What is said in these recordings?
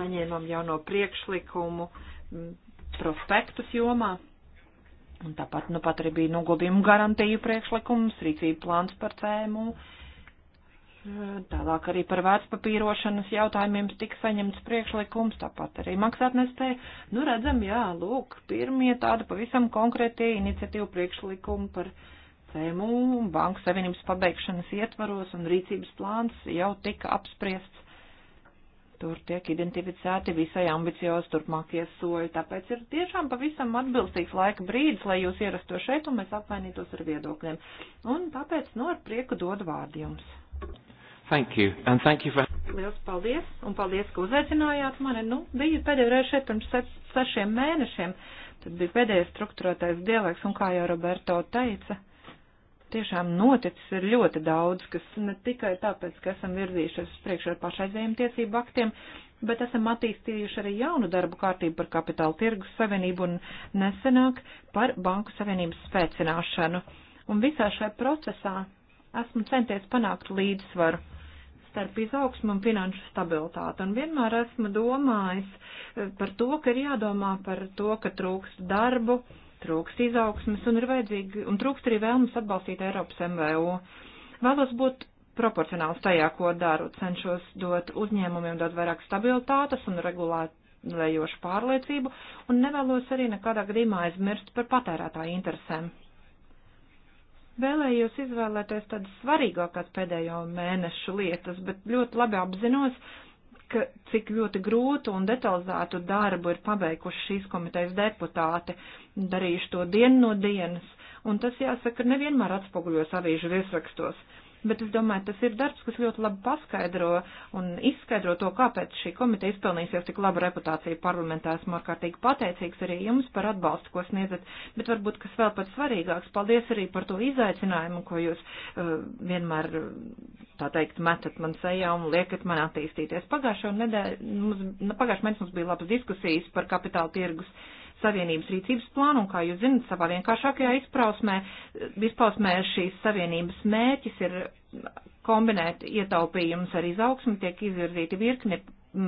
saņēmām jauno priekšlikumu prospektus jomā. Un tāpat, nu pat arī bija nogodījumu garantiju priekšlikums, rīcība plāns par cēmumu. Tālāk arī par vērtspapīrošanas jautājumiem tika saņemts priekšlikums, tāpat arī maksātnespēja. Nu, redzam, jā, lūk, pirmie tāda pavisam konkrētie iniciatīvu priekšlikumi par CMU, Banku Savienības pabeigšanas ietvaros un rīcības plāns jau tika apspriests Tur tiek identificēti visai ambiciozi turpmākie soļi, tāpēc ir tiešām pavisam atbilstīgs laika brīdis, lai jūs ierasto šeit un mēs apmainītos ar viedokļiem. Un tāpēc, nu, ar prieku dodu vārdu jums. Thank you, and thank you for... Liels paldies, un paldies, ka uzaicinājāt mani. Nu, biju pēdējo reizi šeit pirms se sešiem mēnešiem, tad bija pēdējais struktūrētais dialogs, un kā jau Roberto teica, tiešām noticis ir ļoti daudz, kas ne tikai tāpēc, ka esam virzījušies uz priekšu ar pašaizējiem tiesību aktiem, bet esam attīstījuši arī jaunu darbu kārtību par kapitāla tirgus savienību un nesenāk par banku savienības spēcināšanu. Un visā šajā procesā esmu centies panākt līdzsvaru starp izaugsmu un finanšu stabilitāti. Un vienmēr esmu domājis eh, par to, ka ir jādomā par to, ka trūkst darbu, trūkst izaugsmes un ir vajadzīgi, un trūkst arī vēlmes atbalstīt Eiropas MVU. Vēlos būt proporcionāls tajā, ko daru, cenšos dot uzņēmumiem dot vairāk stabilitātes un regulējošu pārliecību, un nevēlos arī nekādā gadījumā aizmirst par patērētāju interesēm. Vēlējos izvēlēties tādas svarīgākās pēdējo mēnešu lietas, bet ļoti labi apzinos, ka cik ļoti grūtu un detalizētu darbu ir paveikuši šīs komitejas deputāti. Darījuši to dienu no dienas, un tas jāsaka nevienmēr atspoguļos avīžu virsrakstos. Uh, bet es domāju, tas ir darbs, kas ļoti labi paskaidro un izskaidro to, kāpēc šī komiteja izpelnīsies tik labu reputāciju parlamentā. Esmu ārkārtīgi pateicīgs arī jums par atbalstu, ko sniedzat, bet varbūt, kas vēl pats svarīgāks, paldies arī par to izaicinājumu, ko jūs uh, vienmēr, uh, tā teikt, metat man sejā un liekat man attīstīties. Pagājušo nedēļu, nu, pagājušajā mēnesī mums bija labas diskusijas par kapitāla tirgus. Uh, Savienības rīcības plānu, un, kā jūs zinat, savā vienkāršākajā izpausmē, izpausmē šīs Savienības mērķis ir kombinēt ietaupījumus ar izaugsmu, tiek izvirzīti virkni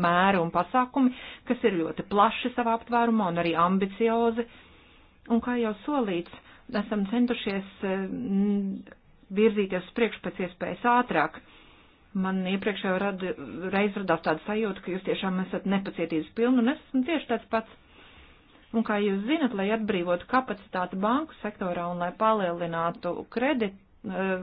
mēru un pasākumi, kas ir ļoti plaši savā aptvērumā un arī ambiciozi. Un, kā jau solīts, esam centušies mm, virzīties priekš pēc iespējas ātrāk. Man iepriekšējā reiz radās tāda sajūta, ka jūs tiešām esat nepacietības pilni, un es esmu tieši tāds pats. Un kā jūs zinat, lai atbrīvotu kapacitāti banku sektorā un lai palielinātu kredit, eh,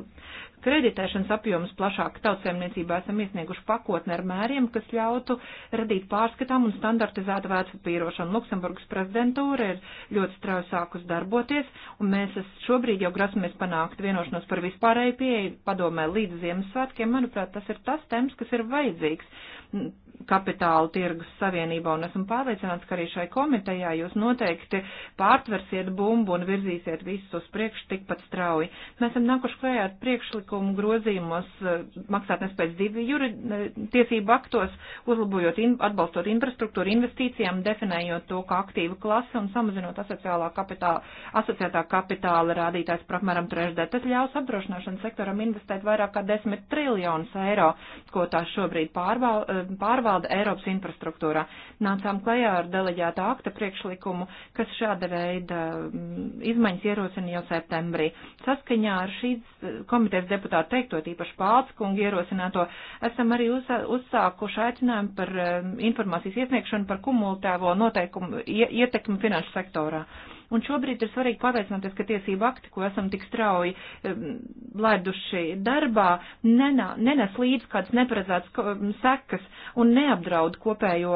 kreditēšanas apjomus plašāk tautsēmniecībā esam iesnieguši pakotni ar mēriem, kas ļautu radīt pārskatām un standartizētu vērtspapīrošanu. Luksemburgas prezidentūra ir ļoti strauji sākus darboties, un mēs šobrīd jau grasamies panākt vienošanos par vispārēju pieeju padomē līdz Ziemassvētkiem. Manuprāt, tas ir tas temps, kas ir vajadzīgs kapitāla tirgus savienībā, un esmu pārliecināts, ka arī šai komitejā jūs noteikti pārtversiet bumbu un virzīsiet visus uz priekšu tikpat strauji. Mēs esam nākuši klējā ar priekšlikumu grozījumos eh, maksātnespējas divi juri eh, tiesību aktos, uzlabojot, in, atbalstot infrastruktūru investīcijām, definējot to kā aktīvu klasi un samazinot asociālā kapitāla, asociētā kapitāla rādītājs par apmēram trešdēļ. Tas ļaus apdrošināšanas sektoram investēt vairāk kā 10 triljonus eiro, ko tā šobrīd pārval, eh, pārval pārvalda Eiropas infrastruktūrā. Nācām klajā ar deleģētā akta priekšlikumu, kas šāda veida mm, izmaiņas ierosina jau septembrī. Saskaņā ar šīs eh, komitejas deputātu teikto, tīpaši Pāts kungu ierosināto, esam arī uzsākuši aicinājumu par eh, informācijas iesniegšanu par kumulatīvo noteikumu ietekmi finanšu sektorā. Uh, Un šobrīd ir svarīgi pārliecināties, ka tiesību akti, ko esam tik strauji laiduši darbā, nenā, nenes līdz kādas neparedzētas sekas un neapdraud kopējo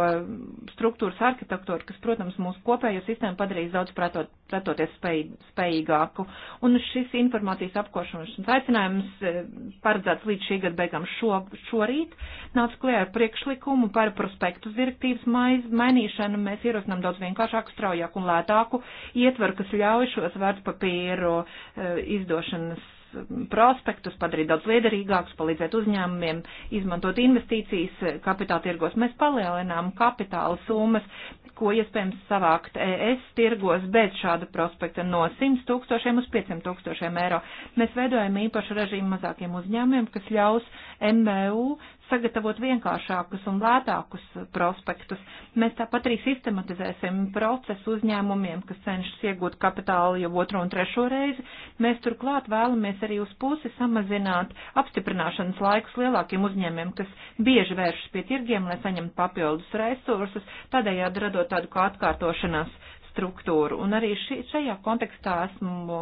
struktūras arhitektūru, kas, protams, mūsu kopējo sistēmu padarīs daudz pretot, pretoties spēj, spējīgāku. Un šis informācijas apkošanas aicinājums e, paredzēts līdz šī gada beigām šo, šorīt nāca klajā ar priekšlikumu par prospektus direktīvas maiz, mainīšanu. Mēs ierosinām daudz vienkāršāku, straujāku un lētāku ietvaru, kas ļauj šos vērtspapīru e, izdošanas prospektus, padarīt daudz liederīgākus, palīdzēt uzņēmumiem, izmantot investīcijas e, kapitāla tirgos. Mēs palielinām kapitāla summas, ko iespējams savākt ES tirgos bez šāda prospekta no 100 tūkstošiem uz 500 tūkstošiem eiro. Mēs veidojam īpašu režīmu mazākiem uzņēmumiem, kas ļaus MBU sagatavot vienkāršākus un lētākus prospektus. Mēs tāpat arī sistematizēsim procesu uzņēmumiem, kas cenšas iegūt kapitālu jau otro un trešo reizi. Mēs turklāt vēlamies arī uz pusi samazināt apstiprināšanas laikus lielākiem uzņēmiem, kas bieži vēršas pie tirgiem, lai saņemtu papildus resursus, tādējādi radot tādu kā atkārtošanās struktūru. Un arī ši, šajā kontekstā esmu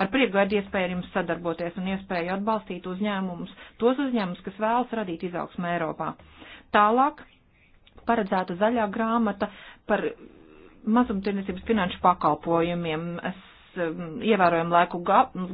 ar prieku gaidu iespēju ar jums sadarboties un iespēju atbalstīt uzņēmumus, tos uzņēmumus, kas vēlas radīt izaugsmu Eiropā. Tālāk paredzēta zaļā grāmata par mazumtirdzniecības finanšu pakalpojumiem. Es Um, ievērojumu laiku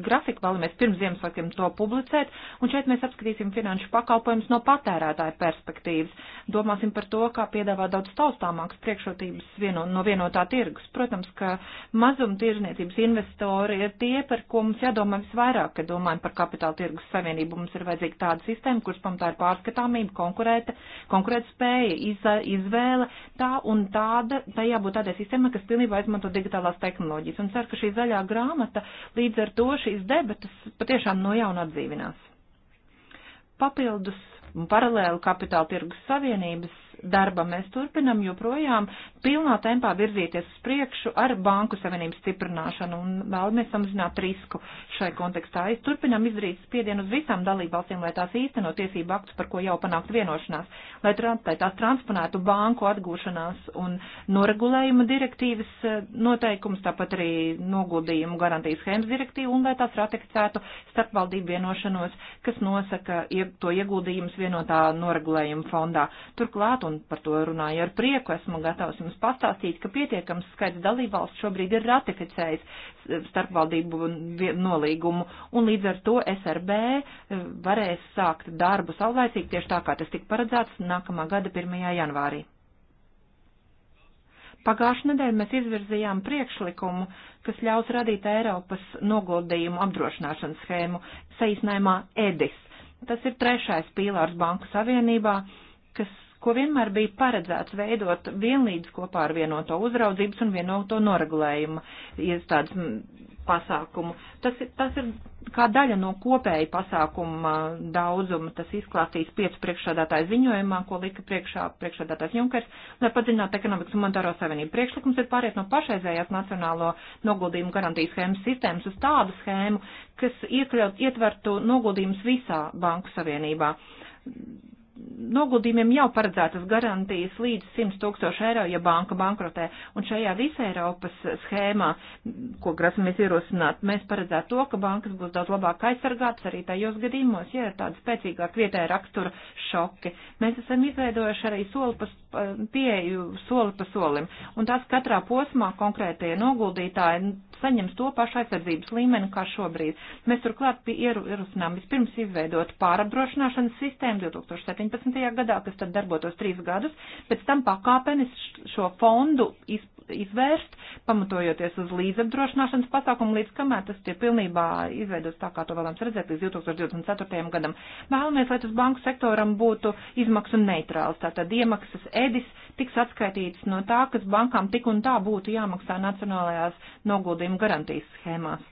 grafiku, vēlamies pirms Ziemassvētkiem to publicēt, un šeit mēs apskatīsim finanšu pakalpojumus no patērētāja perspektīvas. Domāsim par to, kā piedāvāt daudz taustāmākas priekšrotības vieno, no vienotā tirgus. Protams, ka mazumtirdzniecības investori ir tie, par ko mums jādomā visvairāk, kad domājam par kapitāla tirgus savienību. Mums ir vajadzīga tāda sistēma, kuras pamatā ir pārskatāmība, konkurēta, konkurētspēja, iz, izvēle, tā un tāda, tā jābūt tādai sistēmai, kas pilnībā izmanto digitālās tehnoloģijas. Un ceru, ka šī zaļa zaļā grāmata, līdz ar to šīs debatas patiešām no jauna atdzīvinās. Papildus un paralēli kapitāla tirgus savienības darba. Mēs turpinam joprojām pilnā tempā virzīties uz priekšu ar banku savienības stiprināšanu un vēlamies samazināt risku šai kontekstā. Es turpinam izdarīt spiedienu uz visām dalībvalstīm, lai tās īsteno tiesību aktus, par ko jau panākt vienošanās, lai, lai tās transponētu banku atgūšanās un noregulējuma direktīvas eh, noteikums, tāpat arī noguldījumu garantijas schēmas direktīvu un lai tās ratificētu starpvaldību vienošanos, kas nosaka to ieguldījumus vienotā noregulējuma fondā. Turklāt, un un par to runāju ar prieku, esmu gatavs jums pastāstīt, ka pietiekams skaits dalībvalsts šobrīd ir ratificējis starpvaldību nolīgumu, un līdz ar to SRB eh, varēs sākt darbu saulaicīgi tieši tā, kā tas tika paredzēts nākamā gada 1. janvārī. Pagājušajā nedēļā mēs izvirzījām priekšlikumu, kas ļaus radīt Eiropas noguldījumu apdrošināšanas schēmu, saīsinājumā EDIS. Tas ir trešais pīlārs Banku Savienībā, kas ko vienmēr bija paredzēts veidot vienlīdz kopā ar vienoto uzraudzības un vienoto noregulējumu iestādes pasākumu. Tas, tas ir kā daļa no kopēja pasākuma daudzuma, tas izklāstīs piecu priekšsādātāju ziņojumā, ko lika priekšā priekšsādātājs Junkers, lai padziļinātu ekonomikas un monetāro savienību. Priekšlikums ir pāriet no pašreizējās nacionālo noguldījumu garantijas schēmas sistēmas uz tādu schēmu, kas iekļaut, ietvertu noguldījumus visā banku savienībā noguldījumiem jau paredzētas garantijas līdz 100 tūkstoši eiro, ja banka bankrotē. Un šajā visā Eiropas schēmā, ko grasamies ierosināt, mēs paredzētu to, ka bankas būs daudz labāk aizsargātas arī tajos gadījumos, ja ir tāda spēcīgāka vietēja rakstura šoki. Mēs esam izveidojuši arī soli pa pieeju soli pa solim. Un tas katrā posmā konkrētie noguldītāji saņems to pašu aizsardzības līmeni kā šobrīd. Mēs turklāt ierosinām vispirms izveidot pārapdrošināšanas sistēmu 2017. gadā, kas tad darbotos trīs gadus, pēc tam pakāpenis šo fondu izvērst, pamatojoties uz līdzapdrošināšanas pasākumu, līdz kamēr tas tiek pilnībā izveidots tā, kā to vēlams redzēt līdz 2024. gadam. Vēlamies, lai tas banku sektoram būtu izmaksu neitrāls, tātad iemaksas edis tiks atskaitīts no tā, kas bankām tik un tā būtu jāmaksā nacionālajās noguldījuma garantijas schēmās.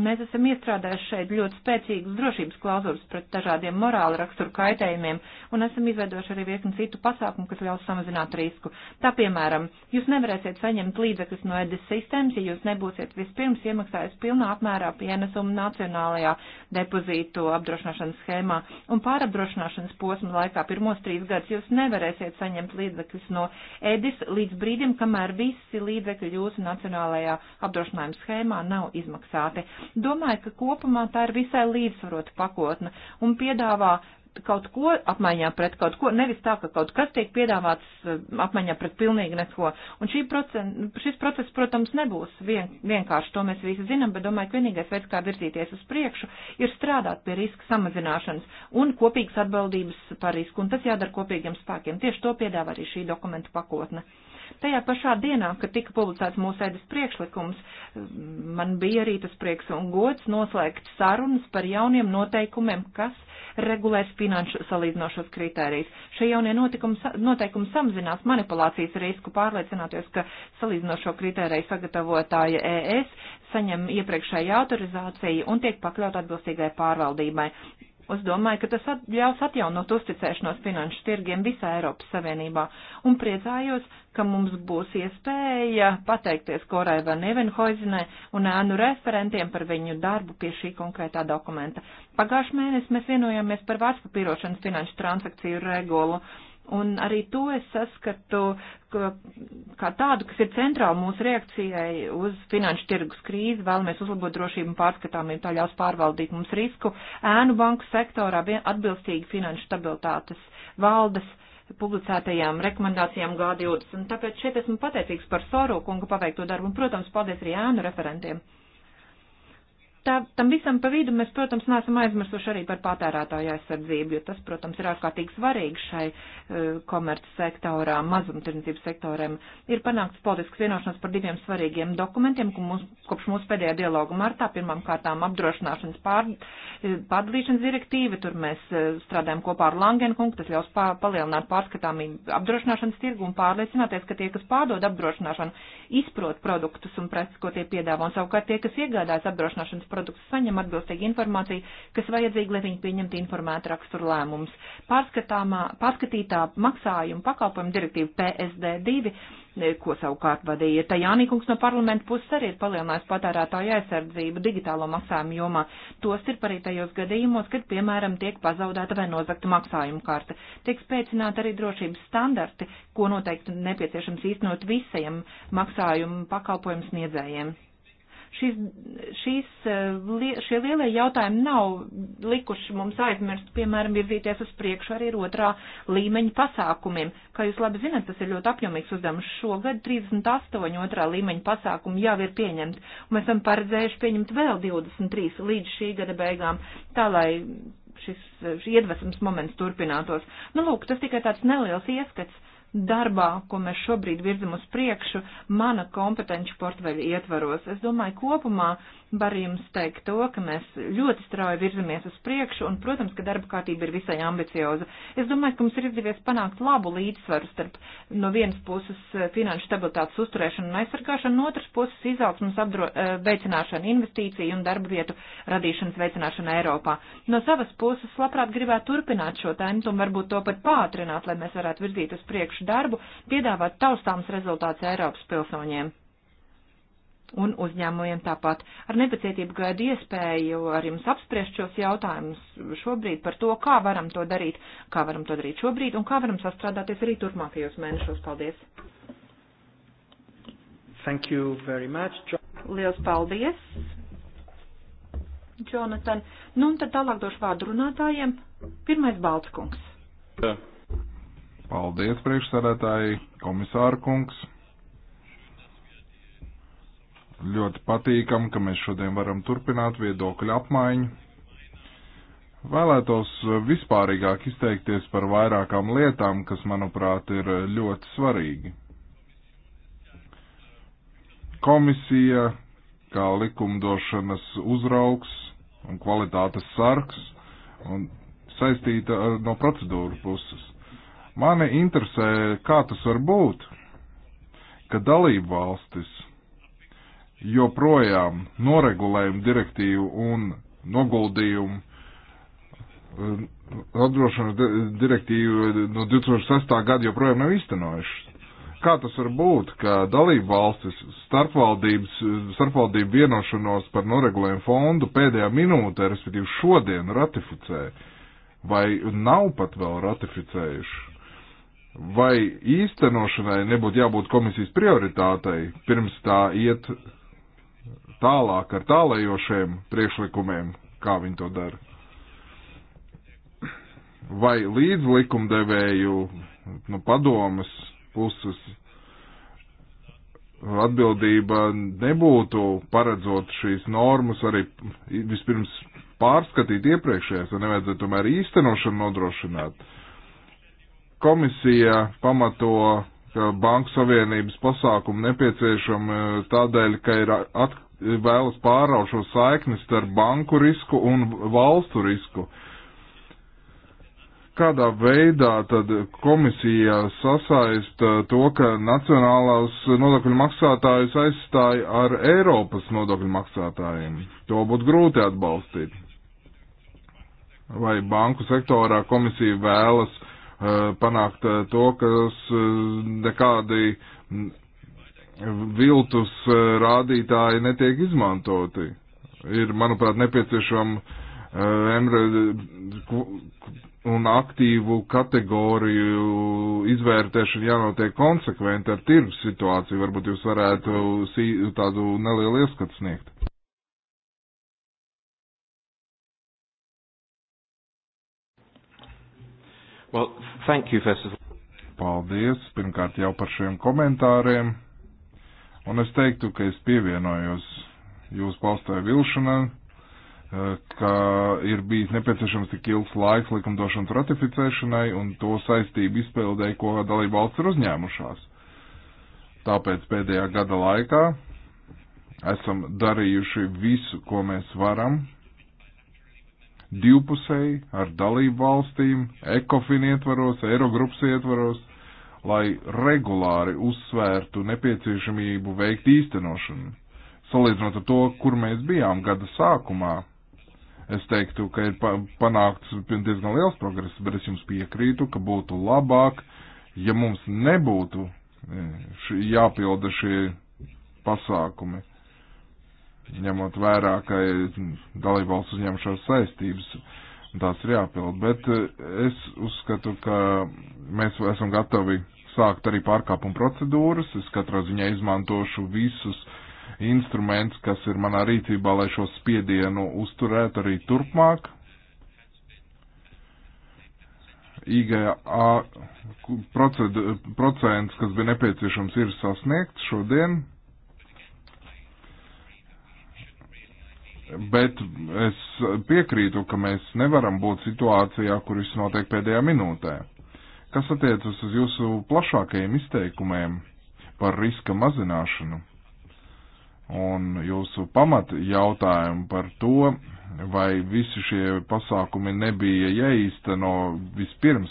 Mēs esam iestrādājuši šeit ļoti spēcīgas drošības klauzulas pret dažādiem morāla raksturu kaitējumiem un esam izveidojuši arī virkni citu pasākumu, kas ļaus samazināt risku. Tā piemēram, jūs nevarēsiet saņemt līdzekļus no EDIS sistēmas, ja jūs nebūsiet vispirms iemaksājis pilnā apmērā pienesumu Nacionālajā depozītu apdrošināšanas schēmā un pārapdrošināšanas posma laikā pirmos trīs gadus jūs nevarēsiet saņemt līdzekļus no EDIS līdz brīdim, kamēr visi līdzekļi jūsu Nacionālajā apdrošinājuma schēmā nav izmaksāti Domāju, ka kopumā tā ir visai līdzsvarota pakotne un piedāvā kaut ko apmaiņā pret kaut ko, nevis tā, ka kaut kas tiek piedāvāts eh, apmaiņā pret pilnīgi neko. Un šī procen, šis process, protams, nebūs vien, vienkārši, to mēs visi zinām, bet domāju, ka vienīgais veids, kā virzīties uz priekšu, ir strādāt pie riska samazināšanas un kopīgas atbildības par risku, un tas jādara kopīgiem spēkiem. Tieši to piedāvā arī šī dokumenta pakotne. Uh, Tajā pašā dienā, kad tika publicēts mūsu ēdas priekšlikums, man bija arī tas prieks un gods noslēgt sarunas par jauniem noteikumiem, kas regulēs finanšu salīdzinošos kritērijus. Šie jaunie noteikumi samazinās manipulācijas risku, pārliecināties, ka salīdzinošo kritēriju sagatavotāja ES saņem iepriekšēju autorizāciju un tiek pakļaut atbilstīgai pārvaldībai. Es domāju, ka tas at, ļaus atjaunot uzticēšanos finanšu tirgiem visā Eiropas Savienībā un priecājos, ka mums būs iespēja pateikties Korai Van Evenhoizinai un ēnu referentiem par viņu darbu pie šī konkrētā dokumenta. Pagājušajā mēnesī mēs vienojāmies par vārtspapīrošanas finanšu transakciju regulu Un arī to es saskatu kā tādu, kas ir centrāli mūsu reakcijai uz finanšu tirgus krīzi. Vēlamies uzlabot drošību un pārskatāmību, tā ļaus pārvaldīt mums risku ēnu banku sektorā atbilstīgi finanšu stabilitātes valdes publicētajām rekomendācijām G20. Un tāpēc šeit esmu pateicīgs par Soru kunga paveikto darbu un, protams, paldies arī ēnu referentiem tā, tam visam pa vidu mēs, protams, neesam aizmirsuši arī par patērētāju aizsardzību, jo tas, protams, ir ārkārtīgi svarīgi šai uh, eh, komerc sektorā, mazumtirdzniecības sektoriem. Ir panākts politisks vienošanās par diviem svarīgiem dokumentiem, ko mūs, kopš mūsu pēdējā dialoga martā, pirmām kārtām apdrošināšanas pār, eh, pārdalīšanas direktīva, tur mēs uh, strādājam kopā ar Langenkungu, tas ļaus pā, palielināt pārskatāmību apdrošināšanas tirgu un pārliecināties, ka tie, kas pārdod apdrošināšanu, izprot produktus un preces, ko tie piedāvā, un savukārt tie, kas iegādājas apdrošināšanas produktus saņem atbilstīgu informāciju, kas vajadzīga, lai viņi pieņemtu informētu raksturu lēmumus. Pārskatītā maksājuma pakalpojuma direktīva PSD2 e, ko savukārt vadīja. Tajānī kungs no parlamenta puses arī ir palielinājis patērētāju aizsardzību digitālo maksājumu jomā. Tos ir arī tajos gadījumos, kad, piemēram, tiek pazaudēta vai nozagta maksājuma karte. Tiek spēcināti arī drošības standarti, ko noteikti nepieciešams īstenot visiem maksājumu pakalpojumu sniedzējiem. Šis, šis, eh, šie lielie jautājumi nav likuši mums aizmirst, piemēram, virzīties uz priekšu arī ar otrā līmeņa pasākumiem. Kā jūs labi zināt, tas ir ļoti apjomīgs uzdevums. Šogad 38 otrā līmeņa pasākumu jau ir pieņemti, un mēs esam paredzējuši pieņemt vēl 23 līdz šī gada beigām, tā lai šis, šis iedvesmas moments turpinātos. Nu, lūk, tas tikai tāds neliels ieskats darbā, ko mēs šobrīd virzam uz priekšu, mana kompetenci portveļa ietvaros. Es domāju, kopumā uh, var jums teikt to, ka mēs ļoti strauji virzamies uz priekšu, un, protams, ka darba kārtība ir visai ambicioza. Es domāju, ka mums ir izdevies panākt labu līdzsvaru starp no vienas puses eh, finanšu stabilitātes uzturēšanu un aizsargāšanu, no otras puses izaugsmas eh, veicināšanu, investīciju un darba vietu radīšanas veicināšanu Eiropā. No savas puses, labprāt, gribētu turpināt šo tēmu un varbūt to pat pātrināt, lai mēs varētu virzīt uz priekšu darbu, piedāvāt taustāms rezultāts Eiropas pilsoņiem un uzņēmumiem tāpat. Ar nepacietību gaidu iespēju ar jums apspriest šos jautājumus šobrīd par to, kā varam to darīt, kā varam to darīt šobrīd un kā varam sastrādāties arī turpmākajos mēnešos. Paldies! Thank you very much. John. Liels paldies, Jonathan. Nu un tad tālāk došu vārdu runātājiem. Pirmais Baltskungs. Paldies, priekšsarētāji, komisāra kungs. Ļoti patīkam, ka mēs šodien varam turpināt viedokļu apmaiņu. Vēlētos vispārīgāk izteikties par vairākām lietām, kas, manuprāt, ir ļoti svarīgi. Komisija, kā likumdošanas uzraugs un kvalitātes sargs, un saistīta ar, no procedūru puses. Mani interesē, kā tas var būt, ka dalību valstis joprojām noregulējumu direktīvu un noguldījumu eh, atdrošanu direktīvu no 2006. gada joprojām nav īstenojušas. Kā tas var būt, ka dalību valstis starpvaldības, starpvaldību vienošanos par noregulējumu fondu pēdējā minūtē, respektīvi šodien, ratificē vai nav pat vēl ratificējuši? Vai īstenošanai nebūtu jābūt komisijas prioritātei pirms tā iet tālāk ar tālējošiem priekšlikumiem, kā viņi to dara. Vai līdz likumdevēju no nu, padomas puses atbildība nebūtu paredzot šīs normas arī vispirms pārskatīt iepriekšējās, vai nevajadzētu tomēr īstenošanu nodrošināt. Komisija pamato ka banku savienības pasākumu nepieciešama tādēļ, ka ir at, vēlas pāraut šo saikni starp banku risku un valstu risku. Kādā veidā tad komisija sasaista to, ka nacionālās nodokļu maksātājus aizstāja ar Eiropas nodokļu maksātājiem? To būtu grūti atbalstīt. Vai banku sektorā komisija vēlas uh, panākt uh, to, kas uh, nekādi viltus eh, rādītāji netiek izmantoti. Ir, manuprāt, nepieciešama MRE eh, un aktīvu kategoriju izvērtēšana jānotiek konsekventi ar tirgus situāciju. Varbūt jūs varētu tādu nelielu ieskatu sniegt. Well, thank you, first of all. Paldies pirmkārt jau par šiem komentāriem. Un es teiktu, ka es pievienojos jūsu balstāju vilšanai, eh, ka ir bijis nepieciešams tik ilgs laiks likumdošanas ratificēšanai un to saistību izpildēji, ko dalība valsts ir uzņēmušās. Tāpēc pēdējā gada laikā esam darījuši visu, ko mēs varam, divpusēji ar dalību valstīm, ekofin ietvaros, eirogrupas ietvaros, lai regulāri uzsvērtu nepieciešamību veikt īstenošanu. Salīdzinot ar to, kur mēs bijām gada sākumā, es teiktu, ka ir panākts diezgan liels progress, bet es jums piekrītu, ka būtu labāk, ja mums nebūtu e, jāpilda šie pasākumi, ņemot vērā, ka e, dalībvalsts uzņemšās saistības. Uh, un tās ir jāpild. Bet eh, es uzskatu, ka mēs esam gatavi sākt arī pārkāpumu procedūras. Es katrā ziņā izmantošu visus instruments, kas ir manā rīcībā, lai šo spiedienu uzturētu arī turpmāk. IGA procents, kas bija nepieciešams, ir sasniegts šodien. Bet es piekrītu, ka mēs nevaram būt situācijā, kur viss notiek pēdējā minūtē. Kas attiecas uz jūsu plašākajiem izteikumiem par riska mazināšanu un jūsu pamat jautājumu par to, vai visi šie pasākumi nebija jāīsteno vispirms,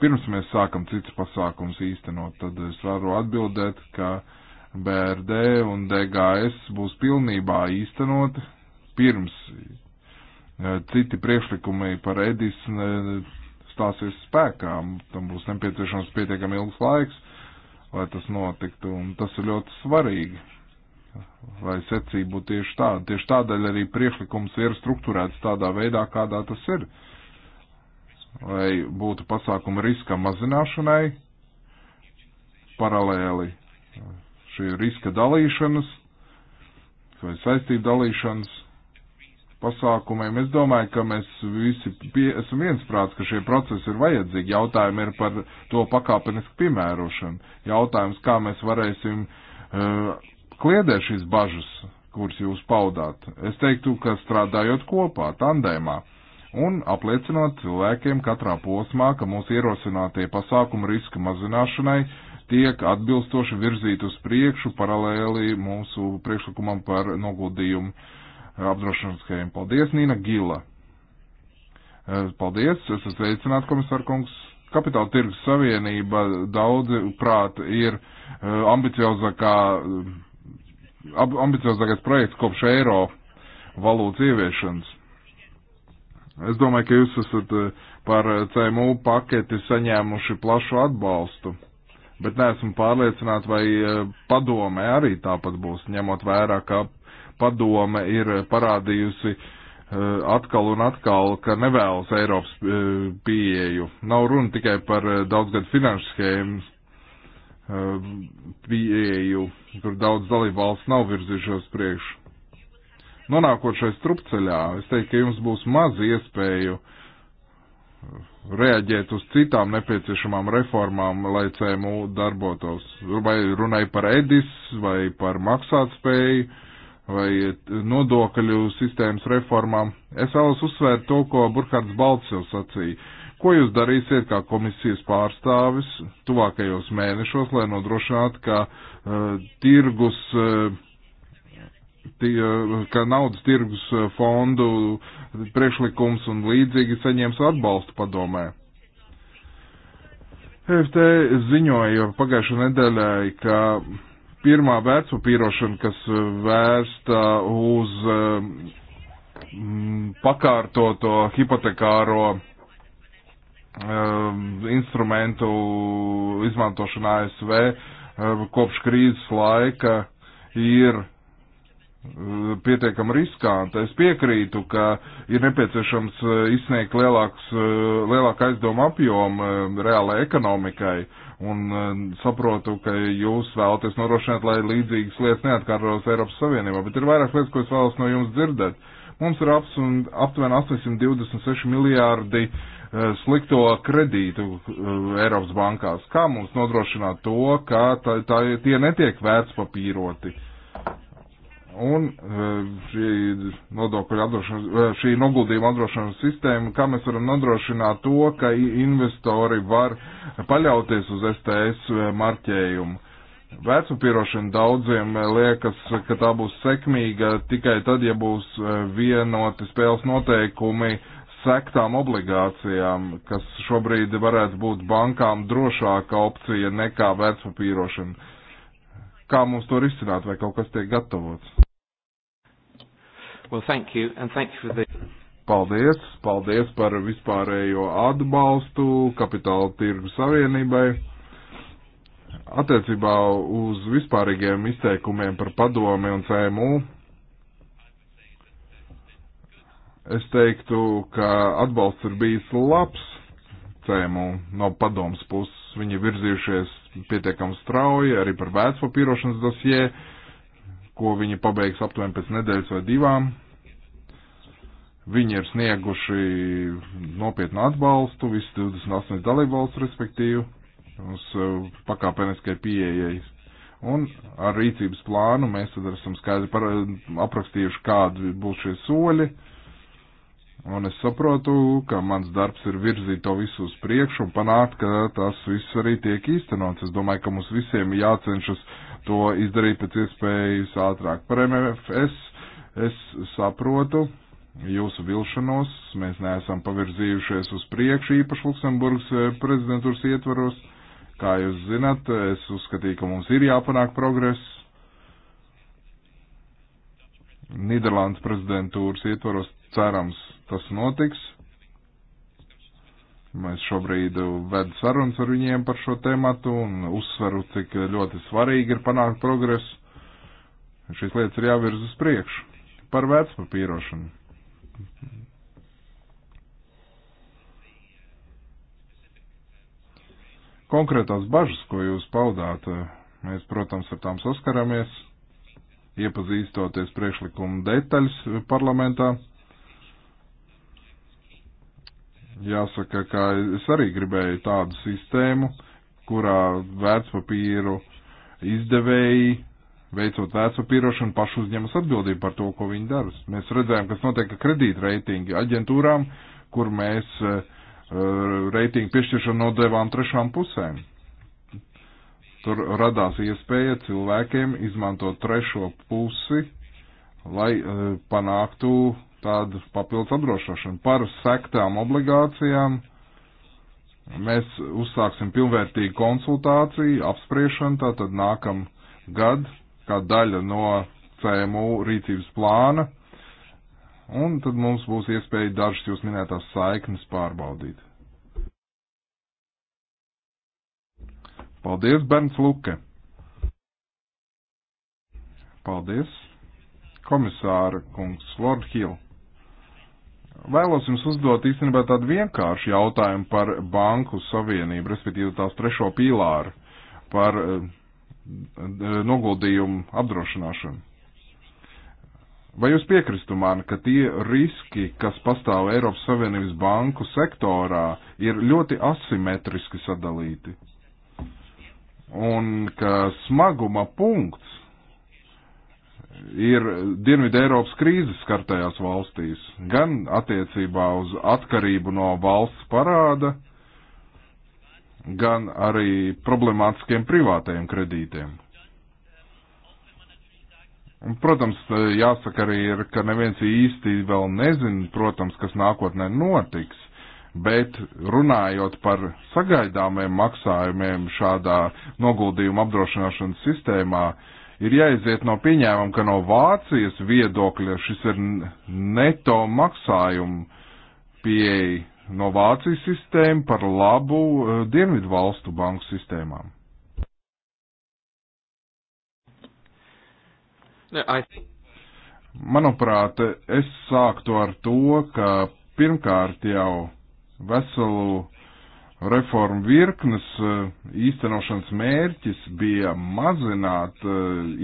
pirms mēs sākam citus pasākumus īstenot, tad es varu atbildēt, ka uh, BRD un DGS būs pilnībā īstenot pirms e, citi priekšlikumi par Edis e, stāsies spēkā. Tam būs nepieciešams pietiekami ilgs laiks, lai tas notiktu, un tas ir ļoti svarīgi, lai secība būtu tieši tāda. Tieši tādēļ arī priekšlikums ir strukturēts tādā veidā, kādā tas ir, lai būtu pasākuma riska mazināšanai paralēli šī riska dalīšanas vai saistību dalīšanas pasākumiem. Es domāju, ka mēs visi pie, esam viensprāts, ka šie procesi ir vajadzīgi. Jautājumi ir par to pakāpenisku piemērošanu. Jautājums, kā mēs varēsim uh, kliedēt šīs bažas, kuras jūs paudāt. Es teiktu, ka strādājot kopā, tandēmā un apliecinot cilvēkiem katrā posmā, ka mūsu ierosinātie pasākumi riska mazināšanai tiek atbilstoši virzīt uz priekšu paralēli mūsu priekšlikumam par noguldījumu apdrošināšanas schēmu. Paldies, Nīna Gila! E, paldies, es esmu sveicināts, komisār kungs. Kapitāla tirgus savienība daudzi prāt ir e, ambiciozākā, ambiciozākais projekts kopš eiro valūtas ieviešanas. Es domāju, ka jūs esat e, par CMU paketi saņēmuši plašu atbalstu bet neesmu pārliecināts, vai eh, padome arī tāpat būs, ņemot vērā, ka padome ir parādījusi eh, atkal un atkal, ka nevēlas Eiropas eh, pieeju. Nav runa tikai par daudzgad finanšu schēmas pieeju, kur daudz dalību valsts nav virzījušos priekšu. Nonākot šai strupceļā, es teiktu, ka jums būs maz iespēju uh, reaģēt uz citām nepieciešamām reformām, lai CMU darbotos. Vai runai par EDIS, vai par maksātspēju, vai nodokļu sistēmas reformām. Es vēlos uzsvērt to, ko Burkhards Balts jau sacīja. Ko jūs darīsiet kā komisijas pārstāvis tuvākajos mēnešos, lai nodrošinātu, ka uh, tirgus uh, tie, ka naudas tirgus eh, fondu priekšlikums un līdzīgi saņems atbalstu padomē. E FT ziņoja pagājušajā nedēļā, ka pirmā vērtspapīrošana, kas eh, vērsta uz eh, pakārtoto hipotekāro um, instrumentu izmantošanu ASV kopš krīzes laika ir Eh, pietiekami riskanti. Es piekrītu, ka ir nepieciešams eh, izsniegt lielāks, eh, lielāku aizdomu apjomu reālai ekonomikai, un saprotu, ka jūs vēlaties norošināt, lai līdzīgas lietas neatkārtos Eiropas Savienībā, bet ir vairāk lietas, ko es vēlos no jums dzirdēt. Mums ir aps un aptuveni 826 miljārdi slikto kredītu Eiropas bankās. Kā mums nodrošināt to, ka tā, tā, tie netiek vērtspapīroti? papīroti? Un eh, šī nodokļu apdrošināšana, eh, šī noguldījuma apdrošināšanas sistēma, kā mēs varam nodrošināt to, ka investori var paļauties uz STS eh, marķējumu. Vecupīrošana daudziem liekas, ka tā būs sekmīga tikai tad, ja būs vienoti spēles noteikumi sektām obligācijām, kas šobrīd varētu būt bankām drošāka opcija nekā vecupīrošana kā mums to risināt, vai kaut kas tiek gatavots. Well, thank you, and thank you for the... Paldies, paldies par vispārējo atbalstu kapitāla tirgu savienībai. Attiecībā uz vispārīgiem izteikumiem par padomi un CMU, es teiktu, ka atbalsts ir bijis labs CMU no padomas puses. Viņi virzījušies pietiekami strauji, arī par vērtspapīrošanas dosie, ko viņi pabeigs aptuveni pēc nedēļas vai divām. Viņi ir snieguši nopietnu atbalstu, visi 28 dalībvalsts respektīvi, uz eh, pakāpeniskai pieejai. Un ar rīcības plānu mēs tad esam skaidri par, eh, aprakstījuši, kādi būs šie soļi. Uh, Un es saprotu, ka mans darbs ir virzīt to visu uz priekšu un panākt, ka tas viss arī tiek īstenots. Es domāju, ka mums visiem jācenšas to izdarīt pēc iespējas ātrāk. Par MFS es saprotu jūsu vilšanos, mēs neesam pavirzījušies uz priekšu īpaši Luksemburgas eh, prezidentūras ietvaros. Kā jūs zinat, es uzskatīju, ka mums ir jāpanāk progress. Nīderlandes prezidentūras ietvaros cerams tas notiks. Mēs šobrīd ved sarunas ar viņiem par šo tematu un uzsveru, cik ļoti svarīgi ir panākt progresu. Šīs lietas ir jāvirz uz priekšu par vērtspapīrošanu. Konkrētās bažas, ko jūs paudāt, mēs, protams, ar tām saskaramies, iepazīstoties priekšlikumu detaļas parlamentā. jāsaka, ka es arī gribēju tādu sistēmu, kurā vērtspapīru izdevēji, veicot vērtspapīrošanu, paši uzņemas atbildību par to, ko viņi dara. Mēs redzējām, kas notiek ar kredītreitingu aģentūrām, kur mēs uh, reitingu piešķiršanu nodevām trešām pusēm. Tur radās iespēja cilvēkiem izmantot trešo pusi, lai uh, panāktu uh, tādu papildus apdrošināšanu. Par sektām obligācijām mēs uzsāksim pilnvērtīgu konsultāciju, apspriešanu, tātad nākam gad, kā daļa no CMU rīcības plāna, un tad mums būs iespēja dažas jūs minētās saiknes pārbaudīt. Paldies, Bernts Luke! Paldies! Komisāra kungs Lord Hill. Vēlos jums uzdot īstenībā tādu vienkāršu jautājumu par banku savienību, respektīvi tās trešo pīlāru, par eh, noguldījumu apdrošināšanu. Vai jūs piekristu man, ka tie riski, kas pastāv Eiropas Savienības banku sektorā, ir ļoti asimetriski sadalīti? Un ka smaguma punkts ir Dienvidu Eiropas krīzes skartajās valstīs, gan attiecībā uz atkarību no valsts parāda, gan arī problemātiskiem privātajiem kredītiem. Un, protams, jāsaka arī ir, ka neviens īsti vēl nezin, protams, kas nākotnē notiks, bet runājot par sagaidāmiem maksājumiem šādā noguldījuma apdrošināšanas sistēmā, uh, ir jāiziet no pieņēmuma, ka no Vācijas viedokļa šis ir neto maksājumu pieeja no Vācijas sistēma par labu eh, Dienvidu valstu banku sistēmām. Ne, I... Manuprāt, es sāktu ar to, ka pirmkārt jau veselu reformu virknes eh, īstenošanas mērķis bija mazināt eh,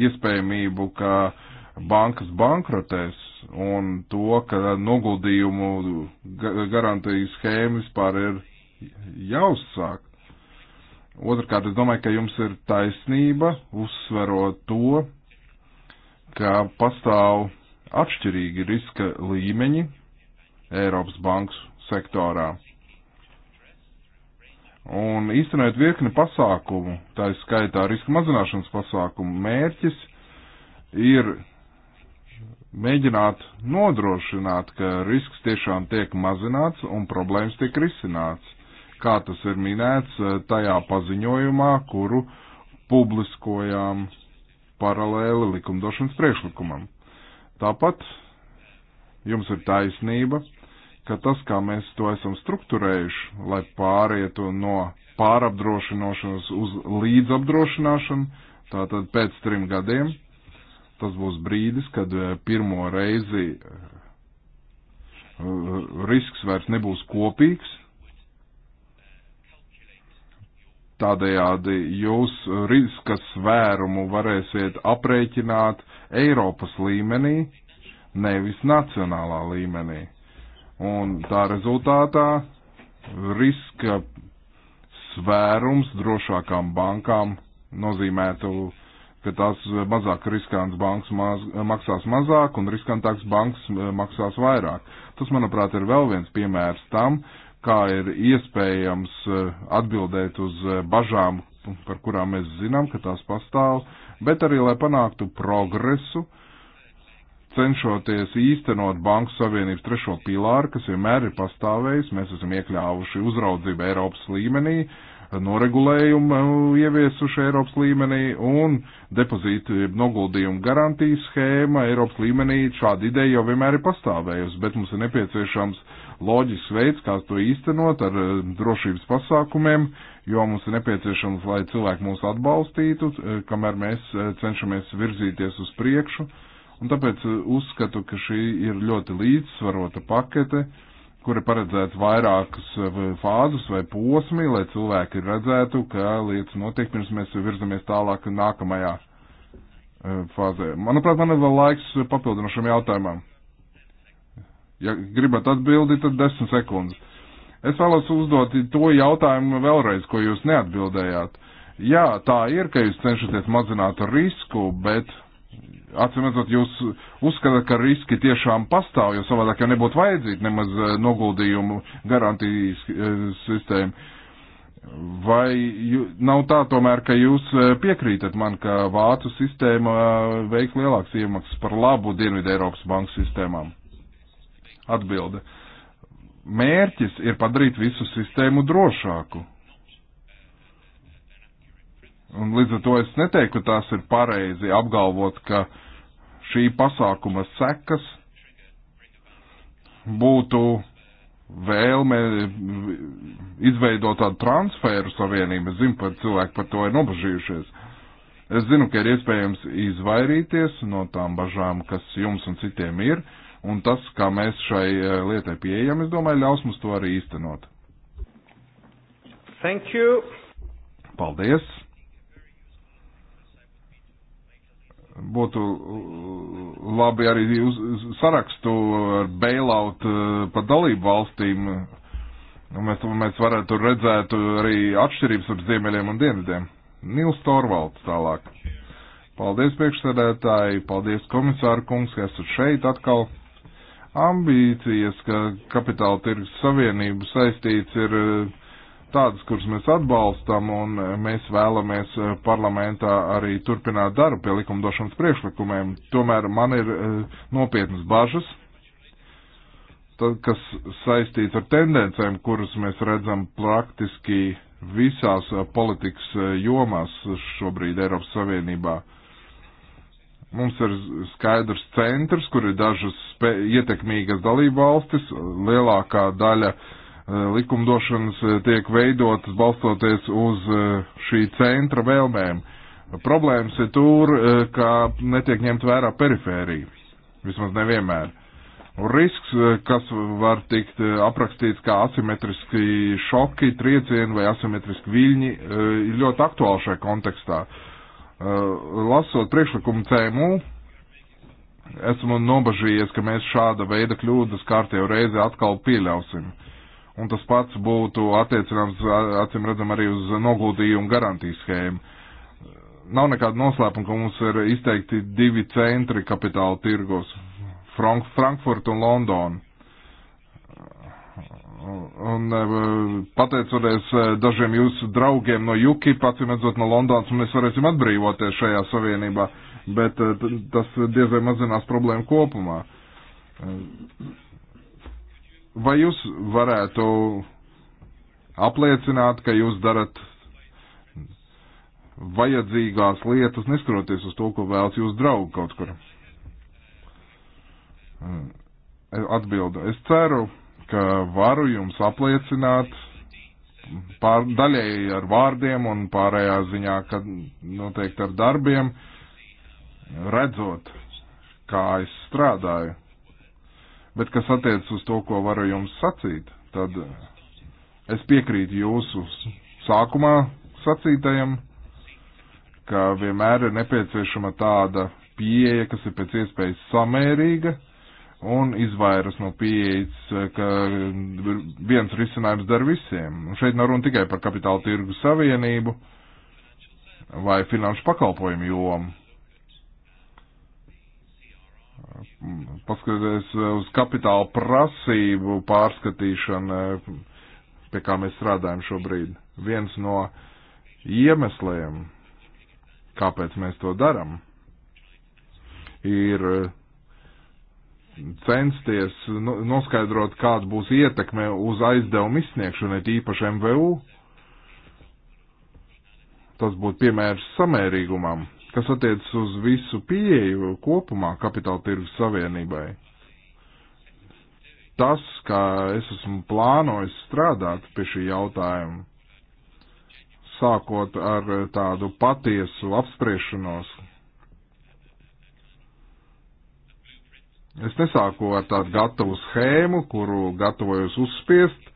iespējamību, ka bankas bankrotēs un to, ka noguldījumu garantijas schēma vispār ir jāuzsāk. Otrakārt, es domāju, ka jums ir taisnība uzsverot to, ka pastāv atšķirīgi riska līmeņi Eiropas bankas sektorā Un īstenojot virkni pasākumu, tā ir skaitā riska mazināšanas pasākumu, mērķis ir mēģināt nodrošināt, ka risks tiešām tiek mazināts un problēmas tiek risināts, kā tas ir minēts eh, tajā paziņojumā, kuru publiskojām paralēli likumdošanas priekšlikumam. Tāpat jums ir taisnība, ka tas, kā mēs to esam strukturējuši, lai pārietu no pārapdrošināšanas uz līdzapdrošināšanu, tātad pēc trim gadiem, tas būs brīdis, kad eh, pirmo reizi eh, risks vairs nebūs kopīgs. Tādējādi jūs riska svērumu varēsiet aprēķināt Eiropas līmenī, nevis nacionālā līmenī un tā rezultātā riska svērums drošākām bankām nozīmētu, ka tās mazāk riskants banks maz, maksās mazāk un riskantāks banks maksās vairāk. Tas, manuprāt, ir vēl viens piemērs tam, kā ir iespējams e, atbildēt uz e, bažām, par kurām mēs zinām, ka tās pastāv, bet arī, lai panāktu progresu, uh, cenšoties īstenot Banku Savienības trešo pilāru, kas vienmēr ir pastāvējis, mēs esam iekļāvuši uzraudzību Eiropas līmenī, noregulējumu ieviesuši Eiropas līmenī un depozītu noguldījumu garantijas schēma Eiropas līmenī. Šāda ideja jau vienmēr ir pastāvējusi, bet mums ir nepieciešams loģisks veids, kā to īstenot ar eh, drošības pasākumiem, jo mums ir nepieciešams, lai cilvēki mūs atbalstītu, eh, kamēr mēs eh, cenšamies virzīties uz priekšu Un tāpēc uh, uzskatu, ka šī ir ļoti līdzsvarota pakete, kur ir paredzēts vairākas uh, fāzes vai posmi, lai cilvēki redzētu, ka lietas notiek, pirms mēs virzamies tālāk nākamajā uh, fāzē. Manuprāt, man ir vēl laiks papildinošam jautājumam. Ja gribat atbildi, tad desmit sekundes. Es vēlos uzdot to jautājumu vēlreiz, ko jūs neatbildējāt. Jā, tā ir, ka jūs cenšaties mazināt risku, bet Atcīmredzot, jūs uzskatāt, ka riski tiešām pastāv, jo savādāk jau nebūtu vajadzīgi nemaz eh, noguldījumu garantijas eh, sistēmu. Vai jū, nav tā tomēr, ka jūs eh, piekrītat man, ka vācu sistēma veiks lielāks iemaksas par labu Dienvidu Eiropas banku sistēmām? Atbilde. Mērķis ir padarīt visu sistēmu drošāku Un līdz ar to es neteiktu, ka tās ir pareizi apgalvot, ka šī pasākuma sekas būtu vēlme izveidot tādu transferu savienību. Es zinu, ka cilvēki par to ir nobažījušies. Es zinu, ka ir iespējams izvairīties no tām bažām, kas jums un citiem ir, un tas, kā mēs šai eh, lietai pieejam, es domāju, ļaus mums to arī īstenot. Thank you! Paldies! būtu uh, labi arī uz, sarakstu ar bailout uh, par dalību valstīm. Nu, mēs, mēs varētu redzēt arī atšķirības ar ziemeļiem un dienvidiem. Nils Torvalds tālāk. Paldies priekšsēdētāji, paldies komisāru kungs, ka esat šeit atkal. Ambīcijas, ka kapitāla tirgus savienību saistīts ir uh, tādas, kuras mēs atbalstam, un mēs vēlamies eh, parlamentā arī turpināt darbu pie likumdošanas priekšlikumiem. Tomēr man ir eh, nopietnas bažas, tad, kas saistīts ar tendencēm, kuras mēs redzam praktiski visās eh, politikas jomās šobrīd Eiropas Savienībā. Mums ir skaidrs centrs, kur ir dažas ietekmīgas dalība valstis, lielākā daļa uh, Eh, likumdošanas eh, tiek veidotas balstoties uz eh, šī centra vēlmēm. Problēmas ir tur, ka netiek ņemt vērā perifērija. Vismaz nevienmēr. Un risks, kas var tikt aprakstīts kā asimetriski šoki, triecieni vai asimetriski viļņi, ir ļoti aktuāli šajā kontekstā. Lasot priekšlikumu CMU, esmu nobažījies, ka mēs šāda veida kļūdas kārtējo reizi atkal pieļausim. Uh, un tas pats būtu attiecināms, acīm redzam, arī uz noguldījumu garantijas schēmu. Nav nekāda noslēpuma, ka mums ir izteikti divi centri kapitāla tirgos Frank - Frankfurt un Londona. Un e, pateicoties e, dažiem jūsu draugiem no UKIP, acīm redzot no Londonas, mēs varēsim atbrīvoties šajā savienībā, bet e, tas diez vai mazinās problēmu kopumā. Vai jūs varētu apliecināt, ka jūs darat vajadzīgās lietas, neskroties uz to, ko vēlas jūs draugi kaut kur? Mm. Atbilda. Es ceru, ka varu jums apliecināt pār, daļēji ar vārdiem un pārējā ziņā, kad noteikti ar darbiem, redzot, kā es strādāju Bet kas attiec uz to, ko varu jums sacīt, tad es piekrītu jūsu sākumā sacītajam, ka vienmēr ir nepieciešama tāda pieeja, kas ir pēc iespējas samērīga un izvairas no pieejas, ka viens risinājums dar visiem. Un šeit nav runa tikai par kapitāla tirgu savienību vai finanšu pakalpojumu jomu paskatieties uz kapitāla prasību pārskatīšanu, pie kā mēs strādājam šobrīd. Viens no iemesliem, kāpēc mēs to daram, ir censties noskaidrot, kāda būs ietekme uz aizdevumu izsniegšanu, it īpaši MVU. Tas būtu piemērs samērīgumam, kas attiecas uz visu pieeju kopumā kapitāla tirgus savienībai. Tas, kā es esmu plānojis strādāt pie šī jautājuma, sākot ar tādu patiesu apspriešanos. Es nesāku ar tādu gatavu schēmu, kuru gatavojos uzspiest.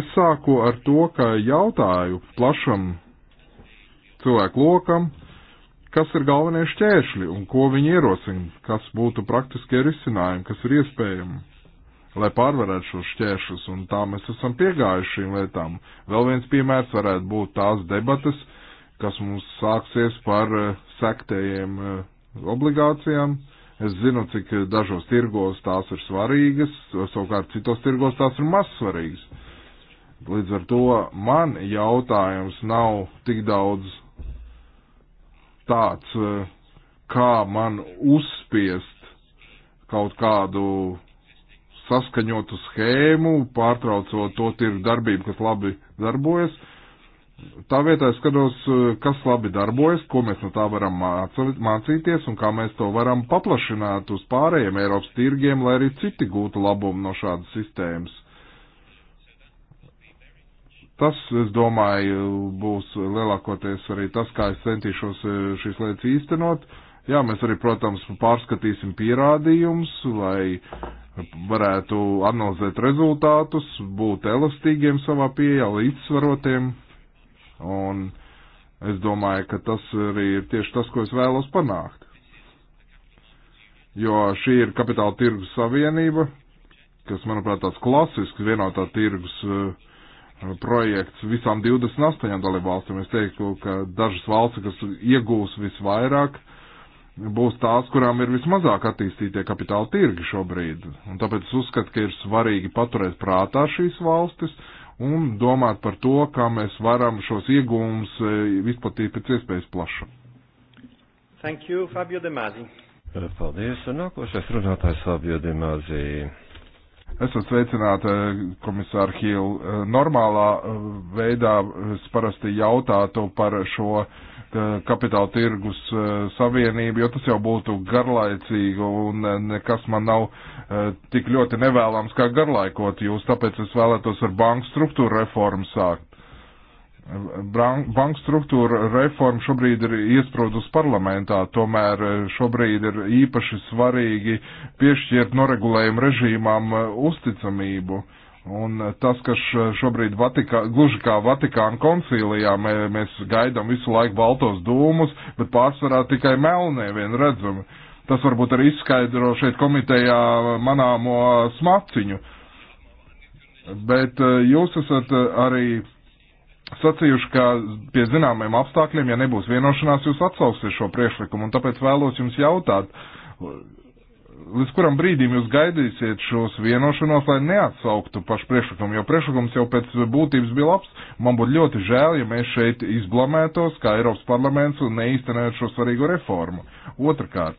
Es sāku ar to, ka jautāju plašam cilvēku lokam, kas ir galvenie šķēršļi un ko viņi ierosina, kas būtu praktiskie risinājumi, kas ir iespējami, lai pārvarētu šos šķēršļus, un tā mēs esam piegājuši šīm lietām. Vēl viens piemērs varētu būt tās debatas, kas mums sāksies par eh, sektējiem eh, obligācijām. Es zinu, cik dažos tirgos tās ir svarīgas, savukārt citos tirgos tās ir maz svarīgas. Līdz ar to man jautājums nav tik daudz tāds, e, kā man uzspiest kaut kādu saskaņotu schēmu, pārtraucot to tirgu darbību, kas labi darbojas. Tā vietā es skatos, e, kas labi darbojas, ko mēs no tā varam mācīties un kā mēs to varam paplašināt uz pārējiem Eiropas tirgiem, lai arī citi gūtu labumu no šādas sistēmas. Tas, es domāju, būs lielākoties arī tas, kā es centīšos e, šīs lietas īstenot. Jā, mēs arī, protams, pārskatīsim pierādījumus, lai varētu analizēt rezultātus, būt elastīgiem savā pieejā, līdzsvarotiem. Un es domāju, ka tas arī ir tieši tas, ko es vēlos panākt. Jo šī ir kapitāla tirgus savienība, kas, manuprāt, tāds klasisks vienotā tirgus uh, projekts visām 28 dalībvalstīm. Es teiktu, ka dažas valsts, kas iegūs visvairāk, būs tās, kurām ir vismazāk attīstītie kapitāla tirgi šobrīd. Un tāpēc es uzskatu, ka ir svarīgi paturēt prātā šīs valstis un domāt par to, kā mēs varam šos iegūmus e, izplatīt pēc iespējas plašāk. Thank you, Fabio De Mazi. Paldies, un nākošais runātājs Fabio De Mazi. Esat sveicināti, komisār Hīl. Eh, normālā eh, veidā es parasti jautātu par šo eh, kapitāla tirgus savienību, jo tas jau būtu garlaicīgi un nekas man nav tik ļoti nevēlams kā garlaikot jūs, tāpēc es vēlētos ar banku struktūru reformu sākt. Banku struktūra reforma šobrīd ir iesprūdus parlamentā, tomēr e, šobrīd ir īpaši svarīgi piešķirt noregulējumu režīmām e, uzticamību. Un e, tas, kas šobrīd Vatikā, gluži kā Vatikāna koncīlijā, mē, mēs gaidām visu laiku baltos dūmus, bet pārsvarā tikai melnē vien redzam. Tas varbūt arī izskaidro šeit komitejā manāmo smaciņu. Bet jūs esat arī sacījuši, ka pie zināmiem apstākļiem, ja nebūs vienošanās, jūs atsauksiet šo priekšlikumu, un tāpēc vēlos jums jautāt, līdz kuram brīdim jūs gaidīsiet šos vienošanos, lai neatsauktu pašu priekšlikumu, jo priekšlikums jau pēc būtības bija labs, man būtu ļoti žēl, ja mēs šeit izblamētos, kā Eiropas parlaments, un neīstenētu šo svarīgo reformu. Otrakārt,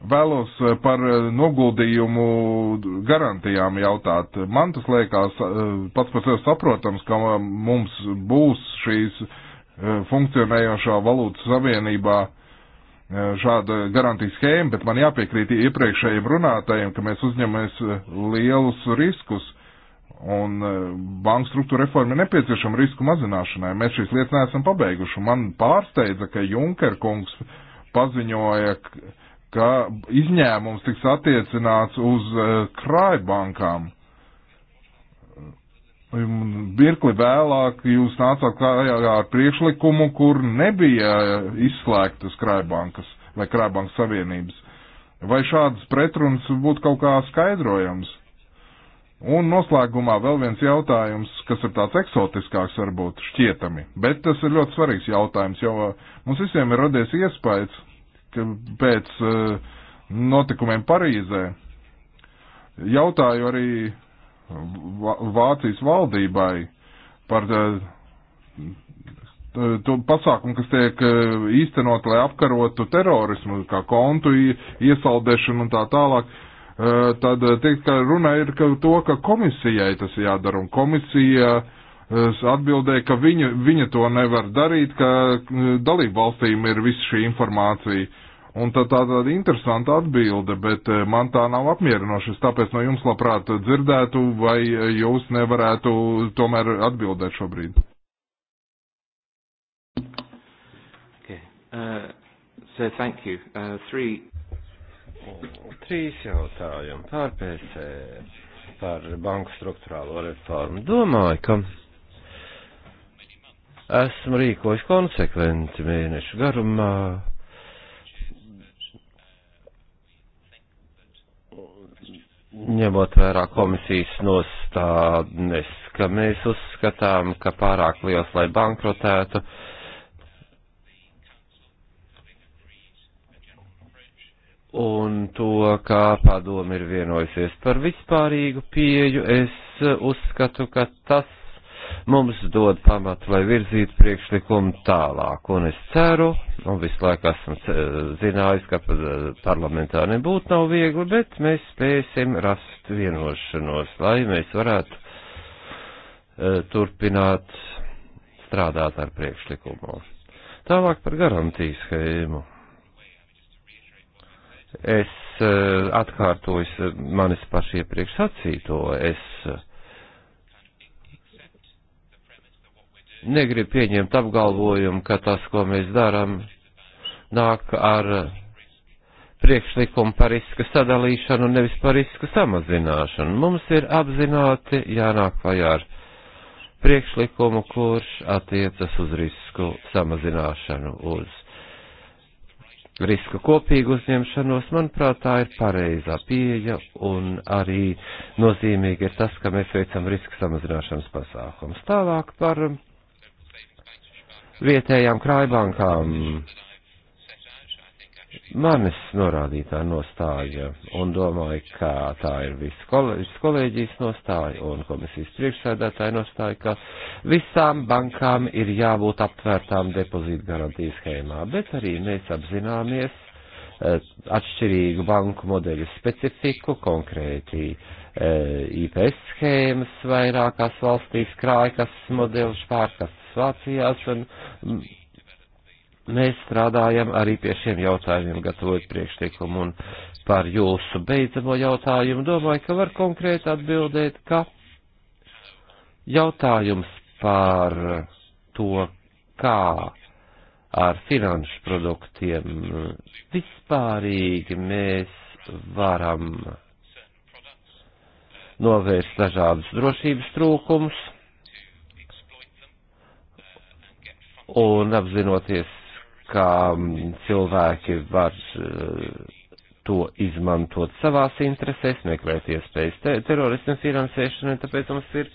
Vēlos eh, par eh, noguldījumu garantijām jautāt. Man tas liekas eh, pats par sevi saprotams, ka mums būs šīs funkcionējošā valūtas savienībā šāda garantijas schēma, bet man jāpiekrīt iepriekšējiem runātājiem, ka mēs uzņemamies lielus riskus un banku struktūra reforma ir nepieciešama risku mazināšanai. Mēs šīs lietas neesam pabeiguši. Man pārsteidza, ka Junker kungs paziņoja, ka ka izņēmums tiks attiecināts uz eh, krājbankām. Birkli vēlāk jūs nācāt klājā ar priekšlikumu, kur nebija eh, izslēgtas krājbankas vai krājbankas savienības. Vai šādas pretrunas būtu kaut kā skaidrojams? Un noslēgumā vēl viens jautājums, kas ir tāds eksotiskāks varbūt šķietami, bet tas ir ļoti svarīgs jautājums, jo mums visiem ir radies iespējas, ka pēc eh, notikumiem Parīzē jautāju arī Vācijas valdībai par eh, to pasākumu, kas tiek eh, īstenot, lai apkarotu terorismu, kā kontu iesaldēšanu un tā tālāk tad tiek, ka runa ir ka to, ka komisijai tas jādara, un komisija atbildēja, ka viņa, viņa to nevar darīt, ka mm, dalību valstīm ir visa šī informācija. Un tā tā tāda interesanta atbilde, bet eh, man tā nav apmierinošas, tāpēc no jums labprāt dzirdētu, vai jūs nevarētu tomēr atbildēt šobrīd. Okay. Uh, so thank you. Uh, three... Trīs jautājumi par PC, par banku struktūrālo reformu. Domāju, ka esmu rīkojis konsekventi mēnešu garumā. Ņemot vērā komisijas nostādnes, ka mēs uzskatām, ka pārāk liels, lai bankrotētu, un to, kā padomi ir vienojusies par vispārīgu pieju, es uzskatu, ka tas mums dod pamatu, lai virzītu priekšlikumu tālāk. Un es ceru, un visu laiku esmu zinājis, ka eh, parlamentā nebūtu nav viegli, bet mēs spēsim rast vienošanos, lai mēs varētu uh, turpināt strādāt ar priekšlikumu. Tālāk par garantiju schēmu. Es uh, atkārtoju manis paši iepriekš sacīto. Es uh, negrib pieņemt apgalvojumu, ka tas, ko mēs darām, nāk ar priekšlikumu par riska sadalīšanu, nevis par riska samazināšanu. Mums ir apzināti jānāk klajā ar priekšlikumu, kurš attiecas uz risku samazināšanu, uz riska kopīgu uzņemšanos. Manuprāt, tā ir pareizā pieeja un arī nozīmīgi ir tas, ka mēs veicam riska samazināšanas pasākums. Tālāk par vietējām krājbankām. Manis norādītā nostāja un domāju, ka tā ir visu kolēģis, kolēģis nostāja un komisijas priekšsēdētāja nostāja, ka visām bankām ir jābūt aptvērtām depozītu garantijas schēmā, bet arī mēs apzināmies eh, atšķirīgu banku modeļu specifiku konkrētī. Uh, Eh, IPS schēmas vairākās valstīs, krājkases modeļus, pārkastes Vācijās, un mēs strādājam arī pie šiem jautājumiem, gatavojot priekšlikumu un par jūsu beidzamo jautājumu. Domāju, ka var konkrēti atbildēt, ka jautājums par to, kā ar finanšu produktiem vispārīgi mēs varam novērst dažādus drošības trūkumus un apzinoties, kā mm, cilvēki var eh, to izmantot savās interesēs, meklēt iespējas te terorismu finansēšanai, tāpēc mums ir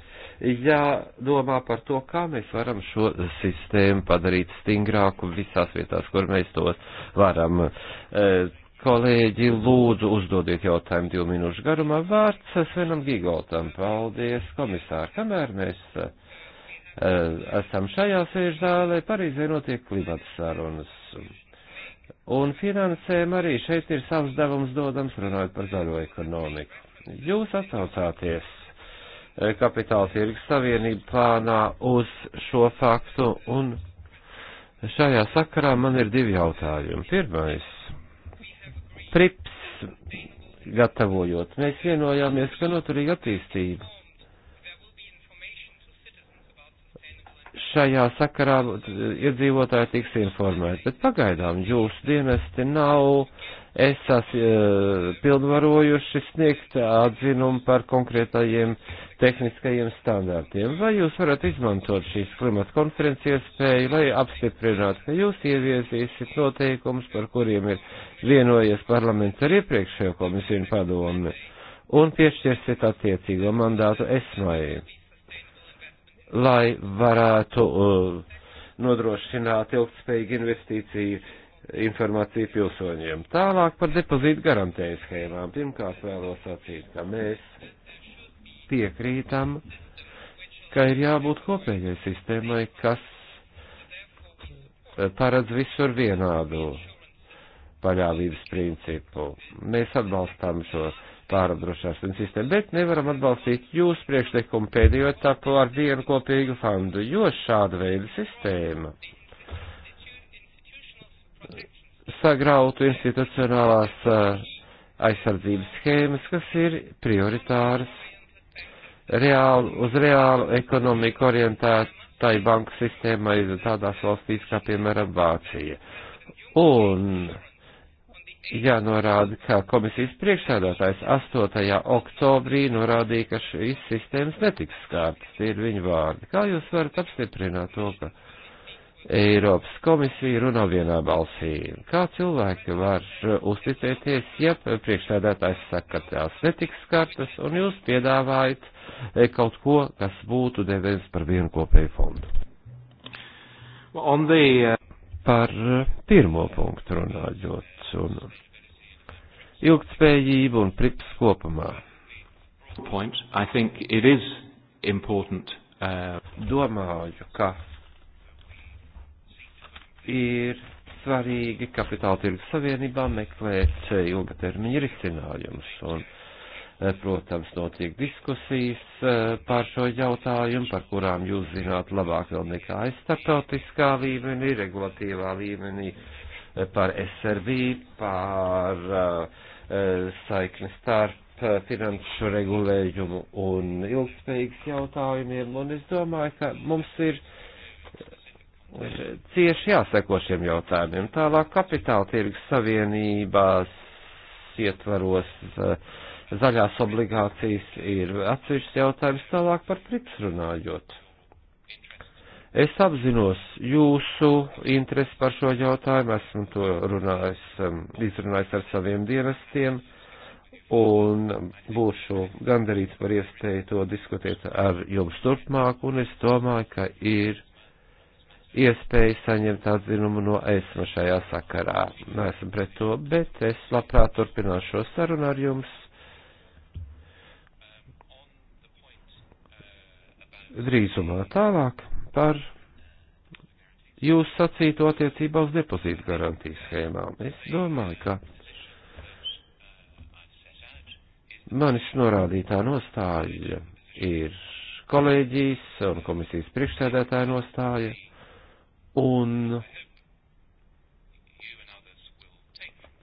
jādomā par to, kā mēs varam šo sistēmu padarīt stingrāku visās vietās, kur mēs to varam. E, kolēģi, lūdzu uzdodiet jautājumu divu minūšu garumā. Vārds Svenam Gigoltam. Paldies, komisāri. Kamēr mēs uh, esam šajā sēžzālē, Parīzē notiek klimata sarunas. Un finansēm arī šeit ir savs devums dodams runājot par zaļo ekonomiku. Jūs atsaucāties eh, kapitāla tirgus savienību plānā uz šo faktu un Šajā sakarā man ir divi jautājumi. Pirmais prips gatavojot. Mēs vienojāmies, ka noturīga attīstība. Šajā sakarā iedzīvotāji tiks informēti, bet pagaidām jūsu dienesti nav esas e, eh, pilnvarojuši sniegt atzinumu par konkrētajiem uh, tehniskajiem standārtiem. Vai jūs varat izmantot šīs klimata konferences iespēju, lai apstiprinātu, ka jūs ieviesīsiet noteikumus, par kuriem ir vienojies parlaments ar iepriekšējo komisiju un padomi, un piešķirsiet attiecīgo mandātu esmai, lai varētu uh, nodrošināt ilgspējīgu investīciju informāciju pilsoņiem. Tālāk par depozītu garantēju schēmām. Pirmkārt vēlos sacīt, ka mēs piekrītam, ka ir jābūt kopējai sistēmai, kas paredz visur vienādu paļāvības principu. Mēs atbalstām šo pārapdrošināšanas sistēmu, bet nevaram atbalstīt jūsu priekšlikumu pēdējo etapu ar vienu kopīgu fondu, jo šāda veida sistēma sagrautu institucionālās eh, aizsardzības schēmas, kas ir prioritāras reālu, uz reālu ekonomiku orientētai banku sistēmai tādās valstīs kā, piemēram, Vācija. Un jānorāda, ka komisijas priekšsēdētājs 8. oktobrī norādīja, ka šīs sistēmas netiks skārtas, tie ir viņa vārdi. Kā jūs varat apstiprināt to, ka Eiropas komisija runā vienā balsī. Kā cilvēki var uzticēties, ja priekšsēdētājs saka, ka tās netiks skartas, un jūs piedāvājat e, kaut ko, kas būtu devējis par vienu kopēju fondu? The... Uh, par uh, pirmo punktu runājot, un ilgtspējību un prips kopumā. Point, I think it is important. Uh... Domāju, ka ir svarīgi kapitāla tirgus savienībā meklēt ilgatermiņa risinājumus. Un, eh, protams, notiek diskusijas eh, par šo jautājumu, par kurām jūs zināt labāk vēl nekā es starptautiskā līmenī, regulatīvā līmenī, eh, par SRV, par saikni starp finanšu regulējumu un ilgspējīgas jautājumiem, un es domāju, ka mums ir cieši jāseko šiem jautājumiem. Tālāk kapitāla tirgus savienībās ietvaros eh, zaļās obligācijas ir atsevišķs jautājums tālāk par prips runājot. Es apzinos jūsu interesi par šo jautājumu, esmu to runājis, izrunājis ar saviem dienestiem un būšu gandarīts par iespēju to diskutēt ar jums turpmāk, un es domāju, ka ir iespēju saņemt atzinumu no ESMA šajā sakarā. Neesmu pret to, bet es labprāt turpināšu šo sarunu ar jums. Drīzumā tālāk par jūs sacīto attiecībā uz depozītu garantijas schēmām. Es domāju, ka manis norādītā nostāja ir kolēģijas un komisijas priekšsēdētāja nostāja Un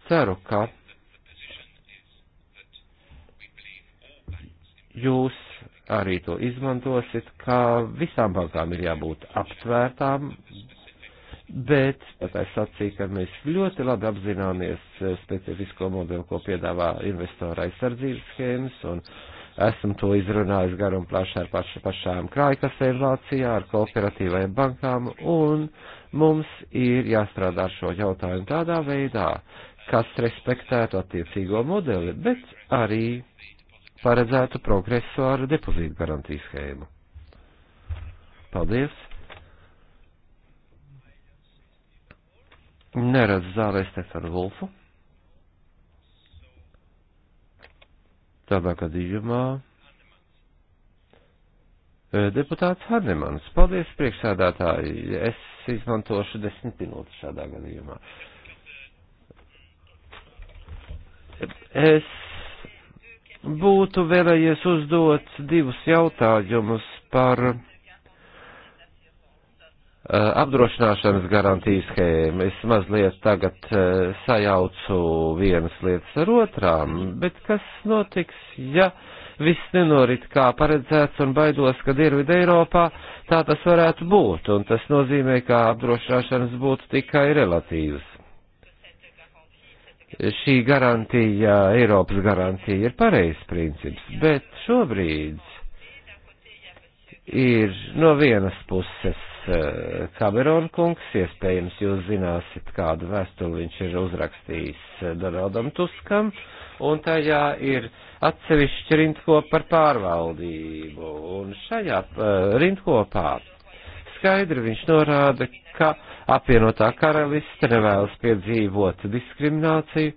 ceru, ka jūs arī to izmantosit, ka visām bankām ir jābūt aptvērtām, bet, bet es sacīju, ka mēs ļoti labi apzināmies specifisko modeli, ko piedāvā investora aizsardzības schēmas un uh, Esmu to izrunājis gar un plaši ar paš, pašām krājkasēm Vācijā, ar kooperatīvajām bankām, un mums ir jāstrādā ar šo jautājumu tādā veidā, kas respektētu attiecīgo modeli, bet arī paredzētu progresu ar depozītu garantijas schēmu. Paldies! Neredz zālē Stefanu Vulfu. Tādā gadījumā e, deputāts Harnemans. Paldies, priekšsēdētāji. Es izmantošu desmit minūtes šādā gadījumā. Es būtu vēlējies uzdot divus jautājumus par Eh, apdrošināšanas garantijas schēma. Es mazliet tagad eh, sajaucu vienas lietas ar otrām, bet kas notiks, ja viss nenorit kā paredzēts un baidos, ka Dienvidu Eiropā tā tas varētu būt, un tas nozīmē, ka apdrošināšanas būtu tikai relatīvas. Šī garantija, Eiropas garantija ir pareizs princips, bet šobrīd ir no vienas puses Kamerona eh, kungs, iespējams jūs zināsit, kādu vēstuli viņš ir uzrakstījis eh, Donaldam Tuskam, un tajā ir atsevišķi rindkopa par pārvaldību, un šajā eh, rindkopā skaidri viņš norāda, ka apvienotā karaliste nevēlas piedzīvot diskrimināciju,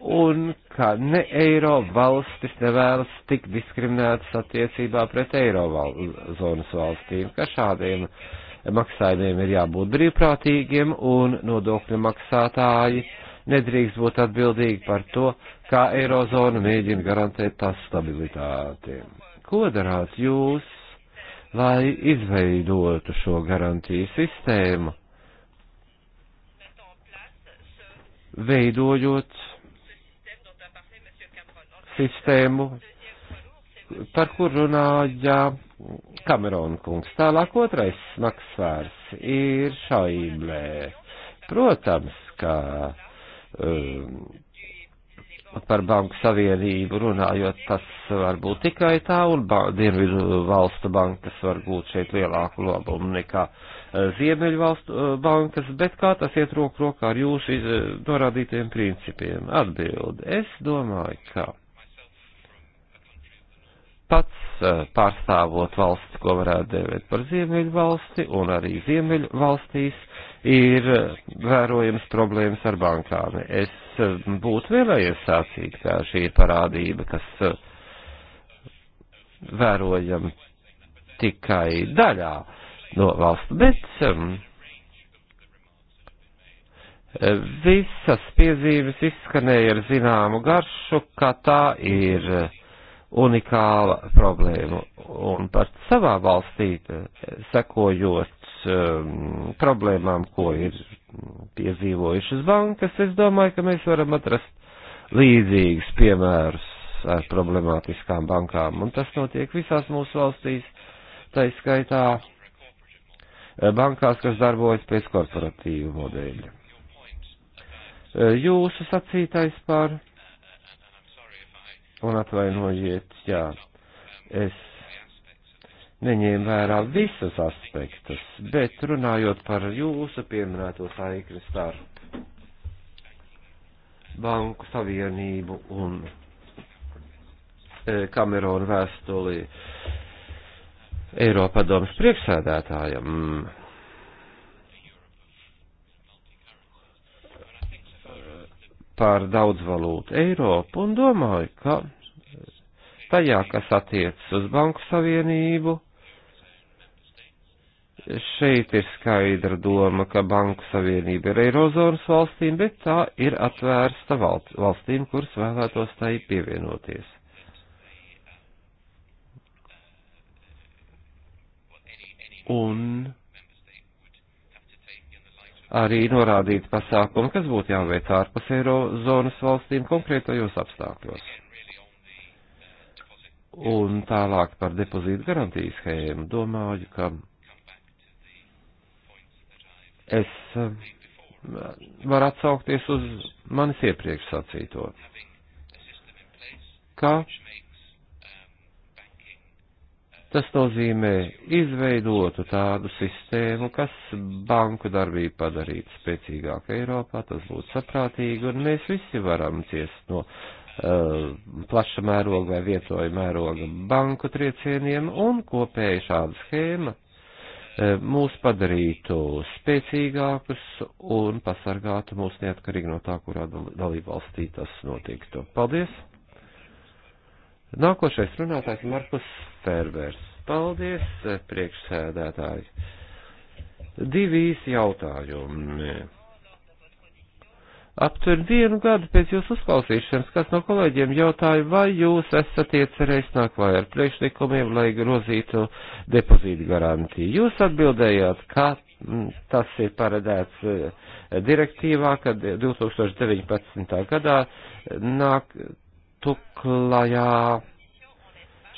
un ka ne eiro valstis nevēlas tik diskriminētas attiecībā pret eiro val zonas valstīm, ka šādiem maksājumiem ir jābūt brīvprātīgiem un nodokļu maksātāji nedrīkst būt atbildīgi par to, kā eirozona mēģina garantēt tās stabilitāti. Ko darāt jūs, lai izveidotu šo garantiju sistēmu? Veidojot sistēmu, par kur runāja Kamerona kungs. Tālāk otrais smagsvērs ir šaiblē. Protams, ka um, par banku savienību runājot, tas var būt tikai tā, un ba Dienvidu valstu bankas var būt šeit lielāku labumu nekā uh, Ziemeļu valstu uh, bankas, bet kā tas iet roku rokā ar jūsu norādītiem principiem? Atbildi. Es domāju, ka pats eh, pārstāvot valsti, ko varētu dēvēt par ziemeļu valsti, un arī ziemeļu valstīs ir eh, vērojams problēmas ar bankām. Es eh, būtu vēlējies sācīt, ka šī ir parādība, kas vērojam tikai daļā no valsts, bet um, visas piezīmes izskanēja ar zināmu garšu, ka tā ir unikāla problēma. Un par savā valstī eh, sekojot um, problēmām, ko ir piedzīvojušas bankas, es domāju, ka mēs varam atrast līdzīgus piemērus ar problemātiskām bankām. Un tas notiek visās mūsu valstīs, tā izskaitā eh, bankās, kas darbojas pēc korporatīvu modeļa. Eh, jūsu sacītais par Un atvainojiet, jā, es neņēmu vērā visas aspektus, bet runājot par jūsu pieminēto saikni starp Banku Savienību un e, Kamerona vēstuli Eiropadomas priekšsēdētājam. Mm par daudz valūtu Eiropu un domāju, ka tajā, kas attiecas uz Banku Savienību, šeit ir skaidra doma, ka Banku Savienība ir Eirozonas valstīm, bet tā ir atvērsta valstīm, kuras vēlētos tai pievienoties. Un arī norādīt pasākumu, kas būtu jāveic ārpus eirozonas valstīm konkrētajos apstākļos. Un tālāk par depozītu garantijas schēmu domāju, ka es eh, varu atsaukties uz manis iepriekš sacīto, ka Tas nozīmē izveidotu tādu sistēmu, kas banku darbību padarītu spēcīgāku Eiropā, tas būtu saprātīgi, un mēs visi varam ciest no uh, plaša mēroga vai vietoja mēroga banku triecieniem, un kopēja šāda schēma uh, mūs padarītu spēcīgākus un pasargātu mūs neatkarīgi no tā, kurā dalībvalstī tas notiktu. Paldies! Nākošais runātājs Markus Fervers. Paldies, eh, priekšsēdētāji. Divi īsi jautājumi. Aptver vienu gadu pēc jūsu uzklausīšanas, kas no kolēģiem jautāja, vai jūs esat iecerējis nāk vai ar priekšlikumiem, lai grozītu depozītu garantiju. Jūs atbildējāt, ka mm, tas ir paredzēts eh, direktīvā, kad 2019. Eh, gadā nāk būtu klajā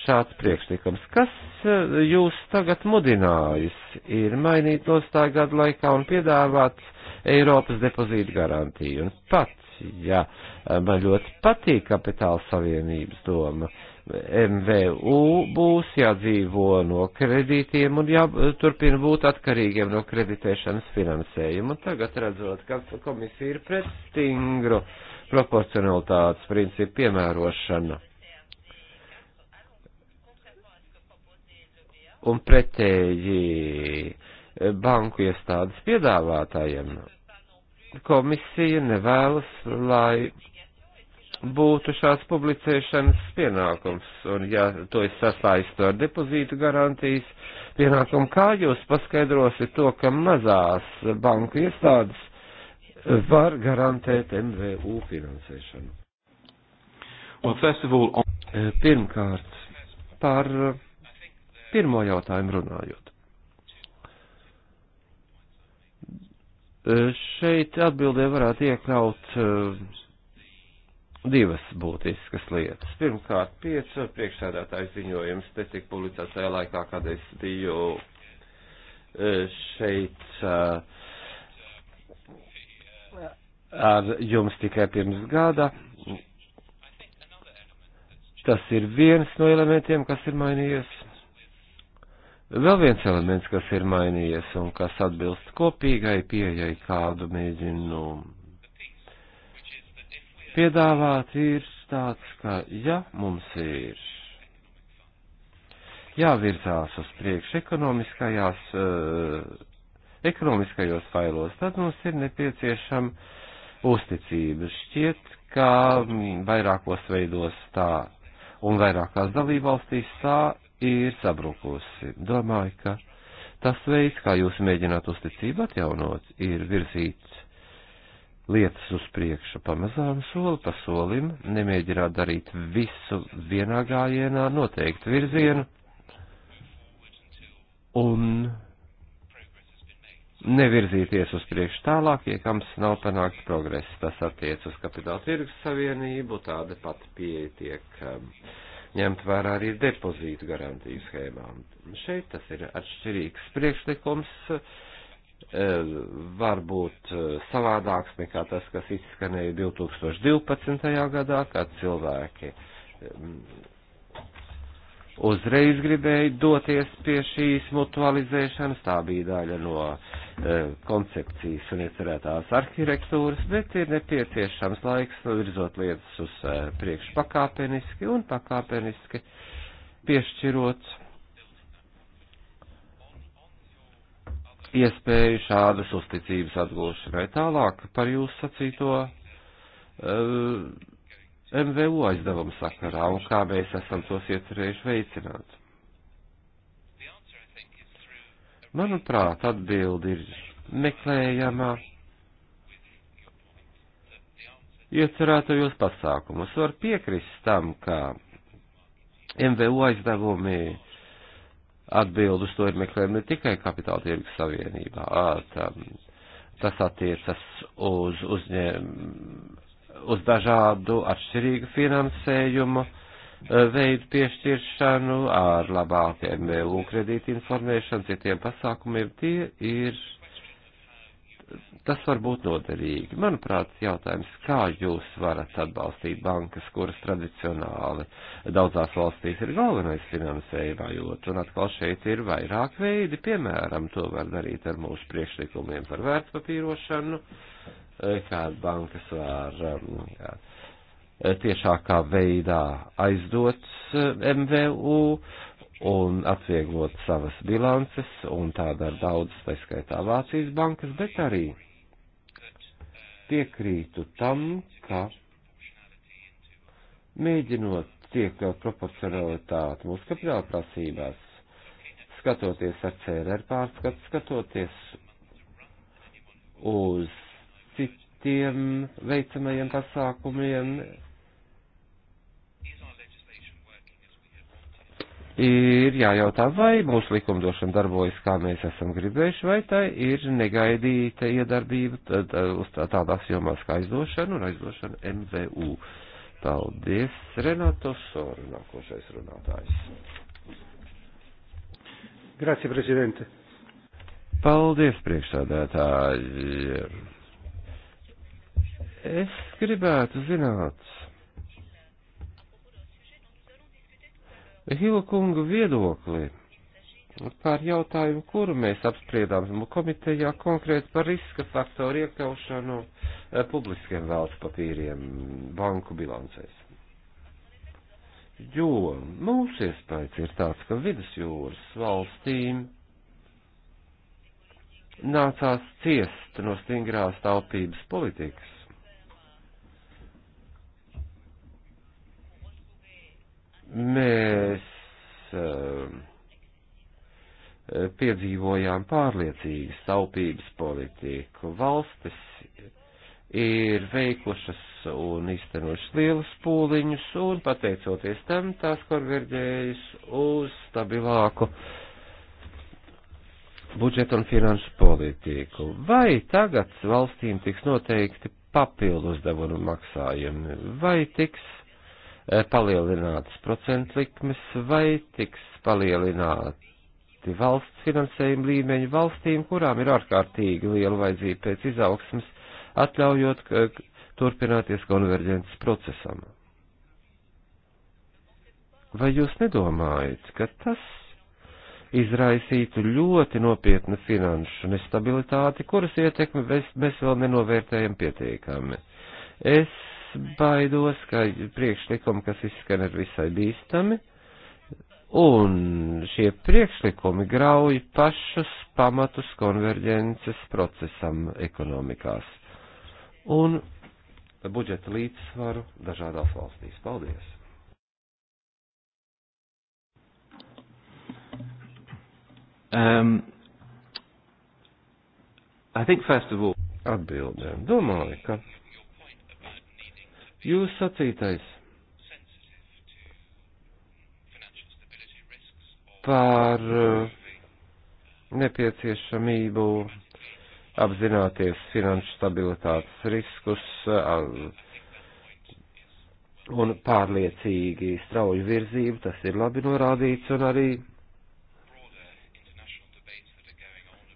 šāds priekšlikums. Kas eh, jūs tagad mudinājis ir mainīt nostāju gadu laikā un piedāvāt Eiropas depozītu garantiju? Un pats, jā, eh, man ļoti patīk kapitāla savienības doma. MVU būs jādzīvo no kredītiem un jāturpina eh, būt atkarīgiem no kreditēšanas finansējuma. Un tagad redzot, ka komisija ir pret stingru uh, proporcionalitātes principu piemērošana. Un pretēji banku iestādes piedāvātājiem komisija nevēlas, lai būtu šāds publicēšanas pienākums, un ja to es sasaistu ar depozītu garantijas pienākumu, kā jūs paskaidrosiet to, ka mazās banku iestādes var garantēt MVU finansēšanu? Well, all, on... Eh, pirmkārt, par eh, pirmo jautājumu runājot. Eh, šeit atbildē varētu iekļaut divas būtiskas lietas. Pirmkārt, piecu priekšsēdētāju ziņojums te tik publicētajā laikā, kad es biju šeit uh, ar jums tikai pirms gada. Tas ir viens no elementiem, kas ir mainījies. Vēl viens elements, kas ir mainījies un kas atbilst kopīgai pieejai, kādu mēģinu piedāvāt, ir tāds, ka ja mums ir jāvirzās uz priekšu ekonomiskajās, eh, ekonomiskajos failos, tad mums ir nepieciešama uzticība. Šķiet, ka vairākos veidos tā un vairākās dalībvalstīs tā ir sabrukusi. Domāju, ka tas veids, kā jūs mēģināt uzticību atjaunot, ir virzīt lietas uz priekšu pamazām soli pa solim, nemēģināt darīt visu vienā gājienā noteiktu virzienu. Un nevirzīties uz priekšu tālāk, ja kams nav panākts progress. Tas attiec uz kapitāla tirgus savienību, tāda pat pieeja tiek um, ņemt vērā arī depozītu garantiju schēmām. Šeit tas ir atšķirīgs priekšlikums, um, varbūt uh, savādāks nekā tas, kas izskanēja 2012. gadā, kad cilvēki um, uzreiz gribēja doties pie šīs mutualizēšanas, tā bija daļa no e, koncepcijas un iecerētās arhitektūras, bet ir nepieciešams laiks virzot lietas uz e, priekšu pakāpeniski un pakāpeniski piešķirot iespēju šādas uzticības atgūšanai. Tālāk par jūsu sacīto. E, MVU aizdevumu sakarā un kā mēs esam tos iecerējuši veicināt? Manuprāt, atbildi ir meklējama iecerētajos pasākumus. Var piekrist tam, ka MVU aizdevumi atbild uz to ir meklējumi ne tikai kapitāla tirgus savienībā, āt, tas attiecas uz uzņēmumu uz dažādu atšķirīgu finansējumu e, veidu piešķiršanu, ar labākiem un kredīti informēšanu, citiem pasākumiem, tie ir, tas var būt noderīgi. Manuprāt, jautājums, kā jūs varat atbalstīt bankas, kuras tradicionāli daudzās valstīs ir galvenais finansējuma jūt, un atkal šeit ir vairāk veidi, piemēram, to var darīt ar mūsu priekšlikumiem par vērtpapīrošanu. Uh, Eh, kā bankas var um, jā, eh, tiešākā veidā aizdot eh, MVU un atvieglot savas bilances, un tā dara daudz, tā skaitā Vācijas bankas, bet arī piekrītu tam, ka mēģinot iekļaut proporcionalitāti mūsu kapitāla prasībās, skatoties ar CRR pārskatu, skatoties uz tiem veicamajiem pasākumiem ir jājautā, vai mūsu likumdošana darbojas, kā mēs esam gribējuši, vai tai ir negaidīta iedarbība tad, uz tādās jomās kā aizdošana un aizdošana MVU. Paldies, Renato Soru, nākošais runātājs. Grazie, prezidente. Paldies, priekšsādātāji. Es gribētu zināt, Hilkunga viedokli par jautājumu, kuru mēs apspriedām komitejā konkrēti par riska faktoru iekļaušanu eh, publiskiem valsts papīriem banku bilancēs. Jo mūsu iespējas ir tāds, ka vidusjūras valstīm nācās ciest no stingrās taupības politikas mēs ehm, piedzīvojām pārliecīgi staupības politiku. Valstis ir veikušas un iztenojušas lielus pūliņus, un pateicoties tam tās konverģējas uz stabilāku budžetu un finanšu politiku. Vai tagad valstīm tiks noteikti papildu uzdevumu maksājumi, vai tiks Eh, palielinātas procentu likmes vai tiks palielināti valsts finansējuma līmeņi valstīm, kurām ir ārkārtīgi liela vajadzība pēc izaugsmas, atļaujot turpināties konverģences procesam. Vai jūs nedomājat, ka tas izraisītu ļoti nopietnu finanšu nestabilitāti, kuras ietekmi mēs vēl nenovērtējam pietiekami? Es baidos, ka priekšlikumi, kas izskan, ir visai bīstami, un šie priekšlikumi grauj pašus pamatus konverģences procesam ekonomikās un budžeta līdzsvaru dažādās valstīs. Paldies! Um, I think first of all, atbildēm. Domāju, ka Jūs sacītais par uh, nepieciešamību apzināties finanšu stabilitātes riskus uh, un pārliecīgi strauju virzību, tas ir labi norādīts un arī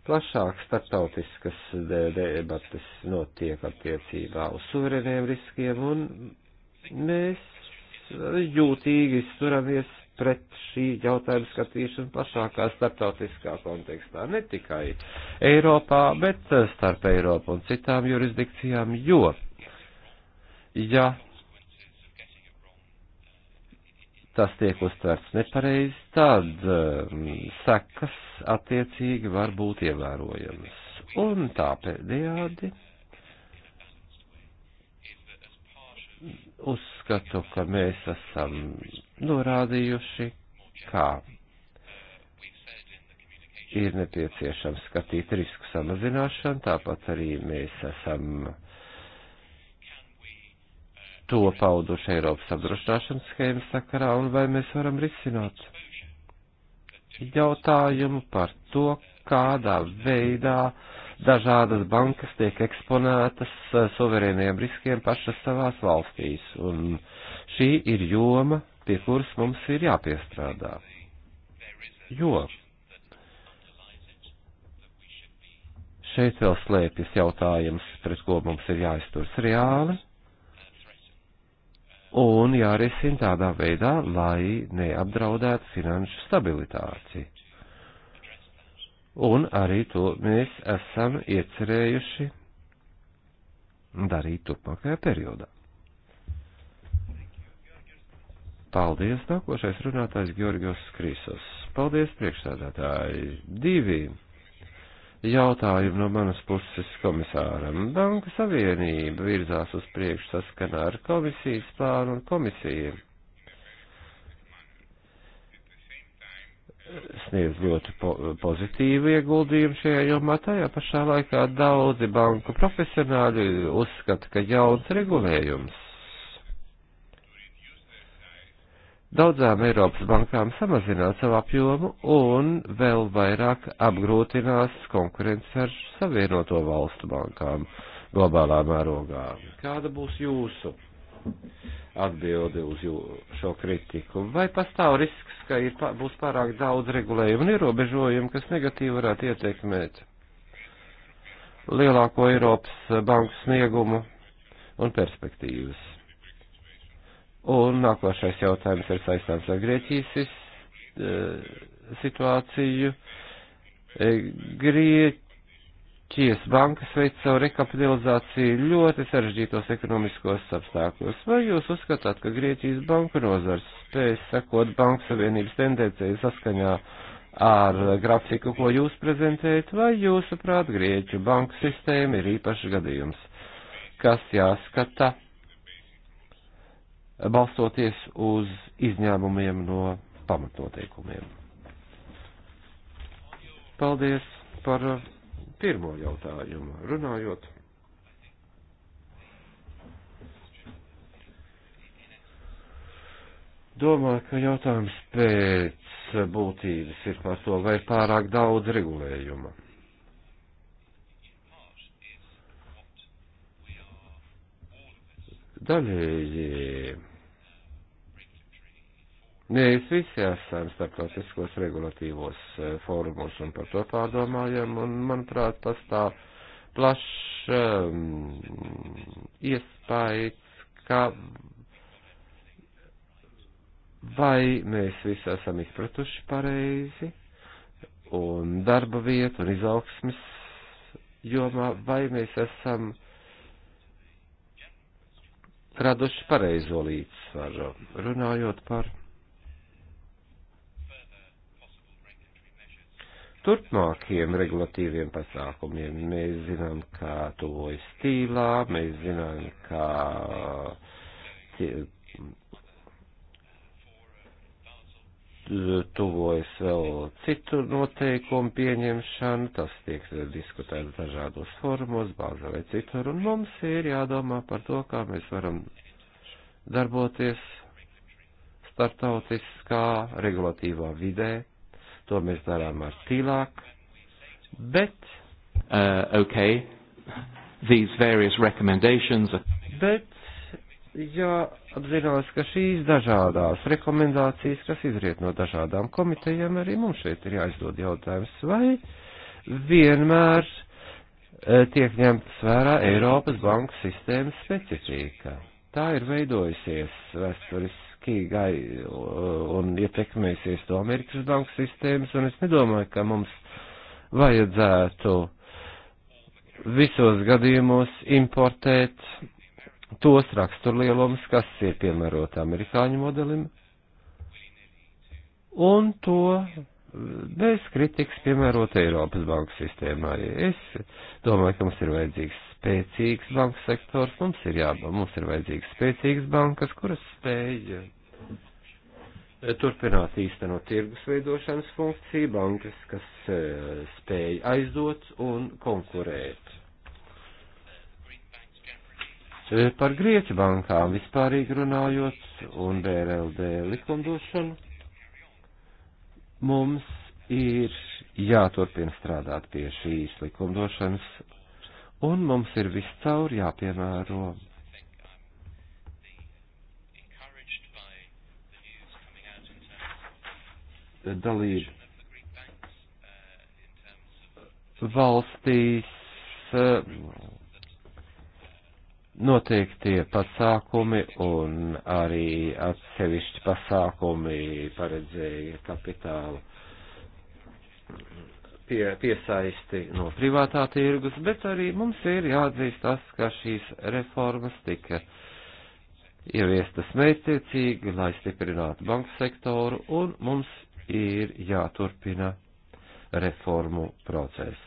Plašāk startautiskas debates notiek attiecībā uz suvereniem riskiem, un mēs jūtīgi izturamies pret šī jautājuma skatīšanu plašākā starptautiskā kontekstā, ne tikai Eiropā, bet starp Eiropu un citām jurisdikcijām, jo, ja tas tiek uztverts nepareizi, tad um, sekas attiecīgi var būt ievērojamas. Un tā pēdējādi uzskatu, ka mēs esam norādījuši, kā ir nepieciešams skatīt risku samazināšanu, tāpat arī mēs esam to pauduši Eiropas apdrošināšanas schēmas sakarā un vai mēs varam risināt jautājumu par to, kādā veidā dažādas bankas tiek eksponētas eh, suverēniem riskiem pašas savās valstīs. Un šī ir joma, pie kuras mums ir jāpiestrādā. Jo šeit vēl slēpjas jautājums, pret ko mums ir jāizturas reāli un jārisina tādā veidā, lai neapdraudētu finanšu stabilitāti. Un arī to mēs esam iecerējuši darīt turpmākajā periodā. Paldies, nākošais runātājs Georgios Krisos. Paldies, priekšstādātāji. Divi jautājumu no manas puses komisāram. Banka Savienība virzās uz priekšu saskanā ar komisijas plānu un komisiju. Sniedz ļoti po pozitīvu ieguldījumu šajā jomā, tajā pašā laikā daudzi banku profesionāļi uzskata, ka jauns regulējums daudzām Eiropas bankām samazināt savu apjomu un vēl vairāk apgrūtinās konkurences ar savienoto valstu bankām globālā mērogā. Kāda būs jūsu atbildi uz jū, šo kritiku? Vai pastāv risks, ka ir, būs pārāk daudz regulējumu un ierobežojumu, kas negatīvi varētu ietekmēt lielāko Eiropas banku sniegumu un perspektīvas? Un nākošais jautājums ir saistāms ar Grieķijas eh, situāciju. Eh, Grieķijas bankas veic savu rekapitalizāciju ļoti sarežģītos ekonomiskos apstākļos. Vai jūs uzskatāt, ka Grieķijas banka nozars spēs sekot banku savienības tendencēju saskaņā ar grafiku, ko jūs prezentējat, vai jūsuprāt Grieķu banku sistēma ir īpašs gadījums, kas jāskata balstoties uz izņēmumiem no pamatnoteikumiem. Paldies par pirmo jautājumu. Runājot. Domāju, ka jautājums pēc būtības ir par to, vai ir pārāk daudz regulējuma. daļēji. Mēs visi esam starptautiskos regulatīvos eh, fórumos un par to pārdomājam, un, manuprāt, pastāv plašs um, iespējas, ka vai mēs visi esam izpratuši pareizi, un darba vietu un izaugsmes jomā, vai mēs esam uh, raduši pareizo līdzsvaru. Runājot par turpmākiem regulatīviem pasākumiem, mēs zinām, kā tuvojas stīlā, mēs zinām, kā tuvojas vēl citu noteikumu pieņemšana, tas tiek diskutēts dažādos formos, bāzē vai citur, un mums ir jādomā par to, kā mēs varam darboties startautiskā regulatīvā vidē. To mēs darām ar tīlāk, bet. Uh, okay. These various recommendations. Bet jāapzinās, ka šīs dažādās rekomendācijas, kas izriet no dažādām komitejām, arī mums šeit ir jāizdod jautājums, vai vienmēr eh, tiek ņemtas vērā Eiropas banku sistēmas specifika. Tā ir veidojusies vēsturiski gai un ietekmējusies to Amerikas banku sistēmas, un es nedomāju, ka mums vajadzētu visos gadījumos importēt tos raksturlielumus, kas ir piemērota amerikāņu modelim, un to bez kritikas piemērot Eiropas banku sistēmai. Es domāju, ka mums ir vajadzīgs spēcīgs banku sektors, mums ir jābūt, mums ir vajadzīgs spēcīgs bankas, kuras spēj turpināt īstenot tirgus veidošanas funkciju, bankas, kas eh, spēj aizdot un konkurēt E, par Grieķu bankām vispārīgi runājot un BRLD likumdošanu mums ir jāturpina strādāt pie šīs likumdošanas un mums ir viscaur jāpiemēro dalību valstīs e, noteiktie pasākumi un arī atsevišķi pasākumi paredzēja kapitālu pie, piesaisti no privātā tirgus, bet arī mums ir jāatzīst tas, ka šīs reformas tika ieviestas mērķtiecīgi, lai stiprinātu banku sektoru, un mums ir jāturpina reformu process.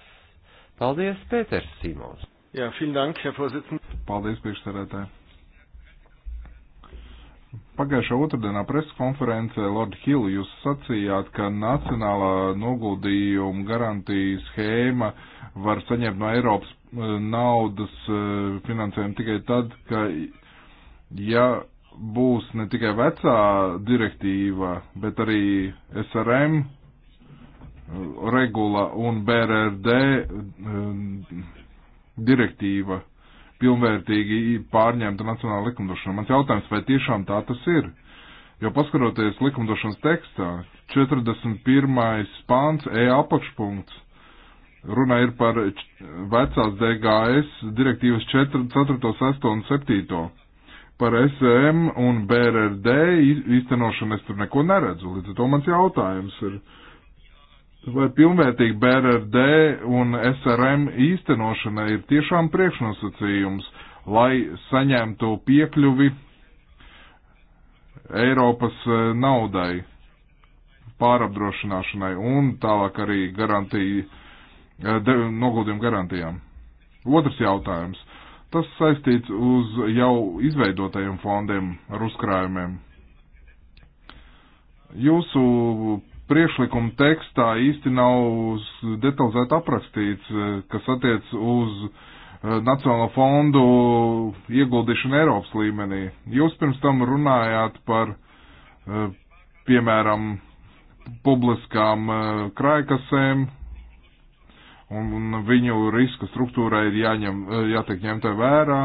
Paldies, Pēters Simons! Jā, vielen dank, Herr Vorsitzende. Paldies, priekšsarētāji. Pagājušā otrdienā preses konferencē, Lord Hill, jūs sacījāt, ka Nacionālā noguldījuma garantija schēma var saņemt no Eiropas eh, naudas eh, finansējumu tikai tad, ka ja būs ne tikai vecā direktīva, bet arī SRM eh, regula un BRRD direktīva pilnvērtīgi pārņemta nacionāla likumdošana. Mans jautājums, vai tiešām tā tas ir? Jo paskaroties likumdošanas tekstā, 41. pāns E apakšpunkts Runa ir par vecās DGS direktīvas 4, 4 6 un 7. Par SM un BRD īstenošanu es tur neko neredzu. Līdz ar to mans jautājums ir, Vai pilnvērtīgi BRD un SRM īstenošana ir tiešām priekšnosacījums, lai saņemtu piekļuvi Eiropas eh, naudai, pārapdrošināšanai un tālāk arī garantiju, eh, noguldījumu garantijām? Otrs jautājums. Tas saistīts uz jau izveidotajiem fondiem ar uzkrājumiem. Jūsu priekšlikuma tekstā īsti nav detalizēti aprakstīts, eh, kas attiec uz eh, Nacionālo fondu ieguldīšanu Eiropas līmenī. Jūs pirms tam runājāt par, eh, piemēram, publiskām krājkasēm, un viņu riska struktūrai ir jāņem, jātiek ņemta vērā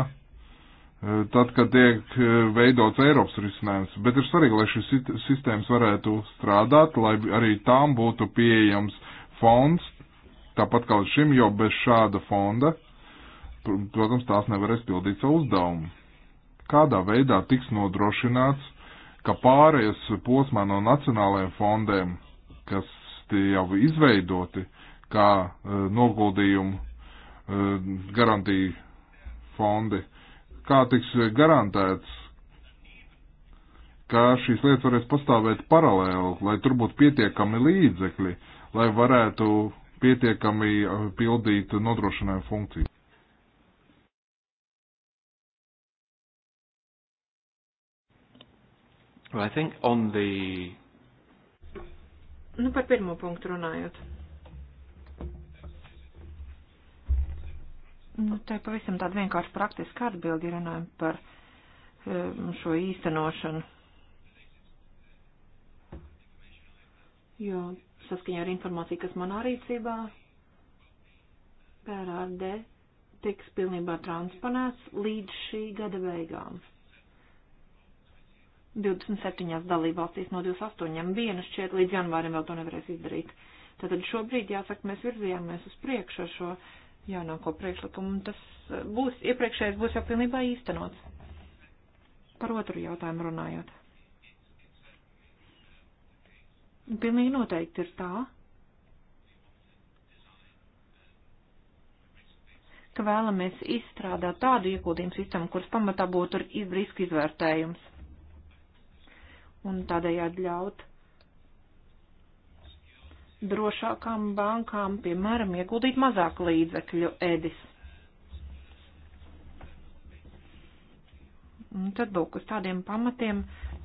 tad, kad tiek e, veidots Eiropas risinājums. Bet ir svarīgi, lai šīs sistēmas varētu strādāt, lai arī tām būtu pieejams fonds, tāpat kā līdz šim, jo bez šāda fonda, protams, tās nevarēs pildīt savu uzdevumu. Kādā veidā tiks nodrošināts, ka pārējais posmā no nacionālajiem fondiem, kas tie jau izveidoti, kā uh, noguldījumu uh, e, garantija fondi, uh, kā tiks garantēts, ka šīs lietas varēs pastāvēt paralēli, lai tur būtu pietiekami līdzekļi, lai varētu pietiekami uh, pildīt nodrošinājumu funkciju. Well, I think on the... Nu, par pirmo punktu runājot. Nu, te pavisam tāda vienkārši praktiska atbildi runājam par um, šo īstenošanu. Jo saskaņā ar informāciju, kas manā rīcībā, PRD tiks pilnībā transponēts līdz šī gada beigām. 27 dalībvalstīs no 28, viena šķiet līdz janvārim vēl to nevarēs izdarīt. Tātad šobrīd, jāsaka, mēs virzījāmies uz priekšu ar šo. Uh, jaunāko priekšlikumu, un tas eh, būs, iepriekšējais būs jau pilnībā īstenots. Par otru jautājumu runājot. Pilnīgi noteikti ir tā, ka vēlamies izstrādāt tādu ieguldījumu sistēmu, kuras pamatā būtu riska izvērtējums. Un tādējādi ļaut drošākām bankām, piemēram, ieguldīt mazāk līdzekļu edis. Un tad, lūk, uz tādiem pamatiem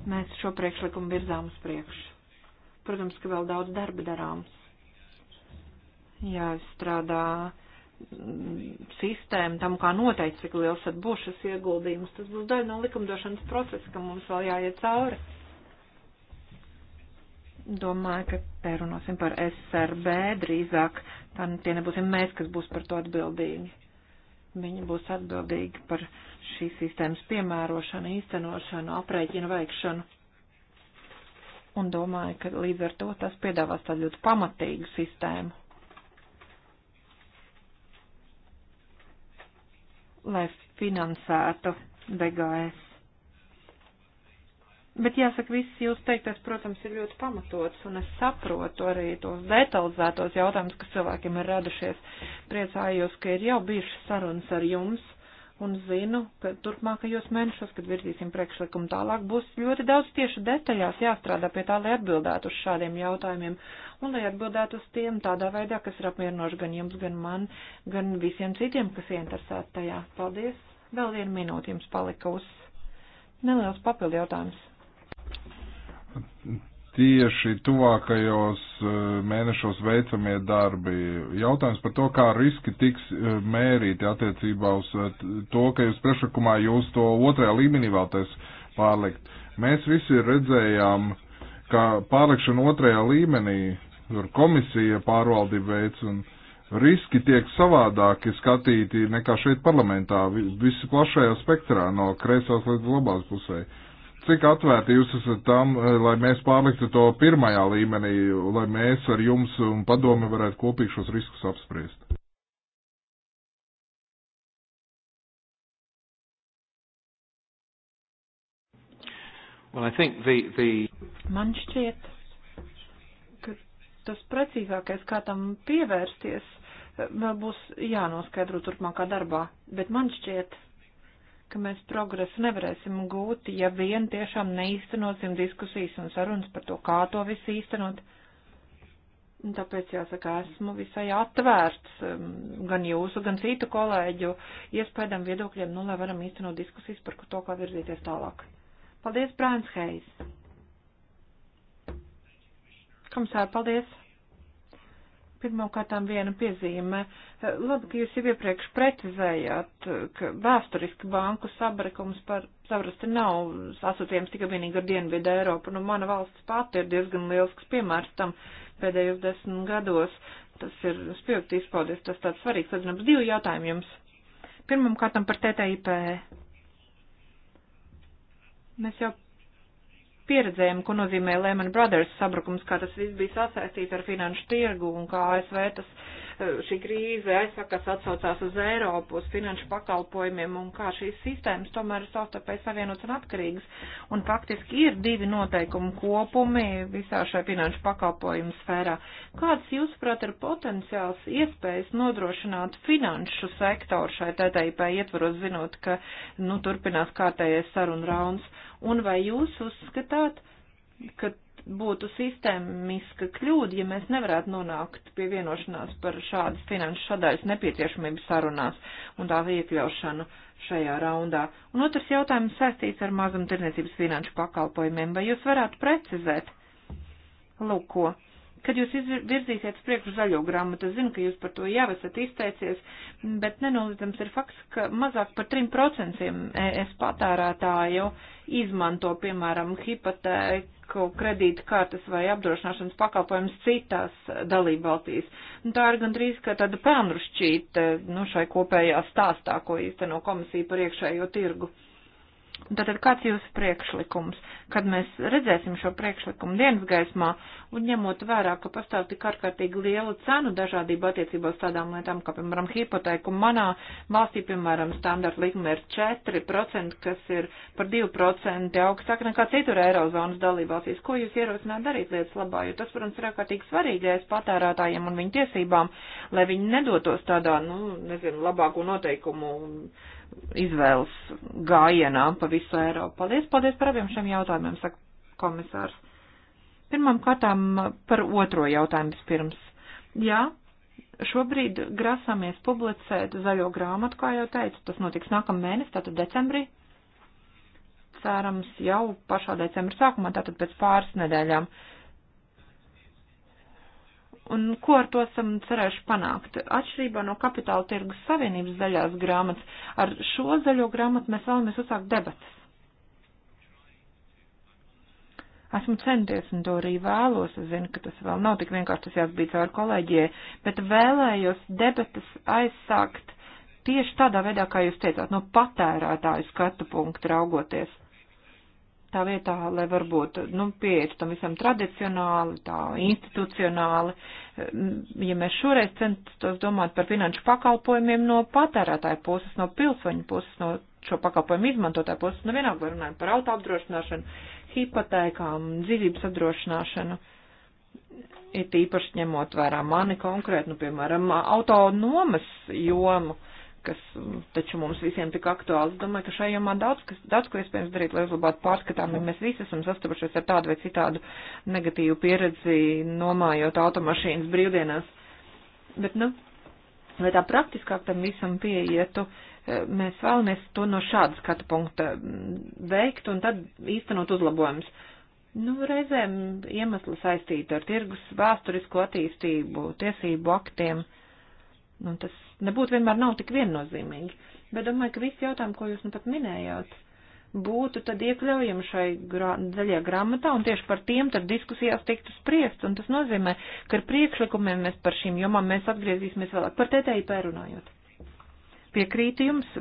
mēs šo priekšlikumu virzām uz priekšu. Protams, ka vēl daudz darba darāms. Jāstrādā mm, sistēma tam, kā noteikt, cik liels tad būs šis ieguldījums. Tas būs daļa no likumdošanas procesa, ka mums vēl jāiet cauri domāju, ka te runāsim par SRB drīzāk. Tā tie nebūsim mēs, kas būs par to atbildīgi. Viņi būs atbildīgi par šīs sistēmas piemērošanu, īstenošanu, aprēķinu veikšanu. Un domāju, ka līdz ar to tas piedāvās tādu ļoti pamatīgu sistēmu. Lai finansētu DGS Bet jāsaka, viss jūs teiktais, protams, ir ļoti pamatots, un es saprotu arī tos detalizētos jautājumus, kas cilvēkiem ir radušies. Priecājos, ka ir jau bijušas sarunas ar jums, un zinu, ka turpmākajos mēnešos, kad virzīsim priekšlikumu tālāk, būs ļoti daudz tieši detaļās jāstrādā pie tā, lai atbildētu uz šādiem jautājumiem, un lai atbildētu uz tiem tādā veidā, kas ir apmierinoši gan jums, gan man, gan visiem citiem, kas ieinteresēti tajā. Paldies! Vēl vienu minūti jums palika uz neliels papildu jautājums tieši tuvākajos eh, mēnešos veicamie darbi. Jautājums par to, kā riski tiks eh, mērīti attiecībā uz eh, to, ka jūs priekšlikumā jūs to otrajā līmenī vēlaties pārlikt. Mēs visi redzējām, ka pārlikšana otrajā līmenī, tur komisija pārvaldība veids un riski tiek savādāki skatīti nekā šeit parlamentā, visu plašajā spektrā, no kreisās līdz labās pusē. Uh, cik atvērti jūs esat tam, eh, lai mēs pārliktu to pirmajā līmenī, lai mēs ar jums un padomi varētu kopīgi šos riskus apspriest? Well, I think the, the... Man šķiet, ka tas precīzākais, kā tam pievērsties, vēl būs jānoskaidro turpmākā darbā, bet man šķiet, ka mēs progresu nevarēsim gūt, ja vien tiešām neīstenosim diskusijas un sarunas par to, kā to visu īstenot. Un tāpēc jāsaka, esmu visai atvērts um, gan jūsu, gan citu kolēģu iespējām viedokļiem, nu, lai varam īstenot diskusijas par to, kā virzīties tālāk. Paldies, Brāns Heijs! Komisār, paldies! Pirmkārtām viena piezīme. Labi, ka jūs jau iepriekš precizējāt, ka vēsturiski banku sabrekums par savrasti nav asociējams tikai vienīgi ar Dienvidu Eiropu. Nu, mana valsts pati ir diezgan liels piemērs tam pēdējos desmit gados. Tas ir spilgti izpaudies, tas tāds svarīgs atzinums. Divi jautājumi jums. Pirmam kārtam par TTIP. Mēs jau pieredzējam, ko nozīmē Lehman Brothers sabrukums, kā tas viss bija sasaistīts ar finanšu tirgu un kā ASV tas šī krīze aizsakas atsaucās uz Eiropu, uz finanšu pakalpojumiem un kā šīs sistēmas tomēr ir savstarpēji savienotas un atkarīgas. Un faktiski ir divi noteikumu kopumi visā šajā finanšu pakalpojumu sfērā. Kāds, jūsuprāt, ir potenciāls iespējas nodrošināt finanšu sektoru šai TTIP ietvaros, zinot, ka nu, turpinās kārtējais sarunu rauns? Un vai jūs uzskatāt, ka būtu sistēmiska kļūda, ja mēs nevarētu nonākt pie vienošanās par šādas finanšu sadaļas nepieciešamību sarunās un tā iekļaušanu šajā raundā. Un otrs jautājums saistīts ar mazumtirniecības finanšu pakalpojumiem. Vai jūs varētu precizēt, lūko, kad jūs virzīsiet priekšu zaļo grāmatu, es zinu, ka jūs par to jau esat izteicies, bet nenoliedzams ir fakts, ka mazāk par 3% es patērētāju izmanto, piemēram, hipotēku, kredītkartes vai apdrošināšanas pakalpojumus citās dalībvaltīs. Tā ir gandrīz kā tāda pelnrušķīta nu, šai kopējā stāstā, ko īsteno komisija par iekšējo tirgu. Tātad kāds jūsu priekšlikums, kad mēs redzēsim šo priekšlikumu dienas gaismā un ņemot vērā, ka pastāv tik ārkārtīgi liela cenu dažādība attiecībā uz tādām lietām, kā piemēram hipotēku manā valstī, piemēram, standarta likme ir 4%, kas ir par 2% augstāk nekā citur Eirozonas dalībvalstīs. Ko jūs ierosināt darīt lietas labā, jo tas, protams, ir ārkārtīgi svarīgais patērētājiem un viņu tiesībām, lai viņi nedotos tādā, nu, nezinu, labāko noteikumu izvēles gājienām pa visu Eiropu. Paldies, paldies par abiem šiem jautājumiem, saka komisārs. Pirmām kārtām par otro jautājumu vispirms. Jā, šobrīd grasāmies publicēt zaļo grāmatu, kā jau teicu, tas notiks nākamā mēnesī, tātad decembrī. Cerams, jau pašā decembra sākumā, tātad pēc pāris nedēļām. Uh, Un ko ar to esam cerējuši panākt? Atšķirībā no kapitāla tirgus savienības zaļās grāmatas, ar šo zaļo grāmatu mēs vēlamies uzsākt debatas. Esmu centies un to arī vēlos, es zinu, ka tas vēl nav tik vienkārši, tas jāsbīt caur kolēģijai, bet vēlējos debatas aizsākt tieši tādā veidā, kā jūs teicāt, no patērētāju skatu punktu raugoties tā vietā, lai varbūt, nu, pietu tam visam tradicionāli, tā institucionāli, mm, ja mēs šoreiz centos domāt par finanšu pakalpojumiem no patērētāja puses, no pilsoņa puses, no šo pakalpojumu izmantotāja puses, nu, vienalga var runāt par auto apdrošināšanu, hipotēkām, dzīvības apdrošināšanu. It īpaši ņemot vērā mani konkrēti, nu, piemēram, autonomas jomu kas mm, taču mums visiem tik aktuāls. Domāju, ka šajā jomā daudz, kas, daudz ko iespējams darīt, lai uzlabātu pārskatāmību. Mēs visi esam sastapušies ar tādu vai citādu negatīvu pieredzi, nomājot automašīnas brīvdienās. Bet, nu, lai tā praktiskāk tam visam pieietu, e, mēs vēlamies to no šāda skatu punkta mm, veikt un tad īstenot uzlabojumus. Nu, reizēm iemesli saistīti ar tirgus vēsturisko attīstību, tiesību aktiem. Uh, Nu, tas nebūtu vienmēr nav tik viennozīmīgi. Bet domāju, ka visi jautājumi, ko jūs nu pat minējāt, būtu tad iekļaujami šai grā, zaļajā grāmatā, un tieši par tiem tad diskusijās tiktu spriest, un tas nozīmē, ka ar priekšlikumiem mēs par šīm jomām mēs atgriezīsimies vēlāk par TTIP runājot. Piekrītu jums,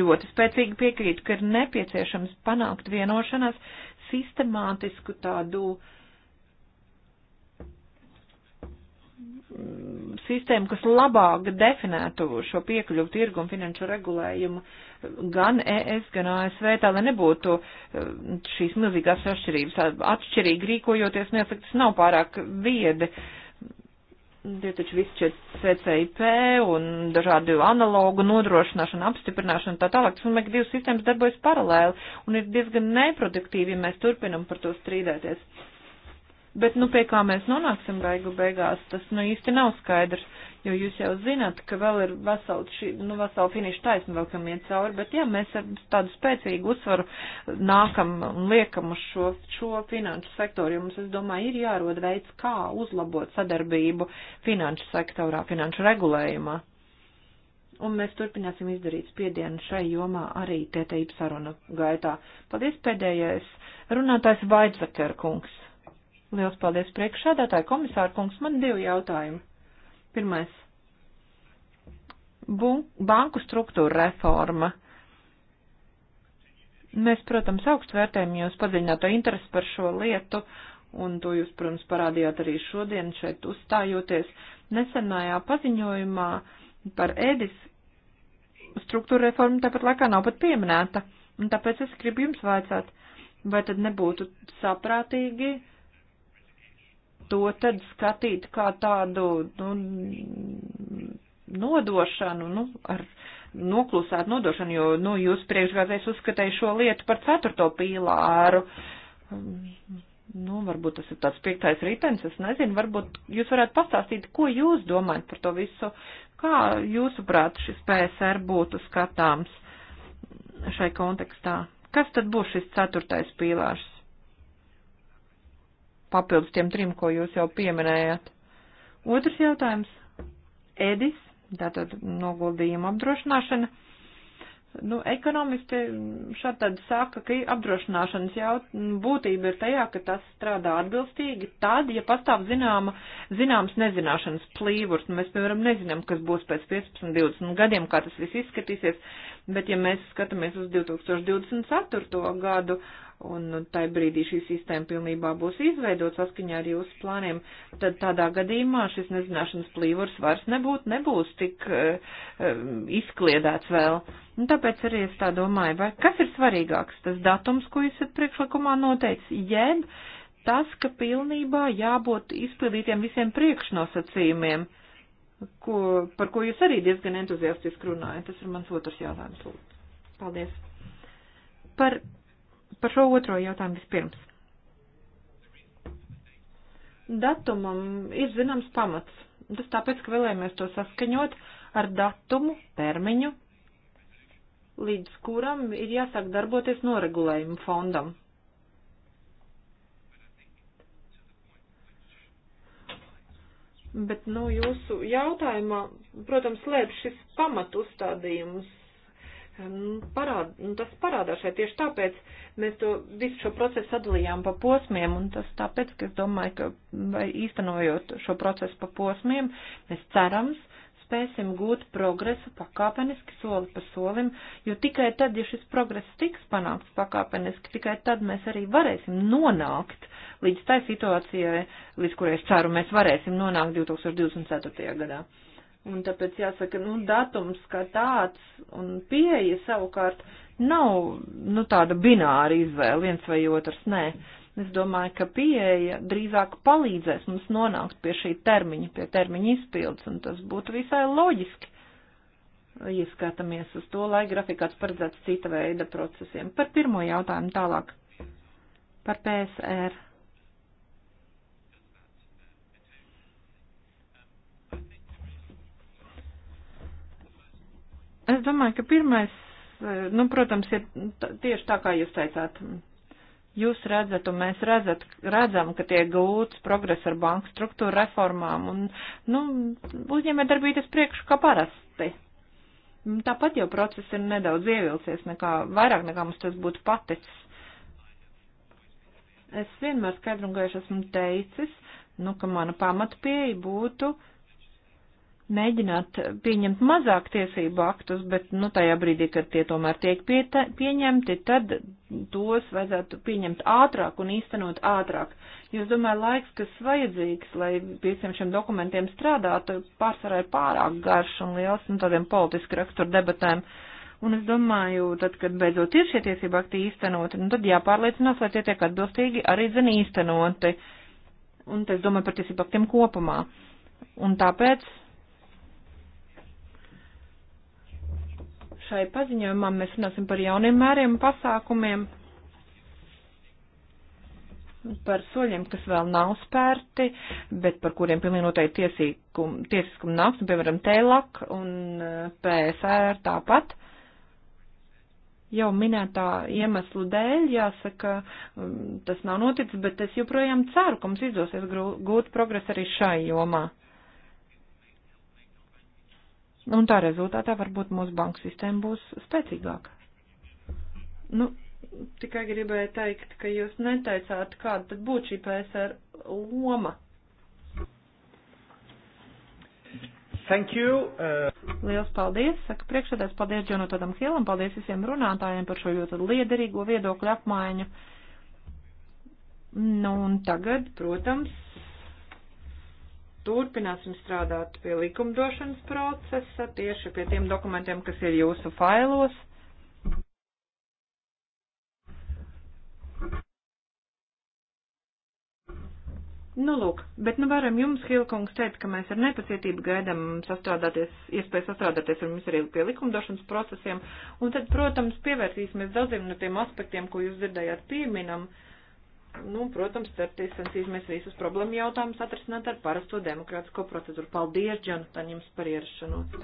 ļoti spēcīgi piekrītu, ka ir nepieciešams panākt vienošanās sistemātisku tādu uh, sistēmu, kas labāk definētu šo piekļuvu tirgu un finanšu regulējumu gan ES, gan ASV, tā lai nebūtu eh, šīs milzīgās atšķirības. Atšķirīgi rīkojoties, nesaka, nu, tas nav pārāk viedi. Tie taču visi šie CCIP un dažādu analogu nodrošināšana, apstiprināšana tā tālāk. Tas nozīmē, ka divas sistēmas darbojas paralēli un ir diezgan neproduktīvi, ja mēs turpinam par to strīdēties Bet, nu, pie kā mēs nonāksim beigu beigās, tas, nu, īsti nav skaidrs, jo jūs jau zināt, ka vēl ir vesela šī, nu, vesela finiša taisna vēl, kam iet cauri, bet, jā, mēs ar tādu spēcīgu uzsvaru nākam un liekam uz šo, šo finanšu sektoru, jo mums, es domāju, ir jārod veids, kā uzlabot sadarbību finanšu sektorā, finanšu regulējumā. Un mēs turpināsim izdarīt spiedienu šai jomā arī TTIP saruna gaitā. Paldies pēdējais runātājs Vaidzaker kungs. Liels paldies priekšādātāji komisāra kungs. Man divi jautājumi. Pirmais. Bun banku struktūra reforma. Mēs, protams, augstu vērtējam jūs padziļināto interesi par šo lietu, un to jūs, protams, parādījāt arī šodien šeit uzstājoties. Nesenajā paziņojumā par ēdis struktūra reforma tāpat laikā nav pat pieminēta, un tāpēc es gribu jums vaicāt, vai tad nebūtu saprātīgi uh, to tad skatīt kā tādu nu, nodošanu, nu, ar noklusēt nodošanu, jo, nu, jūs priekšgāzais uzskatīja šo lietu par ceturto pīlāru. Nu, varbūt tas ir tāds piektais ritenis, es nezinu, varbūt jūs varētu pastāstīt, ko jūs domājat par to visu, kā jūsuprāt šis PSR būtu skatāms šai kontekstā. Kas tad būs šis ceturtais pīlārs? papildus tiem trim, ko jūs jau pieminējāt. Otrs jautājums. Edis, tātad noguldījuma apdrošināšana. Nu, ekonomisti šādi saka, ka apdrošināšanas jau būtība ir tajā, ka tas strādā atbilstīgi tad, ja pastāv zināma, zināms nezināšanas plīvurs. Nu, mēs, piemēram, nezinām, kas būs pēc 15, 20 gadiem, kā tas viss izskatīsies, bet ja mēs skatāmies uz 2024. gadu un tai brīdī šī sistēma pilnībā būs izveidot saskaņā ar jūsu plāniem, tad tādā gadījumā šis nezināšanas plīvurs vairs nebūt, nebūs tik uh, izkliedēts vēl. Un tāpēc arī es tā domāju, vai kas ir svarīgāks, tas datums, ko jūs esat priekšlikumā noteicis, jeb tas, ka pilnībā jābūt izpildītiem visiem priekšnosacījumiem, ko, par ko jūs arī diezgan entuziastiski runājat. Tas ir mans otrs jautājums. Paldies. Par par šo otro jautājumu vispirms. Datumam ir zināms pamats. Tas tāpēc, ka vēlējāmies to saskaņot ar datumu, termiņu, līdz kuram ir jāsāk darboties noregulējumu fondam. Bet, nu, jūsu jautājumā, protams, slēp šis pamat uzstādījums Ehm, parād, nu, tas parādās šeit tieši tāpēc mēs to visu šo procesu sadalījām pa posmiem, un tas tāpēc, ka es domāju, ka vai īstenojot šo procesu pa posmiem, mēs cerams, spēsim gūt progresu pakāpeniski soli pa solim, jo tikai tad, ja šis progress tiks panākts pakāpeniski, tikai tad mēs arī varēsim nonākt līdz tai situācijai, līdz kurai es ceru, mēs varēsim nonākt 2024. gadā. Un tāpēc jāsaka, nu, datums kā tāds un pieeja savukārt nav, nu, tāda bināra izvēle, viens vai otrs, nē. Es domāju, ka pieeja drīzāk palīdzēs mums nonākt pie šī termiņa, pie termiņa izpildes, un tas būtu visai loģiski, ja skatāmies uz to, lai grafikāts paredzēts cita veida procesiem. Par pirmo jautājumu tālāk. Par PSR. Es domāju, ka pirmais, eh, nu, protams, ir tieši tā, kā jūs teicāt. Jūs redzat, un mēs redzat, redzam, ka tiek gūts progress ar banku struktūru reformām, un, nu, uzņēmē darbības priekšu kā parasti. Tāpat jau process ir nedaudz ievilcies, nekā, vairāk nekā mums tas būtu paticis. Es vienmēr skaidru un gaišu esmu teicis, nu, ka mana pamata pieeja būtu uh, mēģināt pieņemt mazāk tiesību aktus, bet, nu, tajā brīdī, kad tie tomēr tiek pie, pieņemti, tad tos vajadzētu pieņemt ātrāk un īstenot ātrāk. Jo es domāju, laiks, kas vajadzīgs, lai pie visiem šiem dokumentiem strādātu, pārsvarā ir pārāk garš un liels un nu, tādiem politiski rakstur debatēm. Un es domāju, tad, kad beidzot ir šie tiesību akti īstenoti, nu, tad jāpārliecinās, lai tie tiek atbilstīgi arī zin īstenoti. Un te es domāju par tiesību aktiem kopumā. Un tāpēc Šai paziņojumā mēs runāsim par jauniem mēriem un pasākumiem, par soļiem, kas vēl nav spērti, bet par kuriem pilnīgi noteikti tiesiskumu nāks, piemēram, TELAK un eh, PSR tāpat jau minētā iemeslu dēļ, jāsaka, mm, tas nav noticis, bet es joprojām ceru, ka mums izdosies gūt progresu arī šai jomā. Un tā rezultātā varbūt mūsu banka sistēma būs spēcīgāka. Nu, tikai gribēju teikt, ka jūs neteicāt, kāda tad būtu šī PSR loma. Thank you. Uh... Liels paldies, saka priekšsēdēs, paldies Džonatodam Hilam, paldies visiem runātājiem par šo ļoti liederīgo viedokļu apmaiņu. Nu, un tagad, protams, turpināsim strādāt pie likumdošanas procesa, tieši pie tiem dokumentiem, kas ir jūsu failos. Nu, lūk, bet nu varam jums, Hilkungs, teikt, ka mēs ar nepacietību gaidām sastrādāties, iespēju sastrādāties ar mums arī pie likumdošanas procesiem, un tad, protams, pievērsīsimies daudziem no tiem aspektiem, ko jūs dzirdējāt pieminam. Uh, nu, protams, certies, censīsimies visus problēmu jautājumus atrisināt ar parasto demokrātisko procedūru. Paldies, Džonatan, jums par ierašanos.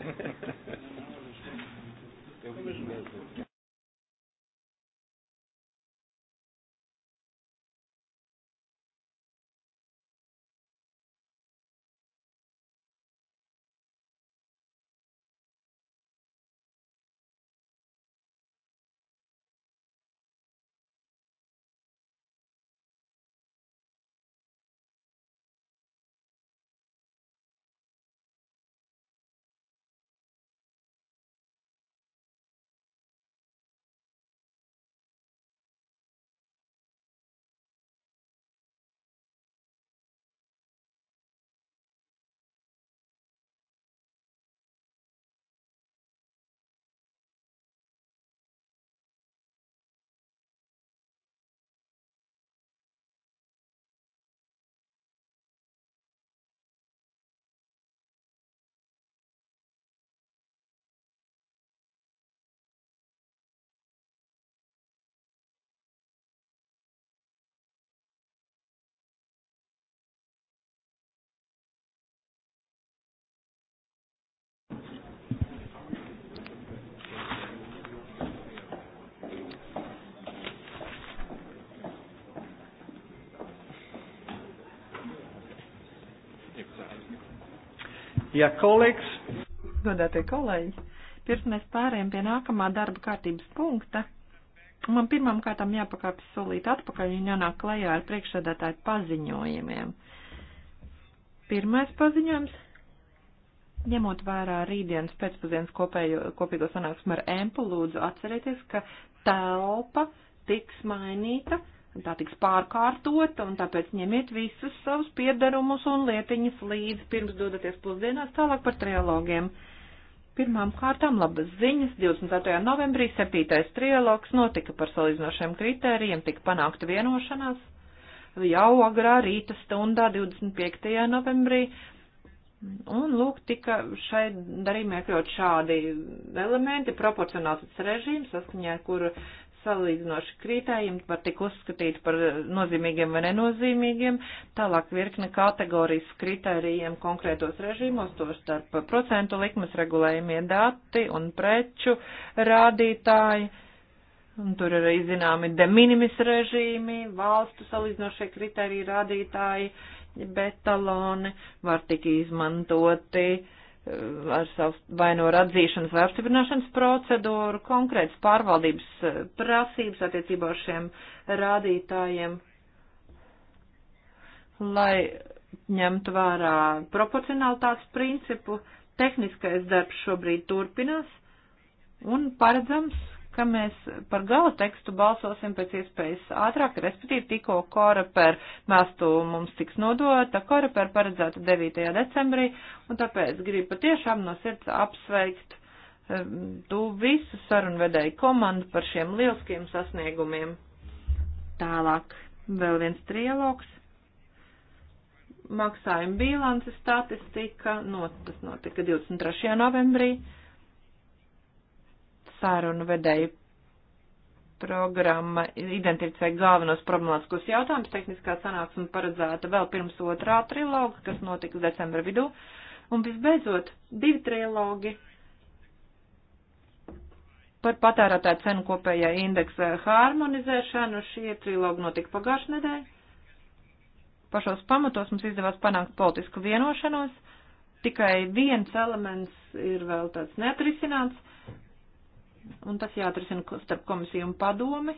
Ja kolēģis. Godātie kolēģi, pirms mēs pārējām pie nākamā darba kārtības punkta, man pirmām kārtām jāpakāpjas solīt atpakaļ un jānāk klajā ar priekšsēdētāju paziņojumiem. Pirmais paziņojums. Ņemot vērā rītdienas pēcpusdienas kopējo, kopīgo sanāksmu ar Empu, lūdzu atcerieties, ka telpa tiks mainīta tā tiks pārkārtota, un tāpēc ņemiet visus savus piedarumus un lietiņas līdzi pirms dodaties pusdienās tālāk par trialogiem. Pirmām kārtām labas ziņas. 24. novembrī 7. trialogs notika par salīdzinošiem kritērijiem, tika panākta vienošanās jau agrā rīta stundā 25. novembrī. Un, lūk, tika šai darījumā iekļaut šādi elementi, proporcionāls režīms, saskaņā, kur salīdzinoši krītējumi var tik uzskatīt par nozīmīgiem vai nenozīmīgiem, tālāk virkne kategorijas kritērijiem konkrētos režīmos, to starp procentu likmes regulējumie dati un preču rādītāji. Un tur ir arī zināmi de minimis režīmi, valstu salīdzinošie kritērija rādītāji, bet taloni var tik izmantoti ar savu vai no atzīšanas vai apstiprināšanas procedūru, konkrētas pārvaldības eh, prasības attiecībā ar šiem rādītājiem, lai ņemtu vērā proporcionalitātes principu. Tehniskais darbs šobrīd turpinās un paredzams, ka mēs par gala tekstu balsosim pēc iespējas ātrāk, respektīvi tikko koreper mēstu mums tiks nodota, koreper paredzēta 9. decembrī, un tāpēc gribu patiešām no sirds apsveikt tu visu sarunvedēju komandu par šiem lieliskiem sasniegumiem. Tālāk vēl viens trialogs. Maksājuma bilances statistika, no, tas notika 23. novembrī. Uh, Sārunu vedēju programma identificē galvenos problemātiskos jautājumus. Tehniskā sanāksme paredzēta vēl pirms otrā triloga, kas notiks decembra vidū. Un visbeidzot, divi trilogi par patērētāju cenu kopējā indeksa harmonizēšanu. Šie trilogi notika pagājušajā nedēļā. Pašos pamatos mums izdevās panākt politisku vienošanos. Tikai viens elements ir vēl tāds neatrisināts un tas jāatrisina starp komisiju un padomi.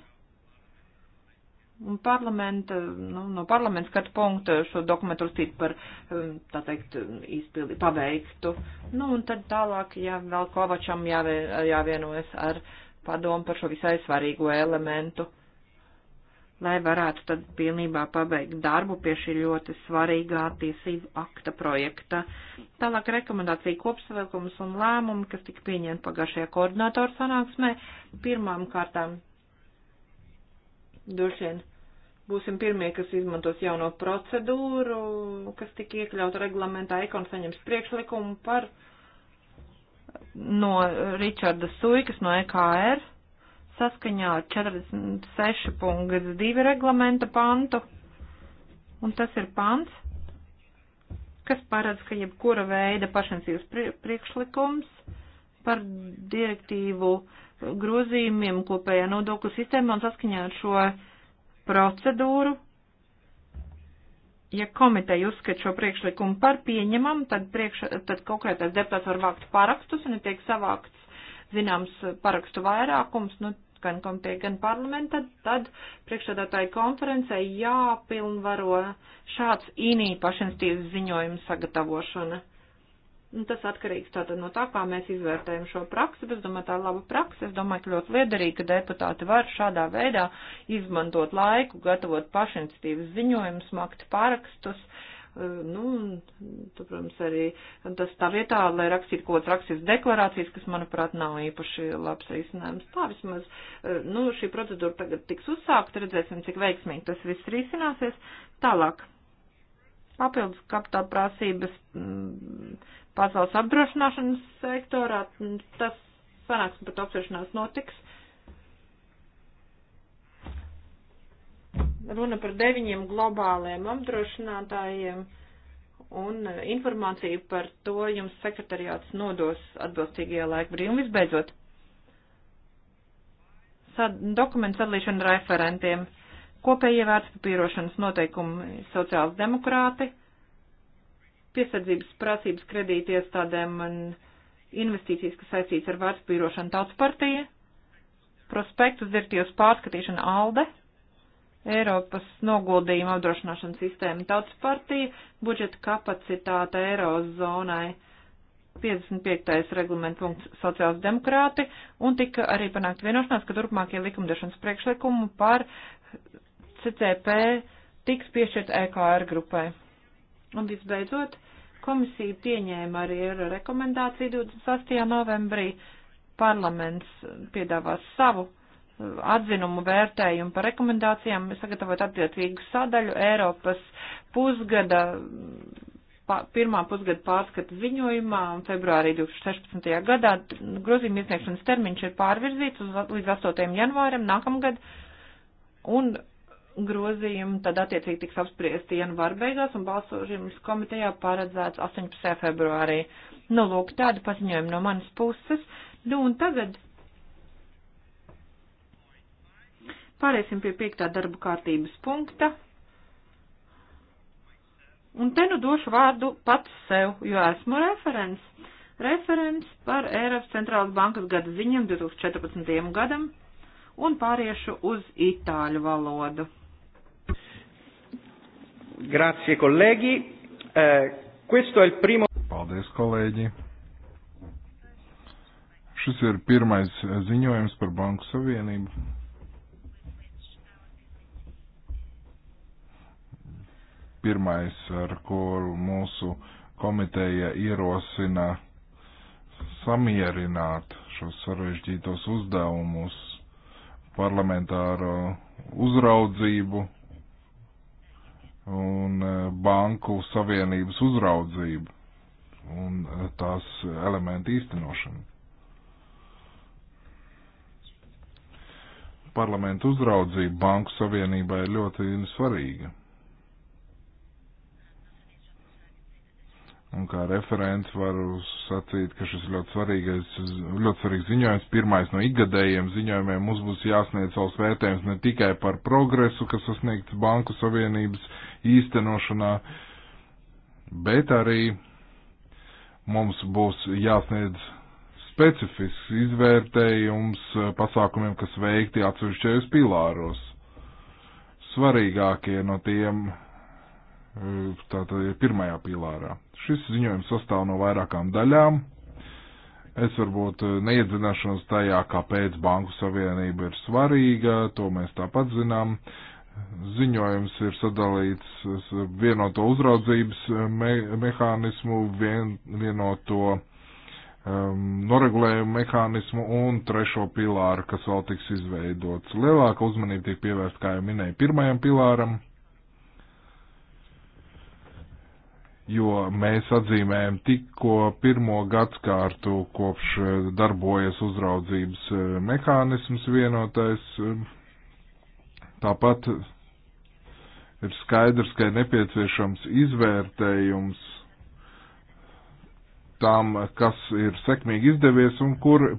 Un parlamenta, nu, no parlamenta skatu punkta šo dokumentu uzstīt par, um, tā teikt, izpildi, paveiktu. Nu, un tad tālāk, ja vēl Kovačam jāvienojas ar padomu par šo visai svarīgo elementu lai varētu tad pilnībā pabeigt darbu pie šī ļoti svarīgā tiesību akta projekta. Tālāk rekomendācija kopsavilkums un lēmumi, kas tika pieņemti pagājušajā koordinātoru sanāksmē, pirmām kārtām droši vien būsim pirmie, kas izmantos jauno procedūru, kas tika iekļauta reglamentā, ekon saņems priekšlikumu par no Ričarda Suikas no EKR saskaņā ar 46.2 reglamenta pantu, un tas ir pants, kas paredz, ka jebkura veida pašensības priekšlikums par direktīvu grozījumiem kopējā nodokļu sistēmā un saskaņā ar šo procedūru, ja komiteja uzskata šo priekšlikumu par pieņemam, tad, priekš, tad konkrētais deputāts var vākt parakstus un ja tiek savākts zināms parakstu vairākums, nu, gan komiteja, gan parlamenta, tad priekšsēdētāji konferencē jāpilnvaro šāds inī pašinstīvas ziņojuma sagatavošana. Un nu, tas atkarīgs tātad no tā, kā mēs izvērtējam šo praksi, bet es domāju, tā ir laba praksa. Es domāju, ka ļoti liederīgi, ka deputāti var šādā veidā izmantot laiku, gatavot pašinstīvas ziņojumus, makt parakstus, uh, Eh, nu, tu, protams, arī tas tā vietā, lai rakstītu kaut kādas rakstītas deklarācijas, kas, manuprāt, nav īpaši labs risinājums. Tā vismaz, eh, nu, šī procedūra tagad tiks uzsākta, redzēsim, cik veiksmīgi tas viss risināsies. Tālāk. Papildus kapitāla prasības mm, pasaules apdrošināšanas sektorā, mm, tas sanāksim par to apsvēršanās notiks Runa par deviņiem globāliem apdrošinātājiem un informāciju par to jums sekretariāts nodos atbilstīgajā laika brīdī. Un visbeidzot, sad, dokumentu sadalīšana referentiem, kopējie vērtspapīrošanas noteikumi sociāls demokrāti, piesardzības prasības kredīti iestādēm un investīcijas, kas saistīts ar vērtspapīrošanu tautas partija, prospektus direktīvas pārskatīšana ALDE Eiropas noguldījuma apdrošināšanas sistēma tautas partija, budžeta kapacitāte Eirozonai 55. reglamenta punkts sociāls demokrāti, un tika arī panākt vienošanās, ka turpmākie likumdošanas priekšlikumu par CCP tiks piešķirt EKR grupai. Un visbeidzot, komisija pieņēma arī ar rekomendāciju 28. novembrī. Parlaments piedāvās savu atzinumu vērtējumu par rekomendācijām, sagatavot attiecīgu sadaļu Eiropas pusgada, pā, pirmā pusgada pārskata ziņojumā un februārī 2016. gadā grozījuma iesniegšanas termiņš ir pārvirzīts uz, līdz 8. janvārim nākamgad un grozījumi tad attiecīgi tiks apspriesti janvāra beigās un balsojums komitejā paredzēts 18. februārī. Nu, lūk, tādi paziņojumi no manas puses. Nu, un tagad Pāriesim pie piektā darba kārtības punkta. Un te nu došu vārdu pats sev, jo esmu referents. Referents par Eiropas centrālas bankas gada ziņam 2014. gadam un pāriešu uz itāļu valodu. Grazie, kolēģi. Eh, questo è il primo. Paldies, kolēģi. Šis ir pirmais ziņojums par Banku Savienību. pirmais, ar kuru mūsu komiteja ierosina samierināt šos sarežģītos uzdevumus, parlamentāro uzraudzību un e, banku savienības uzraudzību un e, tās elementu īstenošanu. Parlamentu uzraudzība banku savienībā ir ļoti svarīga. Un kā referents varu sacīt, ka šis ir ļoti svarīgais, ļoti svarīgs ziņojums. Pirmais no ikgadējiem ziņojumiem mums būs jāsniedz savs vērtējums ne tikai par progresu, kas sasniegts Banku Savienības īstenošanā, bet arī mums būs jāsniedz specifisks izvērtējums pasākumiem, kas veikti atsevišķajos pilāros. Svarīgākie no tiem tātad pirmajā pilārā. Šis ziņojums sastāv no vairākām daļām. Es varbūt eh, neiedzināšanos tajā, kāpēc Banku Savienība ir svarīga, to mēs tāpat zinām. Ziņojums ir sadalīts vienoto uzraudzības eh, me mehānismu, vien vienoto um, noregulējumu mehānismu un trešo pilāru, kas vēl tiks izveidots. Lielāka uzmanība tiek pievērsta, kā jau minēju, pirmajam pilāram jo mēs atzīmējam tikko pirmo gadskārtu kopš eh, darbojas uzraudzības eh, mehānisms vienotais. Tāpat ir skaidrs, ka ir nepieciešams izvērtējums tam, kas ir sekmīgi izdevies un kur eh,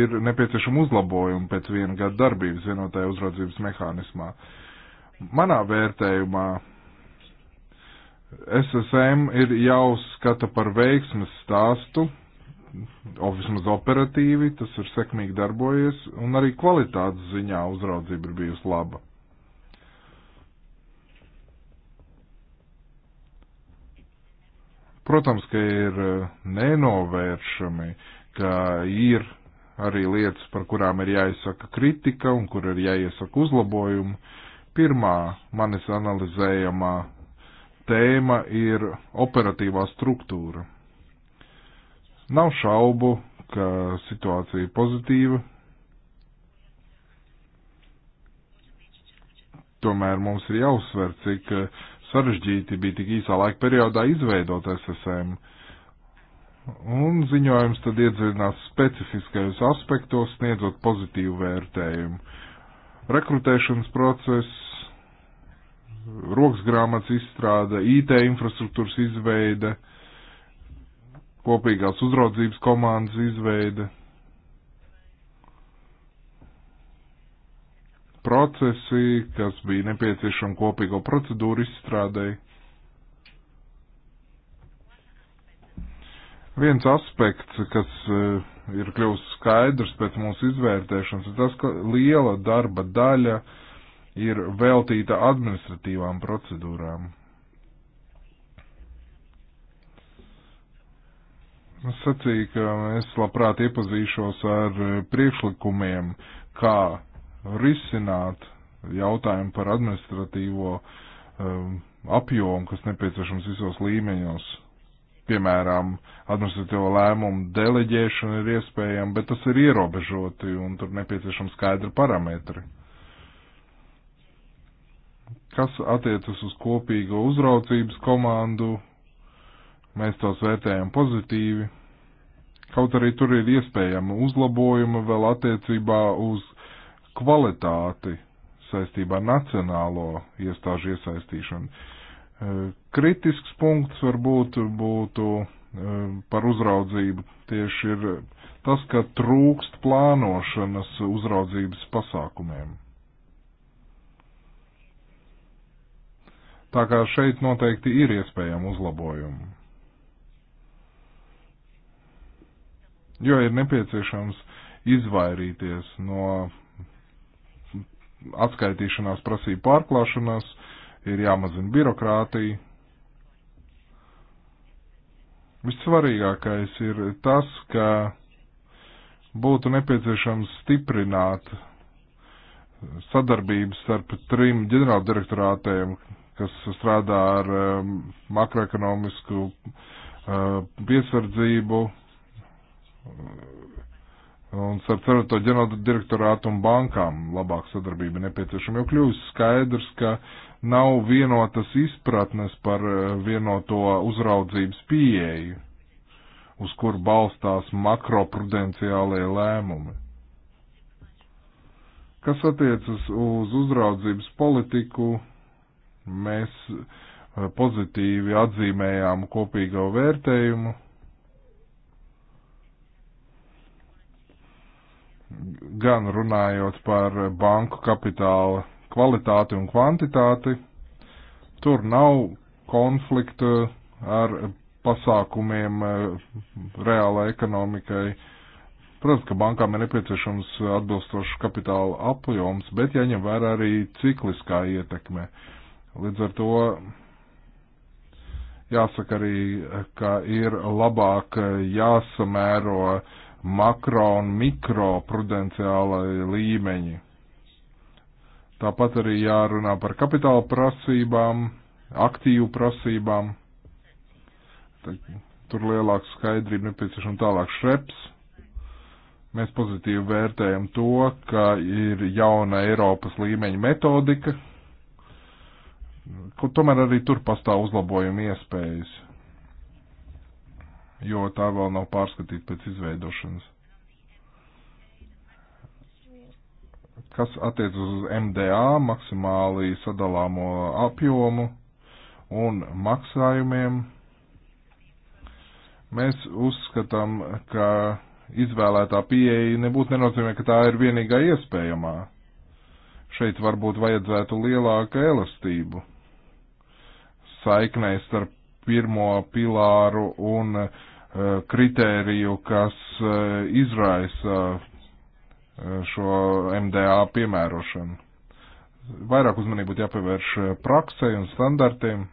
ir nepieciešama uzlabojuma pēc viena gada darbības vienotajā uzraudzības mehānismā. Manā vērtējumā SSM ir jāuzskata par veiksmes stāstu, o vismaz operatīvi, tas ir sekmīgi darbojies, un arī kvalitātes ziņā uzraudzība ir bijusi laba. Protams, ka ir eh, nenovēršami, ka ir arī lietas, par kurām ir jāizsaka kritika un kur ir jāiesaka uzlabojumi. Pirmā manis analizējamā tēma ir operatīvā struktūra. Nav šaubu, ka situācija ir pozitīva. Tomēr mums ir jāuzsver, cik eh, sarežģīti bija tik īsā laika periodā izveidot SSM. Un ziņojums tad iedzinās specifiskajos aspektos, sniedzot pozitīvu vērtējumu. Rekrutēšanas process rokasgrāmatas izstrāde, IT infrastruktūras izveide, kopīgās uzraudzības komandas izveide, procesi, kas bija nepieciešami kopīgo procedūru izstrādēji. Viens aspekts, kas eh, ir kļuvis skaidrs pēc mūsu izvērtēšanas, ir tas, ka liela darba daļa uh, ir veltīta administratīvām procedūrām. Es sacīju, ka es labprāt iepazīšos ar priekšlikumiem, kā risināt jautājumu par administratīvo um, apjomu, kas nepieciešams visos līmeņos. Piemēram, administratīvo lēmumu deleģēšana ir iespējama, bet tas ir ierobežoti un tur nepieciešama skaidra parametri. Kas attiecas uz kopīgo uzraucības komandu, mēs tos vērtējam pozitīvi. Kaut arī tur ir iespējama uzlabojuma vēl attiecībā uz kvalitāti saistībā ar nacionālo iestāžu iesaistīšanu. E, kritisks punkts varbūt būtu e, par uzraudzību tieši ir tas, ka trūkst plānošanas uzraudzības pasākumiem. Tā kā šeit noteikti ir iespējama uzlabojuma. Jo ir nepieciešams izvairīties no atskaitīšanās prasību pārklāšanās, ir jāmazina birokrātija. Vissvarīgākais ir tas, ka būtu nepieciešams stiprināt sadarbības starp trim ģenerāldirektorātiem, kas strādā ar um, makroekonomisku uh, piesardzību uh, un ar ceroto ģenerālu direktorātu un bankām labāk sadarbība nepieciešama, jo kļūst skaidrs, ka nav vienotas izpratnes par uh, vienoto uzraudzības pieeju, uz kur balstās makroprudenciālie lēmumi. Kas attiecas uz uzraudzības politiku, Mēs eh, pozitīvi atzīmējām kopīgo vērtējumu. Gan runājot par banku kapitāla kvalitāti un kvantitāti, tur nav konflikta ar pasākumiem eh, reālai ekonomikai. Protams, ka bankām ir nepieciešams atbilstošs kapitāla apjoms, bet jāņem vērā arī cikliskā ietekme. Uh, Līdz ar to jāsaka arī, ka ir labāk jāsamēro makro un mikro prudenciālai līmeņi. Tāpat arī jārunā par kapitāla prasībām, aktīvu prasībām. Tur lielāka skaidrība nepieciešama tālāk šreps. Mēs pozitīvi vērtējam to, ka ir jauna Eiropas līmeņa metodika, tomēr arī tur pastāv uzlabojuma iespējas, jo tā vēl nav pārskatīta pēc izveidošanas. Kas attiec uz MDA maksimāli sadalāmo apjomu un maksājumiem, mēs uzskatām, ka izvēlētā pieeja nebūtu nenozīmē, ka tā ir vienīgā iespējamā. Šeit varbūt vajadzētu lielāku elastību saiknē starp pirmo pilāru un uh, kritēriju, kas uh, izraisa uh, šo MDA piemērošanu. Vairāk uzmanību būtu jāpievērš praksē un standartiem.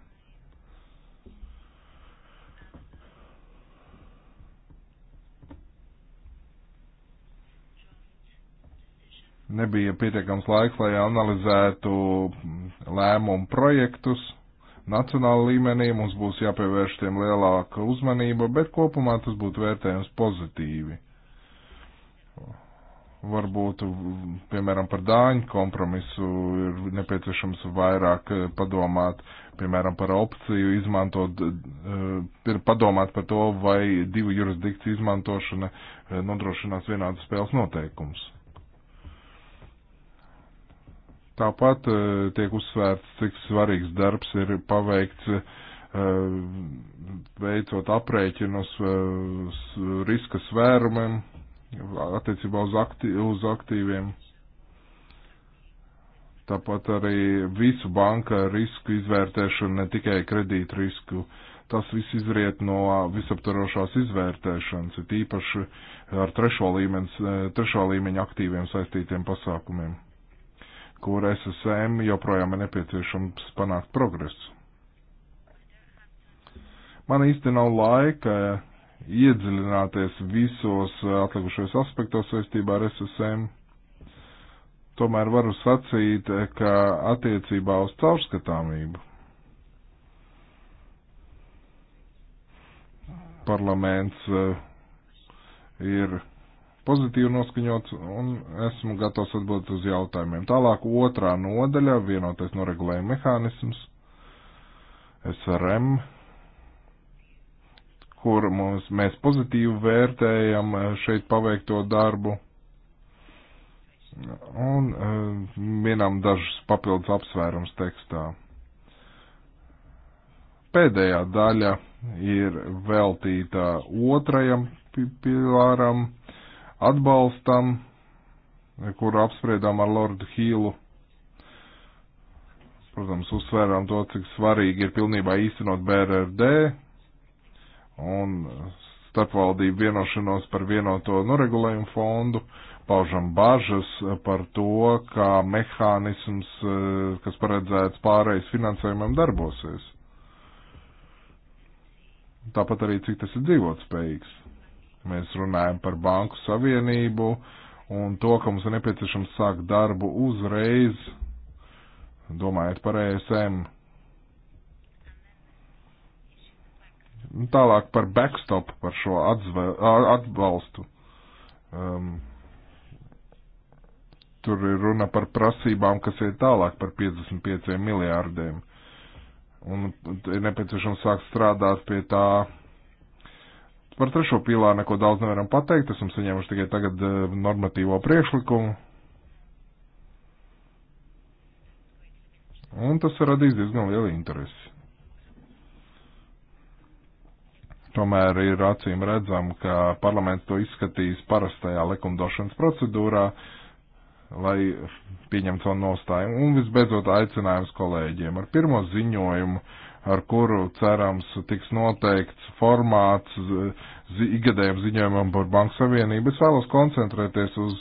Nebija pietiekams laiks, lai analizētu mm, lēmumu projektus nacionāla līmenī, mums būs jāpievērš tiem lielāka uzmanība, bet kopumā tas būtu vērtējums pozitīvi. Varbūt, piemēram, par dāņu kompromisu ir nepieciešams vairāk eh, padomāt, piemēram, par opciju izmantot, eh, padomāt par to, vai divu jurisdikciju izmantošana eh, nodrošinās vienādas spēles noteikumus. Tāpat eh, tiek uzsvērts, cik svarīgs darbs ir paveikts eh, veicot aprēķinus eh, riska svērumiem attiecībā uz, akti, uz aktīviem. Tāpat arī visu banka risku izvērtēšanu, ne tikai kredītu risku. Tas viss izriet no visaptarošās izvērtēšanas, ir īpaši ar trešo, līmenis, trešo līmeņa aktīviem saistītiem pasākumiem kur SSM joprojām ir nepieciešams panākt progresu. Man īsti nav laika iedziļināties visos atlikušajos aspektos saistībā ar SSM. Tomēr varu sacīt, ka attiecībā uz caurskatāmību parlaments eh, ir pozitīvi noskaņots un esmu gatavs atbildēt uz jautājumiem. Tālāk otrā nodaļa - vienotais noregulējuma mehānisms, SRM, kur mums, mēs pozitīvi vērtējam eh, šeit paveikto darbu. Un vienam eh, dažus papildus apsvērums tekstā. Pēdējā daļa ir veltīta otrajam pilāram atbalstam, kuru apspriedām ar Lordu Hīlu. Protams, uzsvērām to, cik svarīgi ir pilnībā īstenot BRRD un starpvaldību vienošanos par vienoto noregulējumu fondu, paužam bažas par to, kā mehānisms, eh, kas paredzēts pārējais finansējumam, darbosies. Tāpat arī, cik tas ir dzīvotspējīgs. Mēs runājam par banku savienību un to, ka mums ir nepieciešams sākt darbu uzreiz, domājot par ESM. Nu, tālāk par backstop, par šo atzve, atbalstu. Um, tur ir runa par prasībām, kas ir tālāk par 55 miljārdiem. Un ir nepieciešams sākt strādāt pie tā Par trešo pīlāru neko daudz nevaram pateikt, esam saņēmuši tikai tagad eh, normatīvo priekšlikumu. Un tas radīs diezgan lielu interesi. Tomēr ir acīm redzam, ka parlaments to izskatīs parastajā likumdošanas procedūrā, lai pieņemtu savu nostājumu. Un visbeidzot aicinājums kolēģiem ar pirmo ziņojumu ar kuru cerams tiks noteikts formāts ikgadējiem ziņojumam par Banku Savienību. Es vēlos koncentrēties uz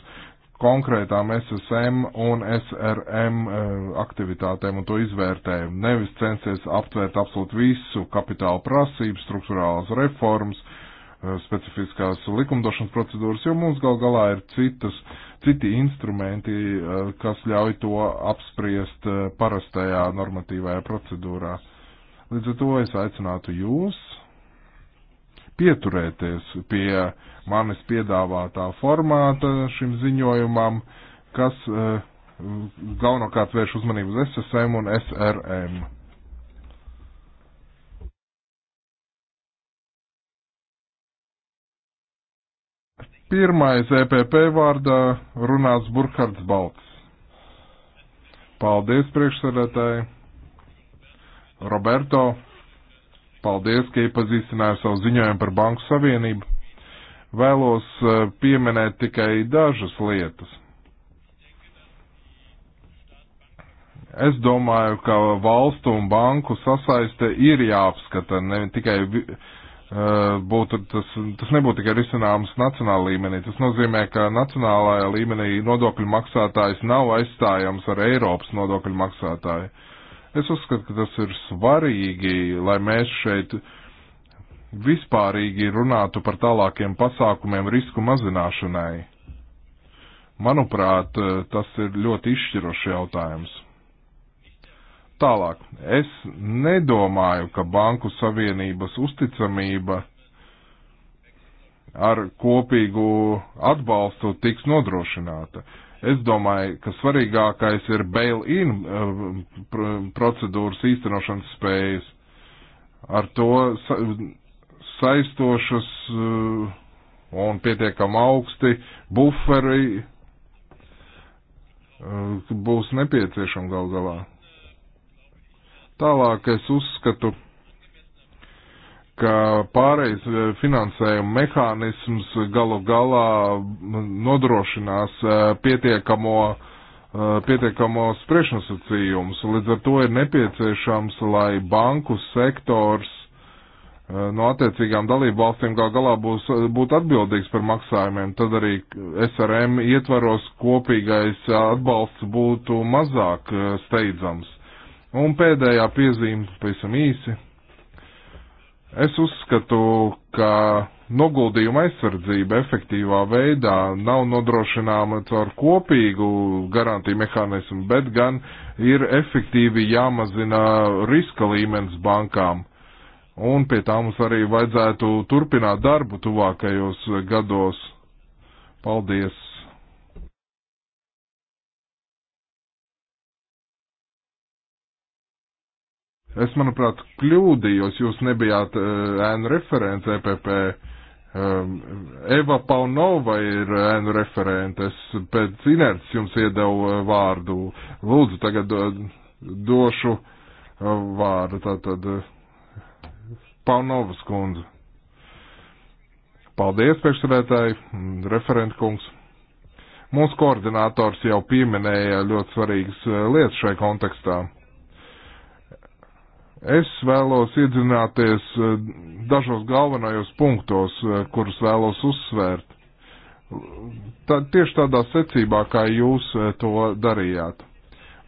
konkrētām SSM un SRM eh, aktivitātēm un to izvērtējumu. Nevis censties aptvērt absolūti visu kapitāla prasības, struktūrālās reformas, eh, specifiskās likumdošanas procedūras, jo mums gal galā ir citas, citi instrumenti, eh, kas ļauj to apspriest parastajā normatīvajā procedūrā. Līdz ar to es aicinātu jūs pieturēties pie manis piedāvātā formāta šim ziņojumam, kas uh, galvenokārt vērš uzmanību uz SSM un SRM. Pirmais EPP vārdā runās Burkhards Balts. Paldies priekšsēdētāji! Roberto, paldies, ka iepazīstināju savu ziņojumu par Banku Savienību. Vēlos eh, pieminēt tikai dažas lietas. Es domāju, ka valstu un banku sasaiste ir jāapskata, ne tikai eh, būtu, tas, tas nebūtu tikai risināms nacionāla līmenī. Tas nozīmē, ka nacionālajā līmenī nodokļu maksātājs nav aizstājams ar Eiropas nodokļu maksātāju. Es uzskatu, ka tas ir svarīgi, lai mēs šeit vispārīgi runātu par tālākiem pasākumiem risku mazināšanai. Manuprāt, tas ir ļoti izšķirošs jautājums. Tālāk, es nedomāju, ka Banku Savienības uzticamība ar kopīgu atbalstu tiks nodrošināta. Es domāju, ka svarīgākais ir bail-in eh, procedūras īstenošanas spējas. Ar to saistošas eh, un pietiekam augsti buferi eh, būs nepieciešama gal galā. Tālāk es uzskatu, ka pārējais e, finansējuma mehānisms galu galā nodrošinās e, pietiekamo, e, pietiekamos priekšnosacījumus. Līdz ar to ir nepieciešams, lai banku sektors no attiecīgām dalību valstīm gal galā būs, būtu atbildīgs par maksājumiem. Tad arī SRM ietvaros kopīgais atbalsts būtu mazāk steidzams. Un pēdējā piezīme, pavisam īsi Es uzskatu, ka noguldījuma aizsardzība efektīvā veidā nav nodrošināma caur kopīgu garantiju mehānismu, bet gan ir efektīvi jāmazina riska līmenis bankām. Un pie tā mums arī vajadzētu turpināt darbu tuvākajos gados. Paldies! Es, manuprāt, kļūdījos, jūs nebijāt eh, ēnu uh, referents EPP. Um, ehm, Eva Paunova ir ēnu referente. Es pēc inerces jums iedevu uh, vārdu. Lūdzu, tagad uh, došu uh, vārdu. Tātad uh, Paunovas kundze. Paldies, priekšsēdētāji, mm, referenta kungs. Mūsu koordinators jau pieminēja ļoti svarīgas lietas šai kontekstā. Uh, Es vēlos iedzināties eh, dažos galvenajos punktos, eh, kurus vēlos uzsvērt. Tā, tieši tādā secībā, kā jūs eh, to darījāt.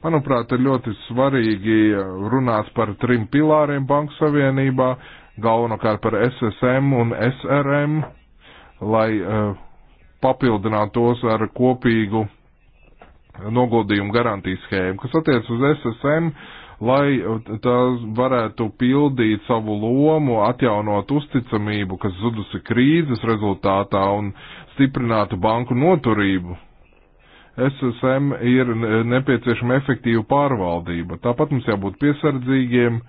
Manuprāt, ir ļoti svarīgi runāt par trim pilāriem Banku Savienībā, galvenokārt par SSM un SRM, lai uh, papildinātu tos ar kopīgu noguldījumu garantijas schēmu. Kas attiec uz SSM, uh, lai uh, tā varētu pildīt savu lomu, atjaunot uzticamību, kas zudusi krīzes rezultātā un stiprinātu banku noturību. SSM ir nepieciešama efektīva pārvaldība. Tāpat mums jābūt piesardzīgiem,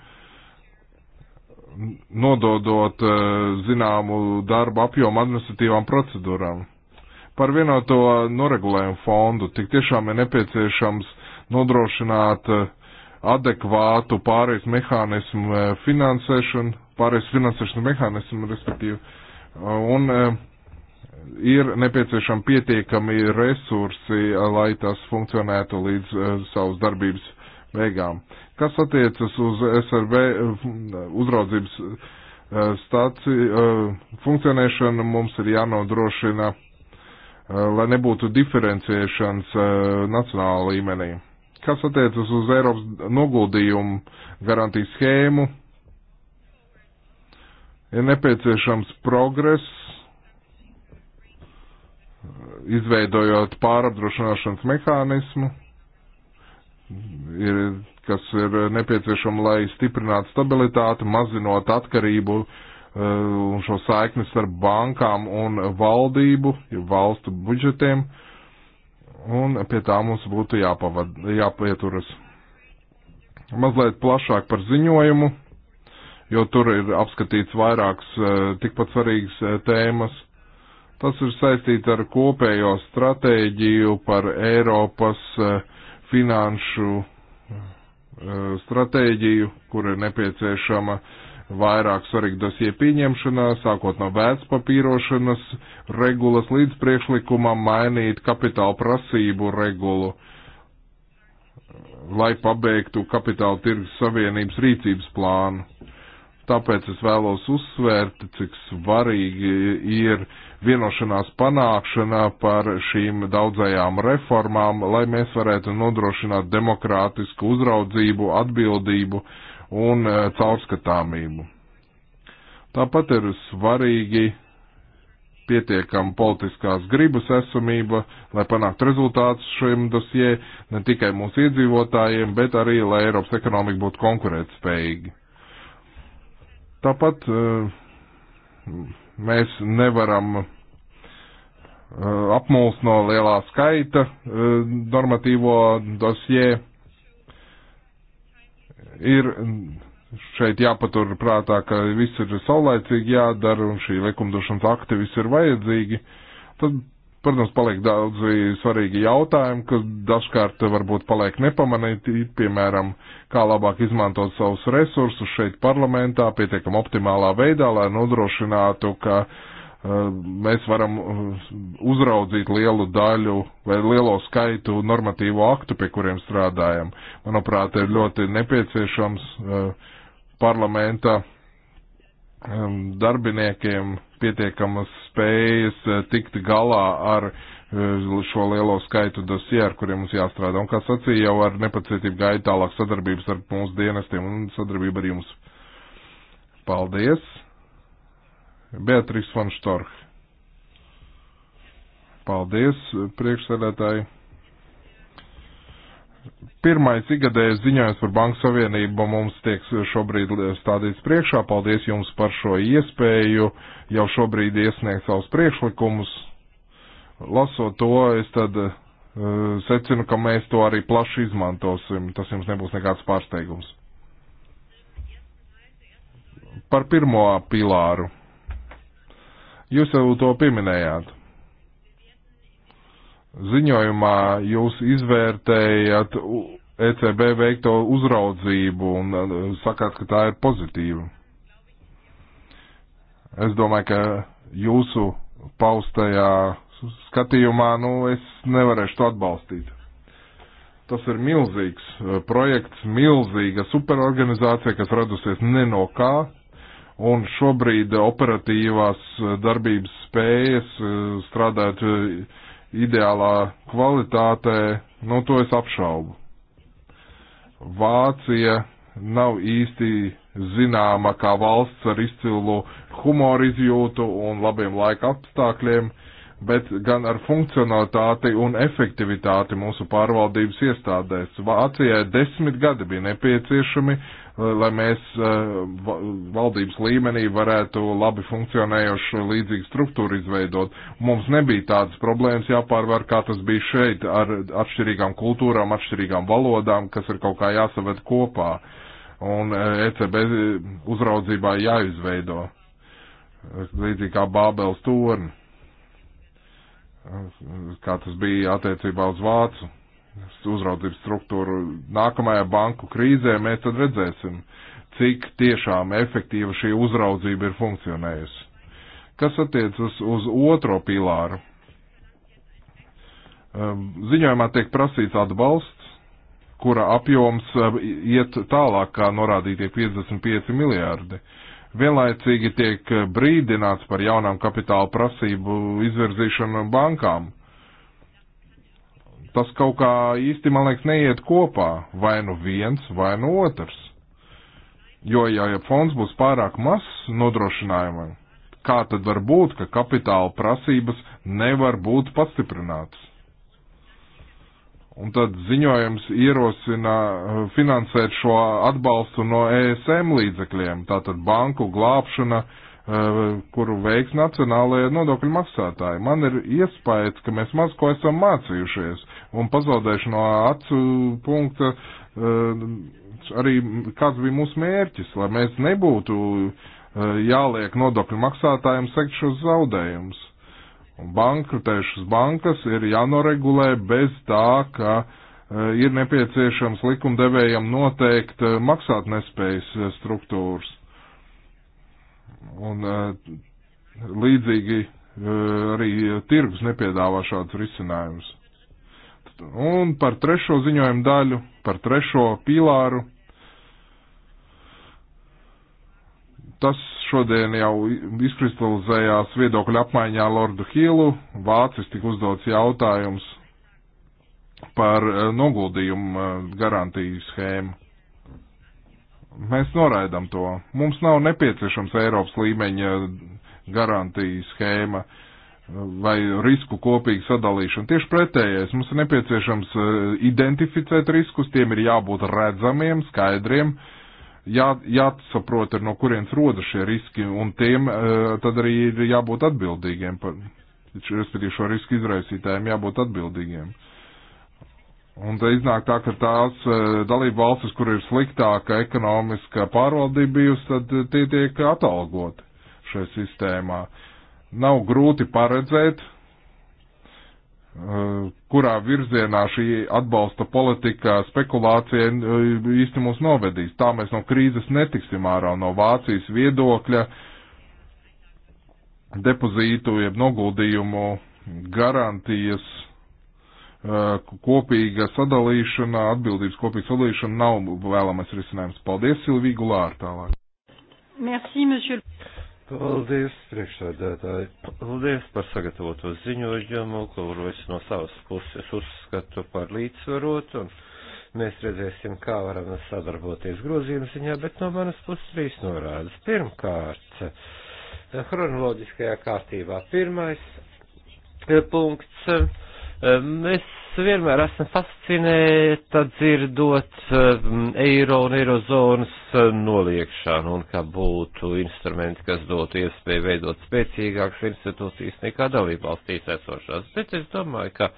nododot uh, zināmu darbu apjomu administratīvām procedūrām. Par vienoto noregulējumu fondu tik tiešām ir nepieciešams nodrošināt uh, adekvātu pārējais mehānismu eh, finansēšanu, pārējais finansēšanas mehānismu, respektīvi, un eh, ir nepieciešami pietiekami resursi, lai tas funkcionētu līdz eh, savas darbības beigām. Kas attiecas uz SRB uzraudzības stāciju funkcionēšanu, mums ir jānodrošina, lai nebūtu diferenciēšanas nacionāla līmenī Kas attiecas uz Eiropas noguldījumu garantijas schēmu, ir nepieciešams progress, izveidojot pārapdrošināšanas mehānismu, ir, kas ir nepieciešama, lai stiprinātu stabilitāti, mazinot atkarību eh, un šo saiknes ar bankām un valdību, valstu budžetiem. Uh, un pie tā mums būtu jāpavad, jāpieturas. Mazliet plašāk par ziņojumu, jo tur ir apskatīts vairākas eh, tikpat svarīgas eh, tēmas. Tas ir saistīts ar kopējo stratēģiju par Eiropas eh, finanšu stratēģiju, kur ir nepieciešama uh, vairāk svarīgi dosie pieņemšanā, sākot no vērtspapīrošanas regulas līdz priekšlikumam mainīt kapitāla prasību regulu, lai pabeigtu kapitāla tirgus savienības rīcības plānu. Tāpēc es vēlos uzsvērt, cik svarīgi ir vienošanās panākšana par šīm daudzajām reformām, lai mēs varētu nodrošināt demokrātisku uzraudzību, atbildību un eh, caurskatāmību. Tāpat ir svarīgi pietiekama politiskās gribas esamība, lai panāktu rezultātus šiem dosjē ne tikai mūsu iedzīvotājiem, bet arī, lai Eiropas ekonomika būtu konkurētspējīga. Tāpat eh, mēs nevaram eh, apmūst no lielā skaita normatīvo dosjē ir šeit jāpatur prātā, ka viss ir saulēcīgi jādara un šī likumdošanas akti viss ir vajadzīgi, tad, protams, paliek daudz svarīgi jautājumi, kas dažkārt varbūt paliek nepamanīti, piemēram, kā labāk izmantot savus resursus šeit parlamentā pietiekam optimālā veidā, lai nodrošinātu, ka uh, Eh, mēs varam eh, uzraudzīt lielu daļu vai lielo skaitu normatīvo aktu, pie kuriem strādājam. Manuprāt, ir ļoti nepieciešams eh, parlamenta ehm, darbiniekiem pietiekamas spējas tikt galā ar šo lielo skaitu dosie, ar kuriem mums jāstrādā. Un, kā sacīja, jau ar nepacietību gaida tālāk sadarbības ar mūsu dienestiem un sadarbību ar jums. Paldies! Beatrice von Storch. Paldies, priekšsēdētāji. Pirmais ikgadējais ziņojums par Banku Savienību mums tiek šobrīd stādīts priekšā. Paldies jums par šo iespēju jau šobrīd iesniegt savus priekšlikumus. Lasot to, es tad uh, secinu, ka mēs to arī plaši izmantosim. Tas jums nebūs nekāds pārsteigums. Par pirmo pilāru Jūs jau to pieminējāt. Ziņojumā jūs izvērtējat ECB veikto uzraudzību un uh, sakāt, ka tā ir pozitīva. Es domāju, ka jūsu paustajā skatījumā, nu, es nevarēšu to atbalstīt. Tas ir milzīgs uh, projekts, milzīga superorganizācija, kas radusies ne no kā, un šobrīd operatīvās darbības spējas eh, strādāt eh, ideālā kvalitātē, nu to es apšaubu. Vācija nav īsti zināma kā valsts ar izcilu humoru izjūtu un labiem laika apstākļiem, bet gan ar funkcionalitāti un efektivitāti mūsu pārvaldības iestādēs. Vācijai desmit gadi bija nepieciešami, Eh, lai mēs eh, valdības līmenī varētu labi funkcionējošu līdzīgu struktūru izveidot. Mums nebija tādas problēmas jāpārvar, kā tas bija šeit, ar atšķirīgām kultūrām, atšķirīgām valodām, kas ir kaut kā jāsaved kopā un ECB eh, e uzraudzībā jāizveido, līdzīgi kā Bābels torni, kā tas bija attiecībā uz Vācu uzraudzības struktūru nākamajā banku krīzē, mēs tad redzēsim, cik tiešām efektīva šī uzraudzība ir funkcionējusi. Kas attiecas uz otro pilāru? Ehm, ziņojumā tiek prasīts atbalsts, kura apjoms ehm, iet tālāk kā norādītie 55 miljārdi. Vienlaicīgi tiek ehm, brīdināts par jaunām kapitāla prasību izvirzīšanu bankām tas kaut kā īsti, man liekas, neiet kopā. Vai nu viens, vai nu otrs. Jo, ja, ja fonds būs pārāk mazs nodrošinājumam, kā tad var būt, ka kapitāla prasības nevar būt pastiprinātas? Un tad ziņojums ierosina uh, finansēt šo atbalstu no ESM līdzekļiem, tātad banku glābšana, uh, kuru veiks nacionālajie nodokļu maksātāji. Man ir iespējas, ka mēs maz ko esam mācījušies un pazaudēšu no acu punkta eh, arī kāds bija mūsu mērķis, lai mēs nebūtu eh, jāliek nodokļu maksātājiem sekt šos zaudējumus. Un bankrutējušas bankas ir jānoregulē bez tā, ka eh, ir nepieciešams likumdevējam noteikt maksātnespējas struktūras. Un līdzīgi arī tirgus nepiedāvā šādus risinājumus. Un par trešo ziņojumu daļu, par trešo pīlāru. Tas šodien jau izkristalizējās viedokļu apmaiņā Lordu Hīlu. Vācis tika uzdots jautājums par eh, noguldījumu eh, garantiju schēmu. Mēs noraidam to. Mums nav nepieciešams Eiropas līmeņa eh, garantiju schēma. Uh, vai risku kopīgu sadalīšanu. Tieši pretējais, mums ir nepieciešams e, identificēt riskus, tiem ir jābūt redzamiem, skaidriem, jā, jāsaprot, no kurienes rodas šie riski, un tiem e, tad arī ir jābūt atbildīgiem, par, respektīvi šo risku izraisītājiem jābūt atbildīgiem. Un te iznāk tā, ka tās e, dalība valstis, kur ir sliktāka ekonomiska pārvaldība bijusi, tad tie tiek atalgoti šajā sistēmā. Uh, Nav grūti paredzēt, eh, kurā virzienā šī atbalsta politika spekulācija eh, īsti mūs novedīs. Tā mēs no krīzes netiksim ārā no Vācijas viedokļa depozītu, jeb noguldījumu garantijas eh, kopīga sadalīšana, atbildības kopīga sadalīšana nav vēlamais risinājums. Paldies, Silvija Gulāra tālāk. Merci, monsieur. Paldies, priekšsēdētāji. Paldies par sagatavoto ziņojumu, kuru es no savas puses uzskatu par līdzsvarotu. Un mēs redzēsim, kā varam sadarboties grozījuma ziņā, bet no manas puses trīs norādes. Pirmkārt, chronoloģiskajā kārtībā pirmais eh, punkts. Eh, mēs vienmēr esmu fascinēta dzirdot um, eiro un eirozonas um, noliekšanu un kā būtu instrumenti, kas dotu iespēju veidot spēcīgākas institūcijas nekā dalībvalstīs esošās. Bet es domāju, ka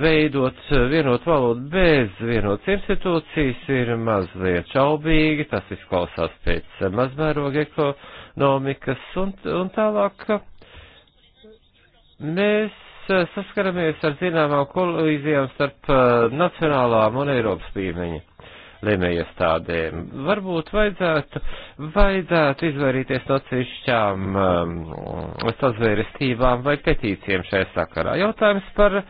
veidot vienot valodu bez vienotas institūcijas ir mazliet čaubīgi, tas izklausās pēc mazmēroga ekonomikas un, un tālāk. Mēs Eh, saskaramies ar zināmām kolīzijām starp eh, nacionālām un Eiropas līmeņa lēmējiestādēm. Varbūt vajadzētu, vajadzētu izvairīties no atsevišķām um, sazvērestībām vai petīcijiem šajā sakarā. Jautājums par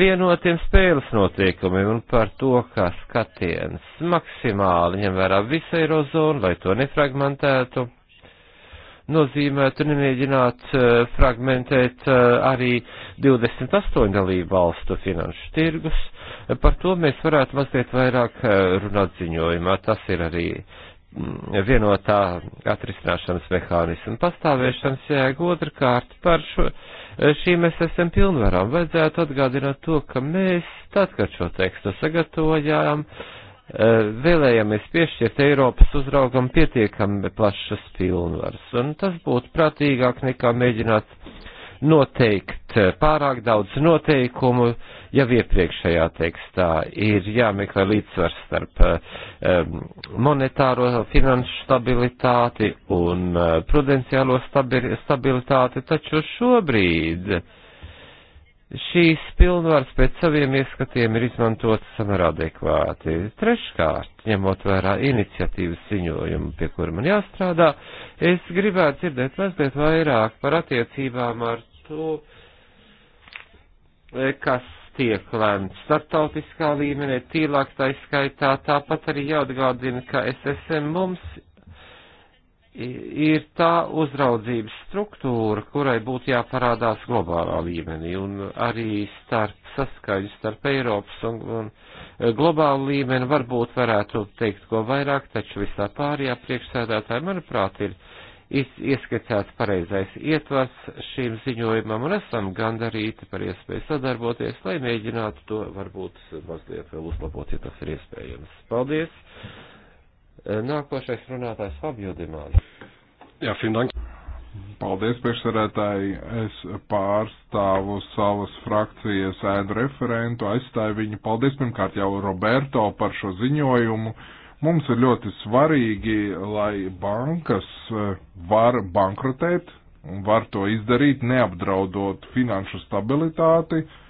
vienotiem spēles notiekumiem un par to, kā skatiens maksimāli ņem vērā visu eirozonu, lai to nefragmentētu nozīmētu nemēģināt eh, fragmentēt eh, arī 28 dalību valstu finanšu tirgus. Par to mēs varētu mazliet vairāk eh, runāt ziņojumā. Tas ir arī mm, vienotā atrisināšanas mehānismu pastāvēšanas jēga otrkārt par šo. Šī mēs esam pilnvarām. Vajadzētu atgādināt to, ka mēs, tad, kad šo tekstu sagatavojām, uh, Eh, vēlējamies piešķirt Eiropas uzraugam pietiekami plašas pilnvaras, un tas būtu prātīgāk nekā mēģināt noteikt eh, pārāk daudz noteikumu, jau iepriekšējā tekstā ir jāmeklē līdzsvars starp um, monetāro finanšu stabilitāti un uh, prudenciālo stabi stabilitāti, taču šobrīd uh, šīs pilnvaras pēc saviem ieskatiem ir izmantotas samērā adekvāti. Treškārt, ņemot vērā iniciatīvas ziņojumu, pie kura man jāstrādā, es gribētu dzirdēt mazliet vairāk par attiecībām ar to, e, kas tiek lēmts starptautiskā līmenī, tīlāk tā izskaitā, tāpat arī jāatgādina, ka SSM mums ir tā uzraudzības struktūra, kurai būtu jāparādās globālā līmenī un arī starp saskaņu starp Eiropas un, un e, globālu līmeni varbūt varētu teikt ko vairāk, taču visā pārējā priekšsēdētāji, manuprāt, ir iz, ieskicēts pareizais ietvars šīm ziņojumam un esam gandarīti par iespēju sadarboties, lai mēģinātu to varbūt mazliet vēl uzlabot, ja tas ir iespējams. Paldies! Eh, nākošais runātājs Fabio Dimāns. Jā, Finank. Paldies, priekšsarētāji. Es pārstāvu savas frakcijas ēdu referentu, aizstāju viņu. Paldies pirmkārt jau Roberto par šo ziņojumu. Mums ir ļoti svarīgi, lai bankas eh, var bankrotēt un var to izdarīt, neapdraudot finanšu stabilitāti. Uh,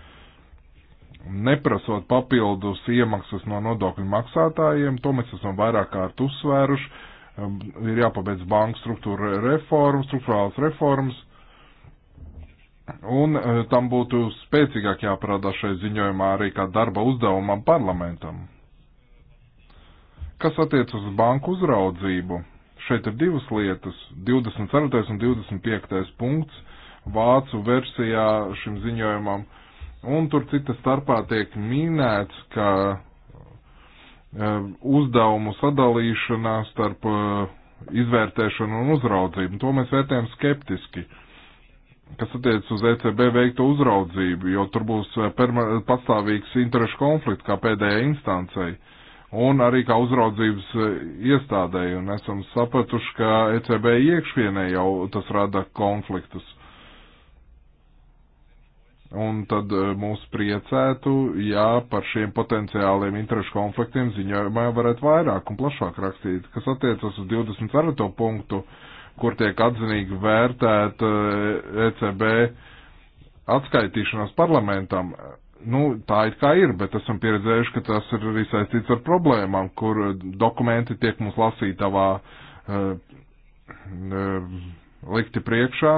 neprasot papildus iemaksas no nodokļu maksātājiem, to mēs esam vairāk kārt uzsvēruši, um, ir jāpabeidz banku struktūra reformas, struktūrālas reformas, un uh, tam būtu spēcīgāk jāparādā šai ziņojumā arī kā darba uzdevumam parlamentam. Kas attiec uz banku uzraudzību? Šeit ir divas lietas - 24. un 25. punkts vācu versijā šim ziņojumam. Uh, Un tur cita starpā tiek minēts, ka e, uzdevumu sadalīšanā starp e, izvērtēšanu un uzraudzību. To mēs vērtējam skeptiski, kas attiec uz ECB veikto uzraudzību, jo tur būs e, pastāvīgs interešu konflikts kā pēdējai instancei un arī kā uzraudzības iestādēji. Un esam sapratuši, ka ECB iekšvienē jau tas rada konfliktus. Un tad eh, mūs priecētu, ja par šiem potenciāliem interešu konfliktiem ziņojumā varētu vairāk un plašāk rakstīt, kas attiecas uz 24. punktu, kur tiek atzinīgi vērtēt ECB eh, e atskaitīšanos parlamentam. Nu, tā it kā ir, bet esam pieredzējuši, ka tas ir arī saistīts ar problēmām, kur dokumenti tiek mums lasītavā uh, uh, likti priekšā,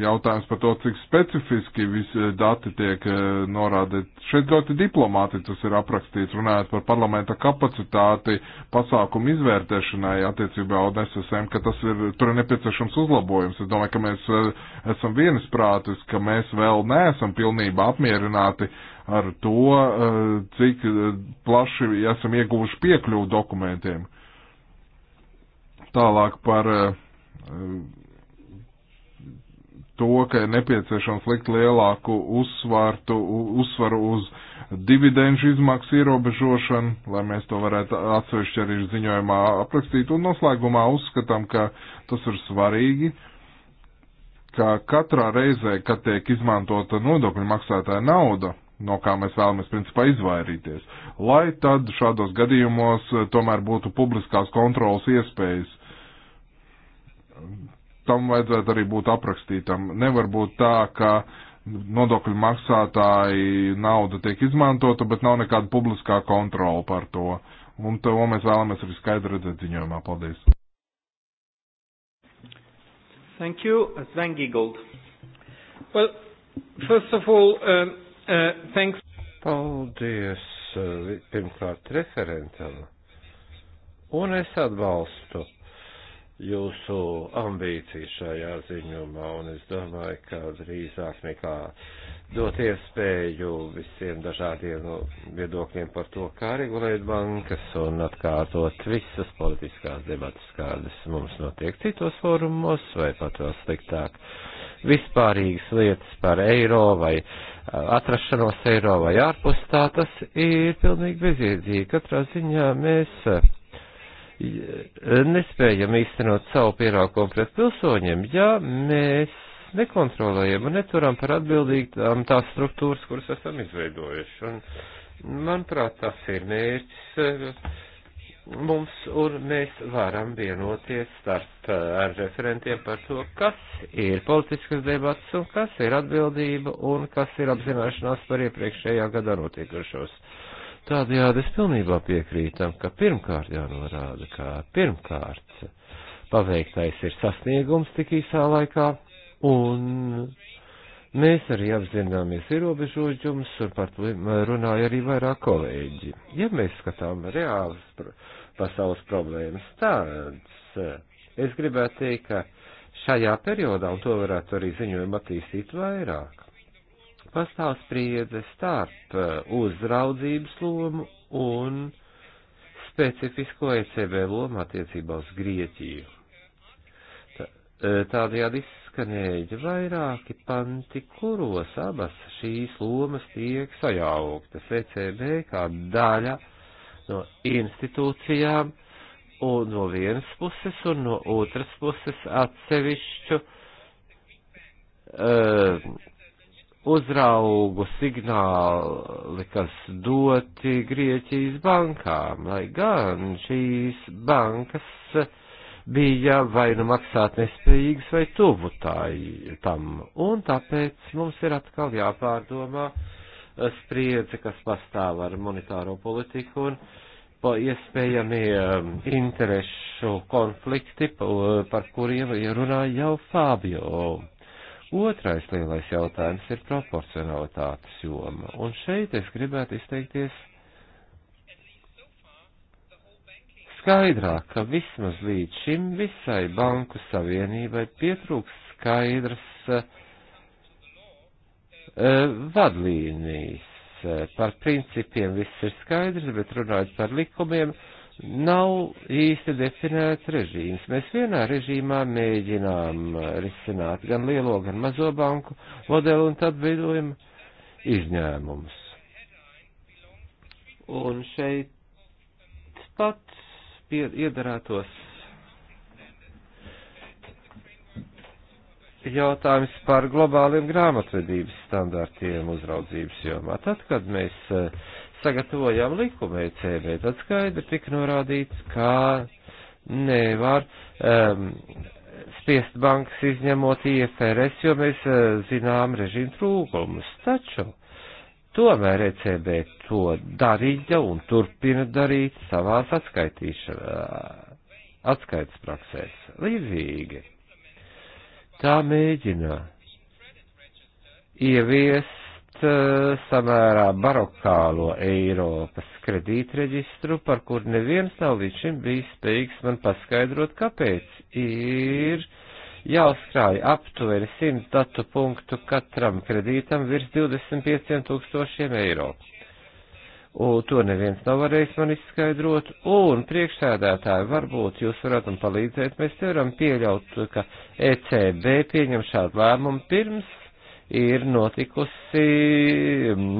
jautājums par to, cik specifiski visi dati tiek eh, norādīti. Šeit ļoti diplomāti tas ir aprakstīts, runājot par parlamenta kapacitāti, pasākumu izvērtēšanai attiecībā uz SSM, ka tas ir, tur ir nepieciešams uzlabojums. Es domāju, ka mēs eh, esam viensprātis, ka mēs vēl neesam pilnībā apmierināti ar to, eh, cik plaši esam ieguvuši piekļuvu dokumentiem. Tālāk par to, ka ir nepieciešams likt lielāku uzsvartu, uzsvaru uz dividendžu izmaksu ierobežošanu, lai mēs to varētu atsevišķi arī ziņojumā aprakstīt. Un noslēgumā uzskatām, ka tas ir svarīgi, ka katrā reizē, kad tiek izmantota nodokļu maksātāja nauda, no kā mēs vēlamies principā izvairīties, lai tad šādos gadījumos tomēr būtu publiskās kontrolas iespējas tam vajadzētu arī būt aprakstītam. Nevar būt tā, ka nodokļu maksātāji nauda tiek izmantota, bet nav nekāda publiskā kontrola par to. Un to mēs vēlamies arī skaidri redzēt ziņojumā. Paldies! Thank you, Sven Giegold. Well, first of all, um, uh, uh, thanks. Paldies uh, pirmkārt referentam. Un es atbalstu jūsu ambīcijas šajā ziņumā, un es domāju, ka drīzāk nekā dot iespēju visiem dažādiem viedokļiem par to, kā regulēt bankas un atkārtot visas politiskās debatas, kādas mums notiek citos forumos, vai pat vēl sliktāk vispārīgas lietas par eiro vai atrašanos eiro vai ārpus tā, tas ir pilnīgi bezjēdzīgi. Katrā ziņā mēs nespējam īstenot savu pienākumu pret pilsoņiem, ja mēs nekontrolējam un neturam par atbildīgām tās struktūras, kuras esam izveidojuši. Un, manuprāt, tas ir mērķis eh, mums, un mēs varam vienoties starp eh, ar referentiem par to, kas ir politiskas debats un kas ir atbildība un kas ir apzināšanās par iepriekšējā gadā notikušos. Uh, Tādējādi es pilnībā piekrītam, ka pirmkārt jānorāda, ka pirmkārt paveiktais ir sasniegums tik īsā laikā, un mēs arī apzināmies ierobežojumus, un par to runāja arī vairāk kolēģi. Ja mēs skatām reālas pasaules problēmas, tāds es gribētu teikt, ka šajā periodā, un to varētu arī ziņojumu attīstīt vairāk, pastāv spriedze starp eh, uzraudzības lomu un specifisko ECB lomu attiecībā uz Grieķiju. Eh, tādējādi izskanēja vairāki panti, kuros abas šīs lomas tiek sajauktas ECB kā daļa no institūcijām un no vienas puses un no otras puses atsevišķu uh, uzraugu signāli, kas doti Grieķijas bankām, lai gan šīs bankas bija vai nu maksāt nespējīgas vai tuvu tai, tam. Un tāpēc mums ir atkal jāpārdomā spriedze, kas pastāv ar monetāro politiku un pa iespējamie interešu konflikti, par kuriem runāja jau Fabio Otrais lielais jautājums ir proporcionalitātes joma, un šeit es gribētu izteikties skaidrāk, ka vismaz līdz šim visai banku savienībai pietrūks skaidras uh, vadlīnijas. E, par principiem viss ir skaidrs, bet runājot par likumiem, uh, nav īsti definēts režīms. Mēs vienā režīmā mēģinām risināt gan lielo, gan mazo banku modeli un tad veidojam izņēmumus. Un šeit pats iedarētos jautājums par globāliem grāmatvedības standartiem uzraudzības jomā. Tad, kad mēs uh, sagatavojām likumu ECB, tad skaidri tika norādīts, kā nevar um, spiest bankas izņemot IFRS, jo mēs uh, zinām režīmu trūkumus. Taču tomēr ECB to darīja un turpina darīt savās atskaitas uh, praksēs. Līdzīgi. Tā mēģina ievies Eh, samērā barokālo Eiropas kredītreģistru, par kur neviens nav līdz šim bijis spējīgs man paskaidrot, kāpēc ir jāuzkrāj aptuveni 100 datu punktu katram kredītam virs 25 tūkstošiem eiro. Un to neviens nav varējis man izskaidrot, un priekšsēdētāji varbūt jūs varat man palīdzēt, mēs nevaram pieļaut, ka ECB pieņem šādu lēmumu pirms ir notikusi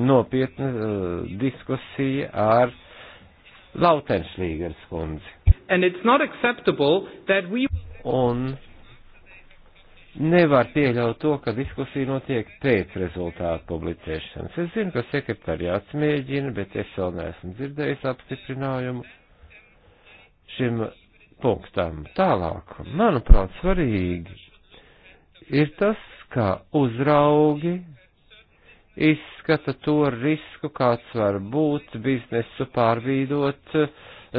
nopietna uh, diskusija ar Lautenšlīgers kundzi. We... Un nevar pieļaut to, ka diskusija notiek pēc rezultātu publicēšanas. Es zinu, ka sekretariāts mēģina, bet es vēl neesmu dzirdējis apstiprinājumu šim punktam. Tālāk, manuprāt, svarīgi ir tas, kā uzraugi izskata to risku, kāds var būt biznesu pārvīdot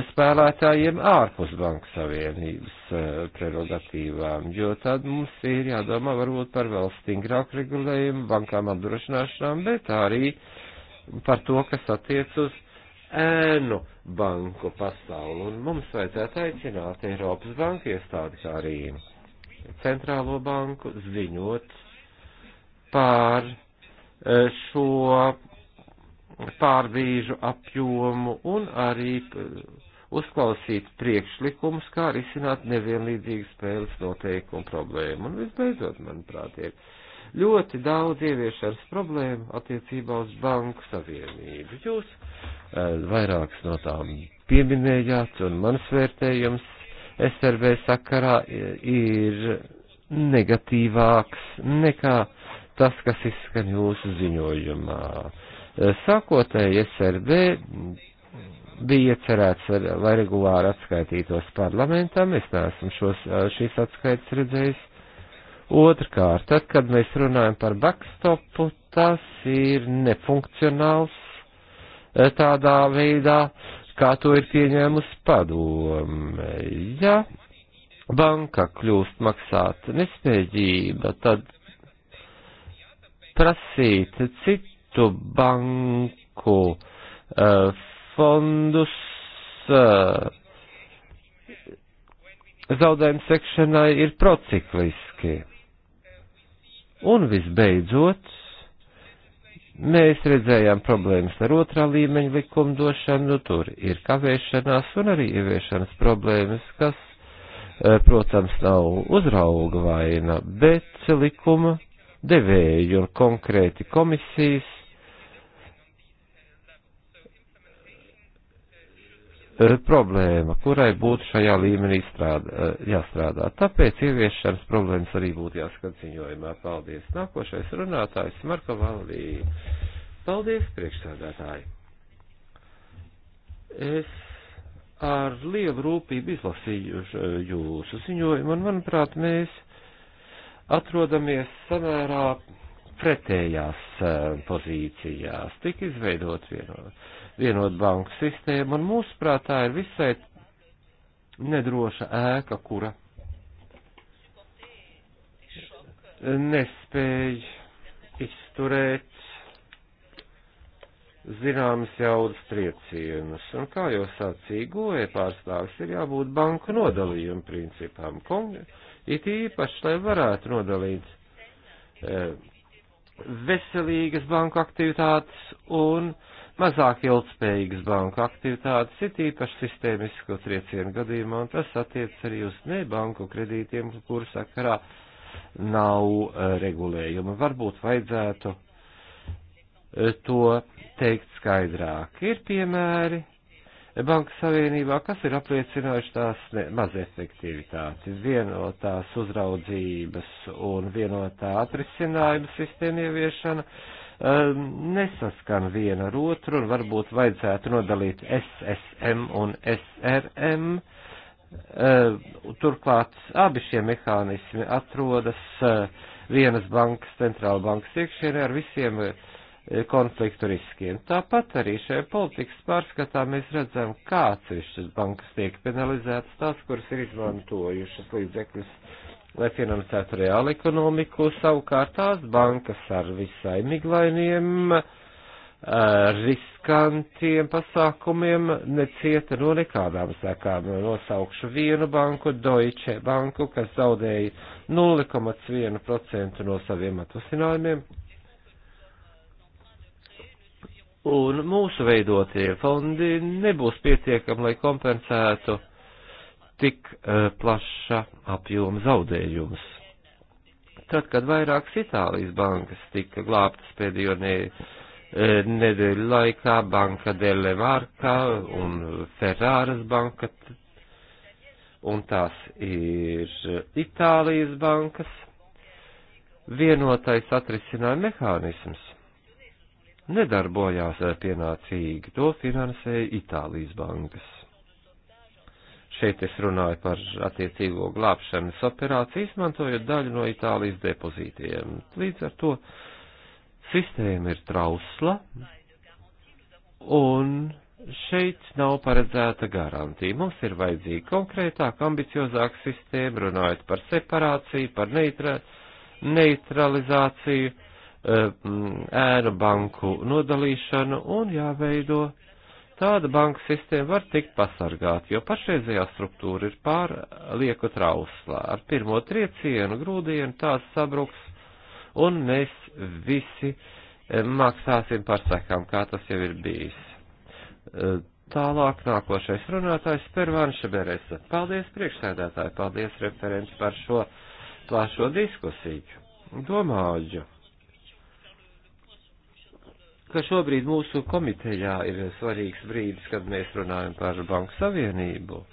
spēlētājiem ārpus bankas savienības eh, prerogatīvām, jo tad mums ir jādomā varbūt par vēl stingrāku regulējumu bankām apdrošināšanām, bet arī par to, kas attiec uz ēnu banku pasauli. Un mums vajadzētu aicināt Eiropas banku iestādi kā arī centrālo banku ziņot pār eh, šo pārbīžu apjomu un arī eh, uzklausīt priekšlikumus, kā risināt nevienlīdzīgu spēles noteikumu problēmu. Un visbeidzot, manuprāt, ir ļoti daudz ieviešanas problēmu attiecībā uz banku savienību. Jūs e, vairākas no tām pieminējāt, un mans vērtējums SRB sakarā ir negatīvāks nekā tas, kas izskan jūsu ziņojumā. Sākotnēji SRB bija cerēts, lai regulāri atskaitītos parlamentam, es neesmu šos, šīs atskaites redzējis. Otrkārt, tad, kad mēs runājam par backstopu, tas ir nefunkcionāls e, tādā veidā, uh, kā to ir pieņēmusi padome. Ja banka kļūst maksāt nespējība, tad prasīt citu banku uh, fondus uh, zaudējumu sekšanai ir procikliski. Un visbeidzot, Mēs redzējām problēmas ar otrā līmeņa likumdošanu, tur ir kavēšanās un arī ieviešanas problēmas, kas, eh, protams, nav uzrauga vaina, bet likuma devēju un konkrēti komisijas Eh, problēma, kurai būtu šajā līmenī strādā, eh, jāstrādā. Tāpēc ieviešanas problēmas arī būtu jāskat ziņojumā. Paldies. Nākošais runātājs Marko Valvī. Paldies, priekšsēdētāji. Es ar lielu rūpību izlasīju jūsu ziņojumu, un, manuprāt, mēs atrodamies samērā pretējās eh, pozīcijās. Tik izveidot vienot vienotu banku sistēmu, un mūsuprāt tā ir visai nedroša ēka, kura nespēj izturēt zināmas jaudas triecienus, un kā jau sacīja goja pārstāvis, ir jābūt banku nodalījuma principām, Kon, it īpaši, lai varētu nodalīt e, veselīgas banku aktivitātes un e, mazāk ilgspējīgas banku aktivitātes, ir īpaši sistēmisku triecienu gadījumā, un tas attiec arī uz nebanku kredītiem, kuru sakarā nav e, regulējuma. Varbūt vajadzētu e, to teikt skaidrāk. Ir piemēri Banka Savienībā, kas ir apliecinājuši tās mazefektivitāti, vienotās uzraudzības un vienotā atrisinājuma sistēma ieviešana. Uh, Ehm, nesaskan viena ar otru un varbūt vajadzētu nodalīt SSM un SRM. Ehm, turklāt abi šie mehānismi atrodas eh, vienas bankas, centrāla bankas iekšienē ar visiem eh, konfliktu riskiem. Tāpat arī šajā politikas pārskatā mēs redzam, kā atsevišķas bankas tiek penalizētas, tās, kuras ir izmantojušas līdzekļus lai finansētu reālu ekonomiku, savukārt tās bankas ar visai miglainiem, eh, riskantiem pasākumiem necieta no nekādām sekām. Nosaukšu vienu banku, Deutsche Banku, kas zaudēja 0,1% no saviem atvasinājumiem. Un mūsu veidotie fondi nebūs pietiekami, lai kompensētu uh, tik uh, plaša apjoma zaudējums. Tad, kad vairākas Itālijas bankas tika glābtas pēdējo ne, eh, nedēļu laikā, banka Delle Marka un Ferrāras banka, un tās ir Itālijas bankas, vienotais atrisinājuma mehānisms nedarbojās eh, pienācīgi, to finansēja Itālijas bankas. Šeit es runāju par attiecīgo glābšanas operāciju, izmantojot daļu no Itālijas depozītiem. Līdz ar to sistēma ir trausla, un šeit nav paredzēta garantija. Mums ir vajadzīga konkrētāka, ambiciozāka sistēma, runājot par separāciju, par neitra, neutralizāciju, eh, ēnu banku nodalīšanu un jāveido tāda banka sistēma var tikt pasargāta, jo pašreizējā struktūra ir pārlieku trauslā. Ar pirmo triecienu grūdienu tās sabruks, un mēs visi eh, maksāsim par sekām, kā tas jau ir bijis. Eh, tālāk nākošais runātājs Pervanša Beresa. Paldies priekšsēdētāji, paldies referents par šo plašo diskusiju. Domāju ka šobrīd mūsu komitejā ir svarīgs brīdis, kad mēs runājam par Banku Savienību.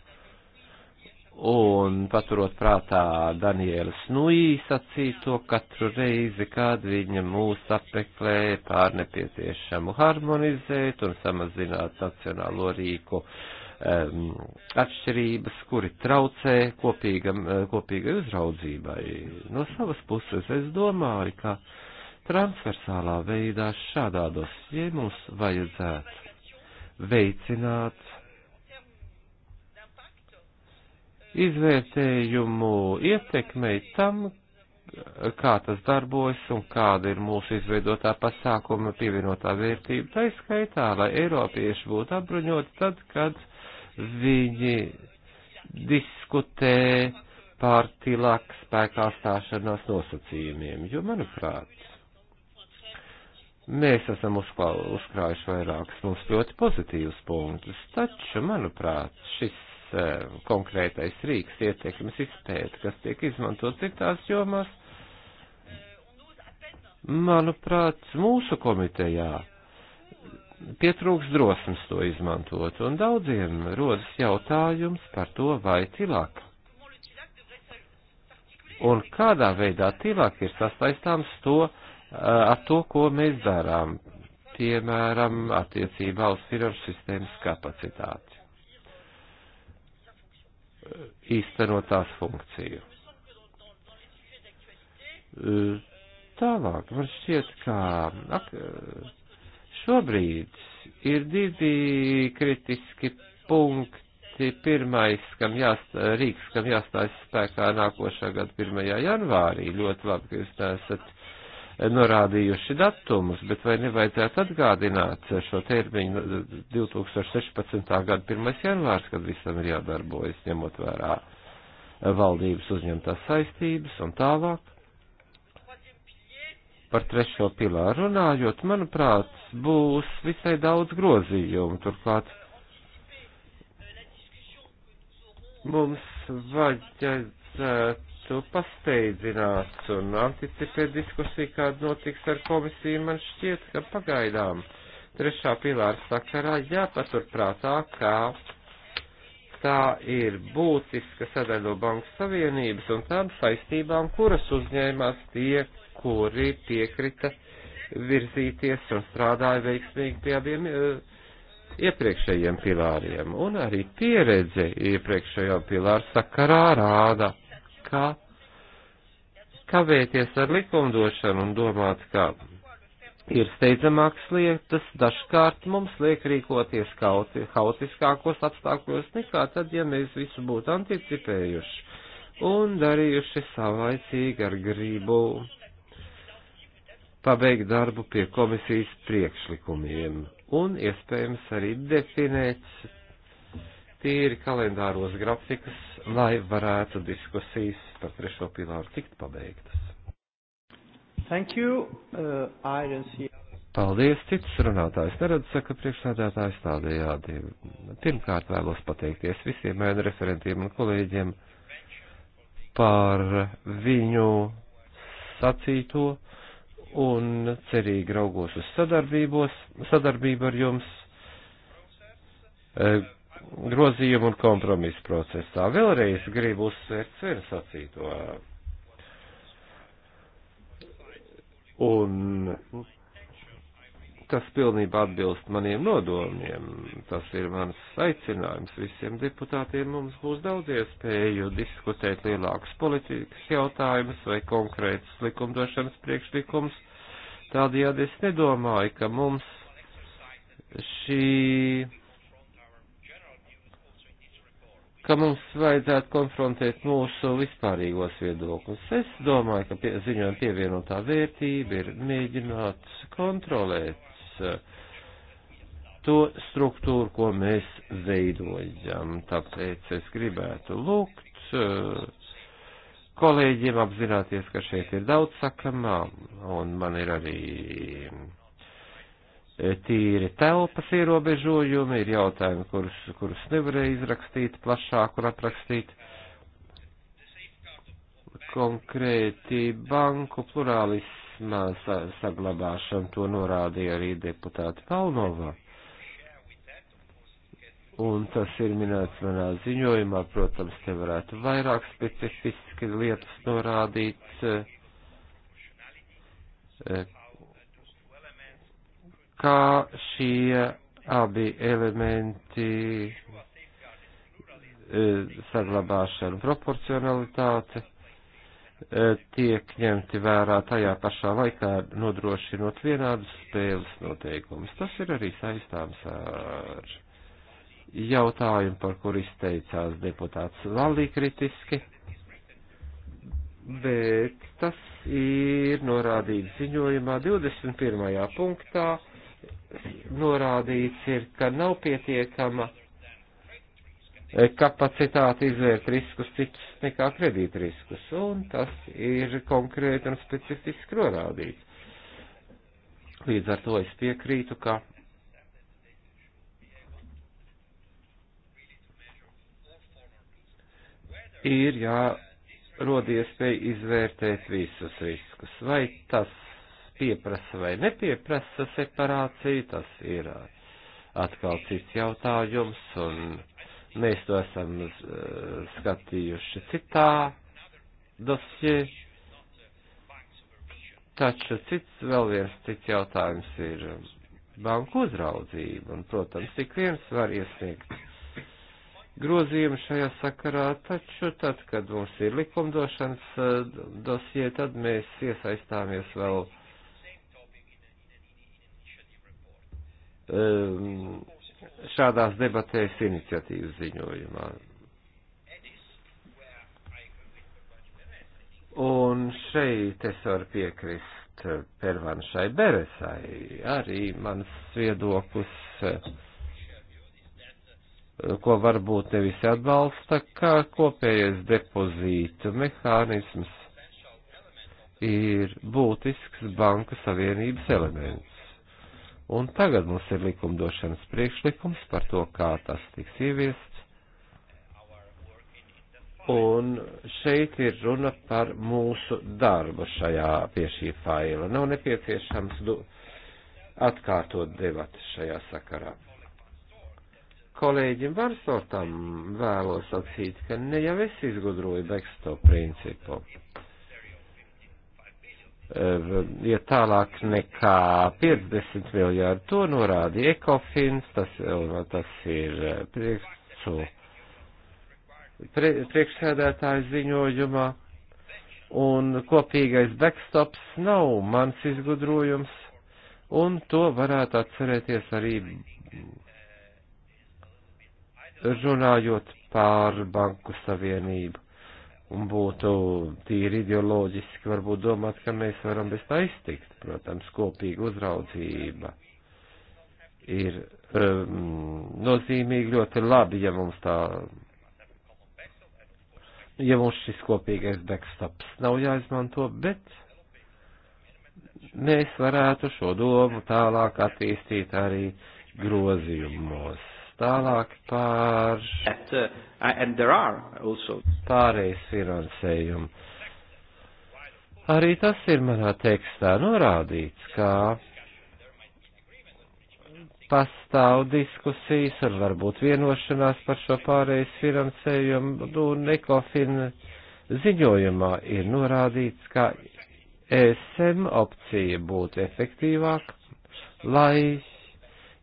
Un paturot prātā Danielas Nui sacīto katru reizi, kad viņa mūs apmeklē pār nepieciešamu harmonizēt un samazināt nacionālo rīku um, atšķirības, kuri traucē kopīgam, eh, kopīgai uzraudzībai. No savas puses es domāju, ka. Uh, transversālā veidā šādā dosjē mums vajadzētu veicināt izvērtējumu ietekmei tam, kā tas darbojas un kāda ir mūsu izveidotā pasākuma pievienotā vērtība. Tā skaitā, lai Eiropieši būtu apbruņoti tad, kad viņi diskutē pār tilāk spēkā stāšanās nosacījumiem, jo, manuprāt, Mēs esam uzklā, uzkrājuši vairākus mums ļoti pozitīvus punktus, taču, manuprāt, šis eh, konkrētais rīks ietekmes izpēta, kas tiek izmantot citās jomās, manuprāt, mūsu komitejā pietrūks drosmes to izmantot, un daudziem rodas jautājums par to, vai tilāk. Un kādā veidā tilāk ir sastaistāms to Uh, ar to, ko mēs darām, piemēram, attiecībā uz finanšu sistēmas kapacitāti, uh, īstenot tās funkciju. Uh, tālāk, man šķiet, ka ak, šobrīd ir divi kritiski punkti pati pirmais, kam jāstā, rīks, kam jāstājas spēkā nākošā gada 1. janvārī. Ļoti labi, ka jūs neesat norādījuši datumus, bet vai nevajadzētu atgādināt šo termiņu 2016. gada 1. janvārs, kad visam ir jādarbojas, ņemot vērā valdības uzņemtās saistības un tālāk. Par trešo pilāru runājot, manuprāt, būs visai daudz grozījumu, turklāt mums vajadzētu varētu pasteidzināt un anticipēt diskusiju, kāda notiks ar komisiju, man šķiet, ka pagaidām trešā pilāra sakarā jāpatur prātā, kā tā ir būtiska sadaļa no Banku Savienības un tām saistībām, kuras uzņēmās tie, kuri piekrita virzīties un strādāja veiksmīgi pie abiem e, iepriekšējiem pilāriem. Un arī pieredze iepriekšējo pilāru sakarā rāda, kā kavēties ar likumdošanu un domāt, ka ir steidzamākas lietas, dažkārt mums liek rīkoties haotiskākos apstākļos nekā tad, ja mēs visu būtu anticipējuši un darījuši savaicīgi ar gribu pabeigt darbu pie komisijas priekšlikumiem un iespējams arī definēt tīri kalendāros grafikas lai varētu diskusijas par trešo pilāru tikt pabeigtas. Thank you, uh, I don't see. Paldies, cits runātājs neredz, saka priekšsādātājs tādējādi. Pirmkārt vēlos pateikties visiem mēnu referentiem un kolēģiem par viņu sacīto un cerīgi raugos uz sadarbību ar jums. Uh, grozījumu un kompromisu procesā. Vēlreiz gribu uzsvērt Svenu sacīto. Un tas pilnībā atbilst maniem nodomiem. Tas ir mans aicinājums visiem deputātiem. Mums būs daudz iespēju diskutēt lielākus politikas jautājumus vai konkrētus likumdošanas priekšlikumus. Tādējādi es nedomāju, ka mums šī ka mums vajadzētu konfrontēt mūsu vispārīgos viedokļus. Es domāju, ka pie, ziņojuma pievienotā vērtība ir mēģināt kontrolēt eh, to struktūru, ko mēs veidojam. Tāpēc es gribētu lūgt eh, kolēģiem apzināties, ka šeit ir daudz sakamā, un man ir arī E, tīri telpas ierobežojumi, ir jautājumi, kurus, kurus nevarēja izrakstīt plašāk un aprakstīt. Konkrēti banku plurālismā saglabāšana to norādīja arī deputāti Palnova. Un tas ir minēts manā ziņojumā, protams, te varētu vairāk specifiski lietas norādīt e, kā šie abi elementi e, saglabāšana proporcionalitāte e, tiek ņemti vērā tajā pašā laikā nodrošinot vienādas spēles noteikumus. Tas ir arī saistāms ar jautājumu, par kur izteicās deputāts Valī kritiski, bet tas ir norādīts ziņojumā 21. punktā norādīts ir, ka nav pietiekama eh, kapacitāte izvērt riskus citus nekā kredīt riskus, un tas ir konkrēti un specifiski norādīts. Līdz ar to es piekrītu, ka ir jārod iespēja izvērtēt visus riskus, vai tas pieprasa vai nepieprasa separāciju, tas ir uh, atkal cits jautājums, un mēs to esam uh, skatījuši citā dosjē. Taču cits, vēl viens cits jautājums ir banku uzraudzība, un, protams, tik viens var iesniegt grozījumu šajā sakarā, taču tad, kad mums ir likumdošanas uh, dosie, tad mēs iesaistāmies vēl Ehm, šādās debatēs iniciatīvas ziņojumā. Un šeit es varu piekrist Pervanšai Beresai, arī mans viedoklis, eh, ko varbūt nevis atbalsta, kā kopējais depozītu mehānisms ir būtisks banka savienības elements Un tagad mums ir likumdošanas priekšlikums par to, kā tas tiks ieviests. Un šeit ir runa par mūsu darbu šajā pie šī faila. Nav nepieciešams du, atkārtot debatu šajā sakarā. Kolēģim Varsortam vēlos atsīt, ka ne jau es izgudroju backstop principu. Uh, Eh, iet ja tālāk nekā 50 miljārdu. To norāda Ekofins, tas, eh, tas ir eh, priekšu, pre, priekšsēdētāju ziņojumā, un kopīgais backstops nav mans izgudrojums, un to varētu atcerēties arī runājot pār Banku Savienību un būtu tīri ideoloģiski varbūt domāt, ka mēs varam bez tā iztikt. Protams, kopīga uzraudzība ir um, nozīmīga ļoti labi, ja mums tā, ja mums šis kopīgais backstops nav jāizmanto, bet mēs varētu šo domu tālāk attīstīt arī grozījumos. Tālāk par. At, uh And there are also. Pārējais finansējumu. Arī tas ir manā tekstā norādīts, kā pastāv diskusijas un varbūt vienošanās par šo pārējais finansējumu, un Ekofin ziņojumā ir norādīts, ka ESM opcija būtu efektīvāka, lai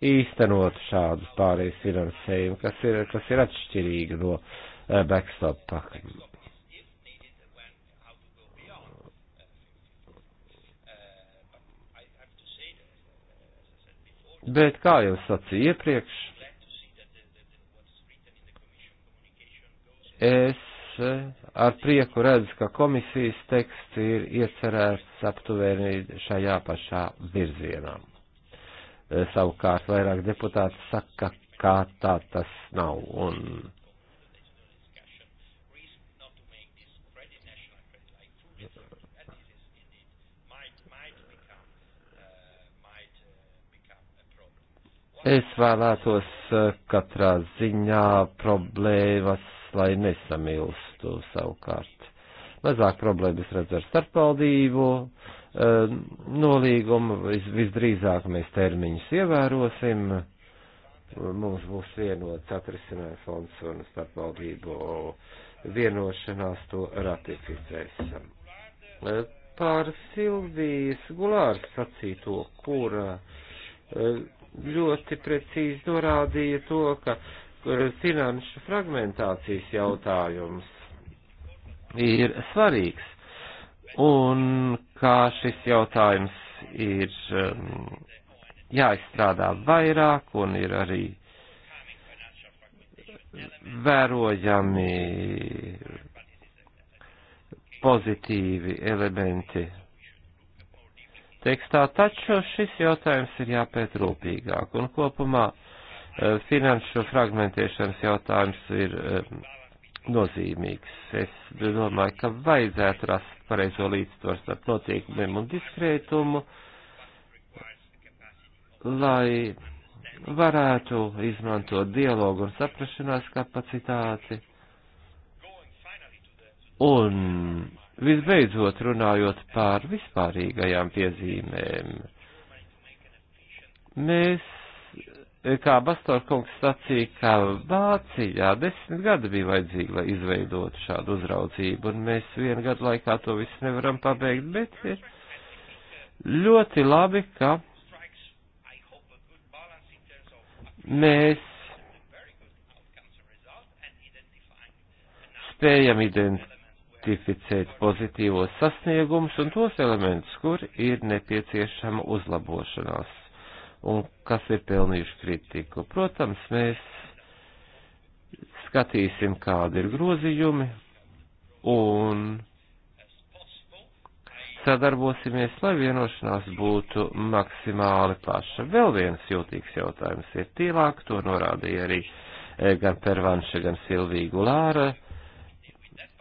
īstenot šādu pārējais finansējumu, kas ir, kas ir atšķirīgi no eh, backstop pakļu. Bet, kā jau sacīju iepriekš, es eh, ar prieku redzu, ka komisijas teksts ir iecerēts aptuveni šajā pašā virzienā. Eh, savukārt vairāk deputāti saka, kā tā tas nav. Un Es vēlētos eh, katrā ziņā problēmas, lai nesamilstu savukārt. Mazāk problēmas redz ar starpvaldību, uh, Eh, nolīgumu, vis, visdrīzāk mēs termiņus ievērosim, mums būs vienots atrisinājuma fonds un starpvaldību vienošanās to ratificēsim. Eh, par Silvijas Gulārs sacīto, kura eh, ļoti precīzi norādīja to, ka finanšu fragmentācijas jautājums ir svarīgs un ka šis jautājums ir um, jāizstrādā vairāk un ir arī vērojami pozitīvi elementi tekstā, taču šis jautājums ir jāpēt rūpīgāk, un kopumā eh, finanšu fragmentēšanas jautājums ir eh, nozīmīgs. Es domāju, ka vajadzētu rast pareizo līdzsvaru starp noteikumiem un diskrētumu, lai varētu izmantot dialogu un saprašanās kapacitāti. Un visbeidzot runājot par vispārīgajām piezīmēm, mēs E, kā Bastorkungs sacīja, ka Vācijā desmit gadi bija vajadzīgi, lai izveidotu šādu uzraudzību, un mēs vienu gadu laikā to visu nevaram pabeigt, bet ir ļoti labi, ka mēs spējam identificēt pozitīvos sasniegumus un tos elementus, kur ir nepieciešama uzlabošanās un kas ir pelnījuši kritiku. Protams, mēs skatīsim, kādi ir grozījumi un sadarbosimies, lai vienošanās būtu maksimāli plaša. Vēl viens jūtīgs jautājums ir tīlāk, to norādīja arī eh, gan Pervanša, gan Silvija Gulāra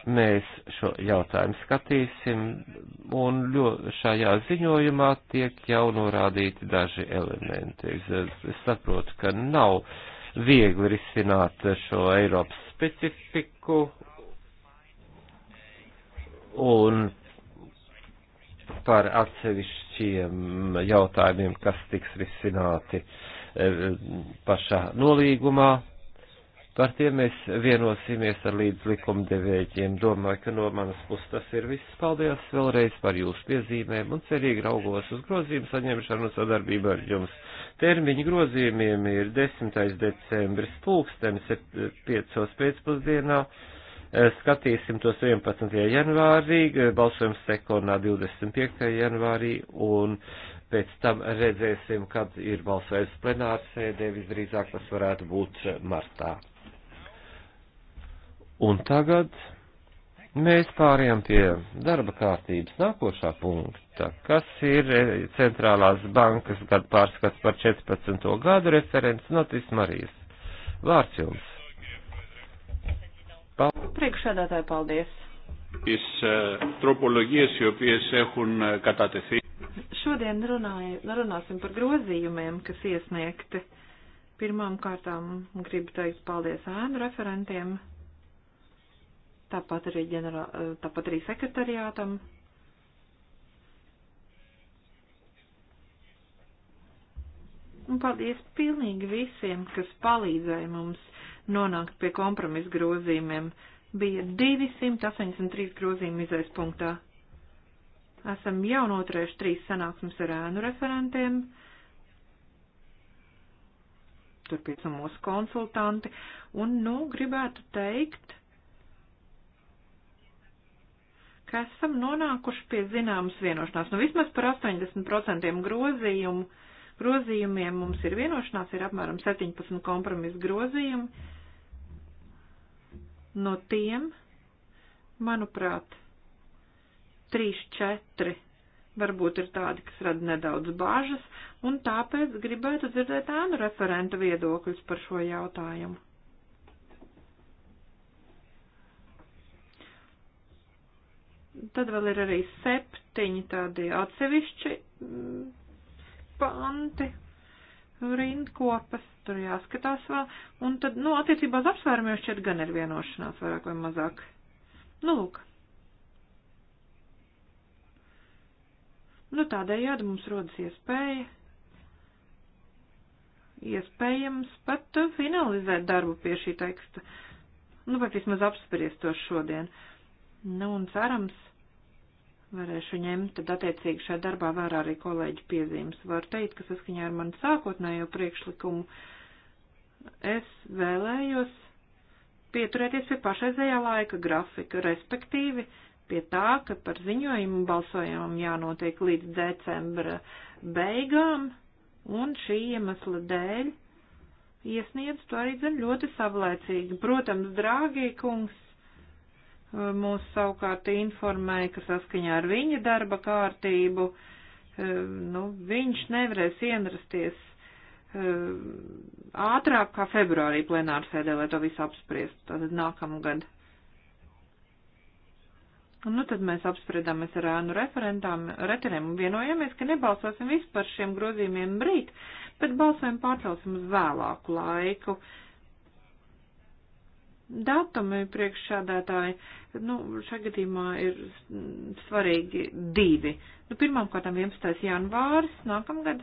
mēs šo jautājumu skatīsim, un šajā ziņojumā tiek jau norādīti daži elementi. Es, es saprotu, ka nav viegli risināt šo Eiropas specifiku, un par atsevišķiem jautājumiem, kas tiks risināti eh, pašā nolīgumā, Par tiem mēs vienosimies ar līdzlikumdevēķiem. Domāju, ka no manas puses tas ir viss. Paldies vēlreiz par jūsu piezīmēm un cerīgi raugos uz grozījumu saņemšanu sadarbībā ar jums. Termiņi grozījumiem ir 10. decembris pulksteni 5. pēcpusdienā. Eh, skatīsim tos 11. janvārī, eh, balsojums sekonā 25. janvārī un pēc tam redzēsim, kad ir balsojums plenārsēdē, visdrīzāk tas varētu būt martā. Un tagad mēs pārējām pie darba kārtības nākošā punkta, kas ir e, Centrālās bankas gada pārskats par 14. gadu referents Notis Marijas. Vārds jums. Paldies. Priekšsēdētāji, paldies. Τις τροπολογίες οι οποίες έχουν κατατεθεί. Šodien runāju, runāsim par grozījumiem, kas iesniegti. Pirmām kārtām gribu teikt paldies ēnu referentiem, tāpat arī, ģenerā, eh, tāpat arī sekretariātam. Un paldies pilnīgi visiem, kas palīdzēja mums nonākt pie kompromisa grozījumiem. Bija 283 grozījumi izais punktā. Esam jau noturējuši trīs sanāksmes ar ēnu referentiem. Turpēc mūsu konsultanti. Un, nu, gribētu teikt, ka esam nonākuši pie zināmas vienošanās. Nu, vismaz par 80% grozījumu, grozījumiem mums ir vienošanās, ir apmēram 17 kompromisu grozījumi. No tiem, manuprāt, 3-4 varbūt ir tādi, kas rada nedaudz bāžas, un tāpēc gribētu dzirdēt ēnu referenta viedokļus par šo jautājumu. Tad vēl ir arī septiņi tādi atsevišķi mm, panti, rindkopas, tur jāskatās vēl. Un tad, nu, attiecībā uz apsvērumiem šķiet gan ir vienošanās vairāk vai mazāk. Nu, lūk. Nu, tādējādi mums rodas iespēja, iespējams pat finalizēt darbu pie šī teksta, nu, vai vismaz apspriest to šodien. Nu, un cerams, varēšu ņemt, tad attiecīgi šajā darbā vērā arī kolēģi piezīmes. Var teikt, ka saskaņā ar manu sākotnējo priekšlikumu es vēlējos pieturēties pie pašreizējā laika grafika, respektīvi pie tā, ka par ziņojumu balsojumam jānotiek līdz decembra beigām, un šī iemesla dēļ iesniedz to arī zem ļoti savlaicīgi. Protams, drāgie kungs, mūs savukārt informēja, ka saskaņā ar viņa darba kārtību, eh, nu, viņš nevarēs ienrasties eh, ātrāk kā februārī plenārsēdē, lai to visu apspriestu, tātad nākamgad. Un nu tad mēs apspriedāmies ar ēnu referentām, reteriem un vienojamies, ka nebalsosim vispār šiem grozījumiem rīt, bet balsojumu pārcelsim uz vēlāku laiku. Uh, datumi priekšsādātāji, nu, šajā gadījumā ir svarīgi divi. Nu, pirmām kārtām 11. janvāris nākamgad.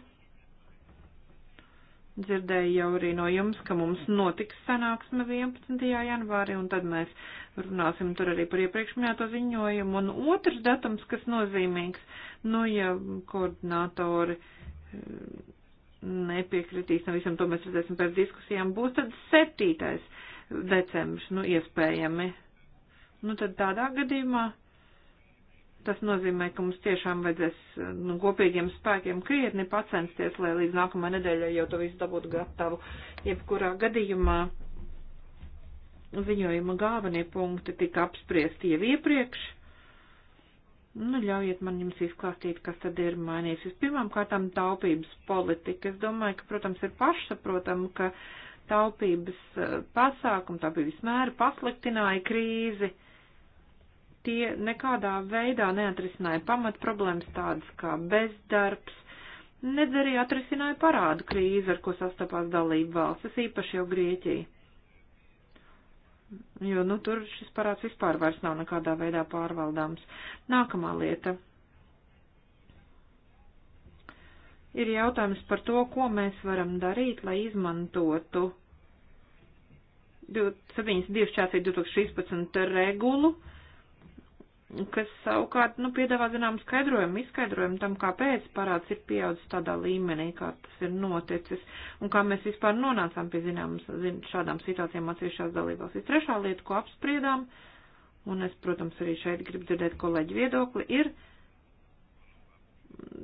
Dzirdēju jau arī no jums, ka mums notiks sanāksme 11. janvārī, un tad mēs runāsim tur arī par iepriekš minēto ziņojumu. Un otrs datums, kas nozīmīgs, nu, ja koordinātori eh, nepiekritīs, no visam to mēs redzēsim pēc diskusijām, būs tad septītais decembris, nu, iespējami. Nu, tad tādā gadījumā tas nozīmē, ka mums tiešām vajadzēs nu, kopīgiem spēkiem krietni pacensties, lai līdz nākamā nedēļa jau to visu dabūtu gatavu. Jebkurā gadījumā ziņojuma galvenie punkti tika apspriesti jau iepriekš. Nu, ļaujiet man jums izklāstīt, kas tad ir mainījies. Vispirmām kārtām taupības politika. Es domāju, ka, protams, ir pašsaprotam, ka uh, taupības eh, pasākumi, taupības mēri pasliktināja krīzi. Tie nekādā veidā neatrisināja pamat problēmas tādas kā bezdarbs, nedz arī atrisināja parādu krīzi, ar ko sastapās dalību valstis, īpaši jau Grieķija. Jo, nu, tur šis parāds vispār vairs nav nekādā veidā pārvaldāms. Nākamā lieta ir jautājums par to, ko mēs varam darīt, lai izmantotu 7.24.2016 regulu, kas savukārt, nu, piedāvā zinām skaidrojumu, izskaidrojumu tam, kāpēc parāds ir pieaudzis tādā līmenī, kā tas ir noticis, un kā mēs vispār nonācām pie zinām zin, šādām situācijām atsevišķās dalībvalstīs. Trešā lieta, ko apspriedām, un es, protams, arī šeit gribu dzirdēt kolēģi viedokli, ir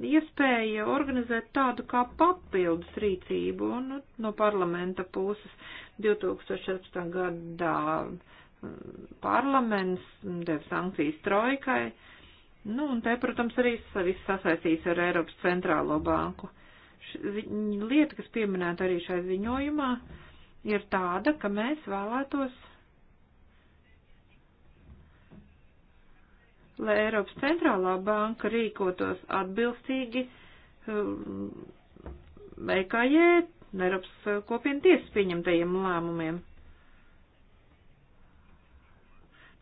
iespēja organizēt tādu kā papildus rīcību nu, no parlamenta puses 2014. gadā mm, parlaments deva sankcijas trojkai, nu un te, protams, arī viss sasaistīs ar Eiropas centrālo banku. Ši, lieta, kas pieminēta arī šai ziņojumā, ir tāda, ka mēs vēlētos lai Eiropas centrālā banka rīkotos atbilstīgi um, EKJ, Eiropas uh, kopienu tiesas pieņemtajiem lēmumiem.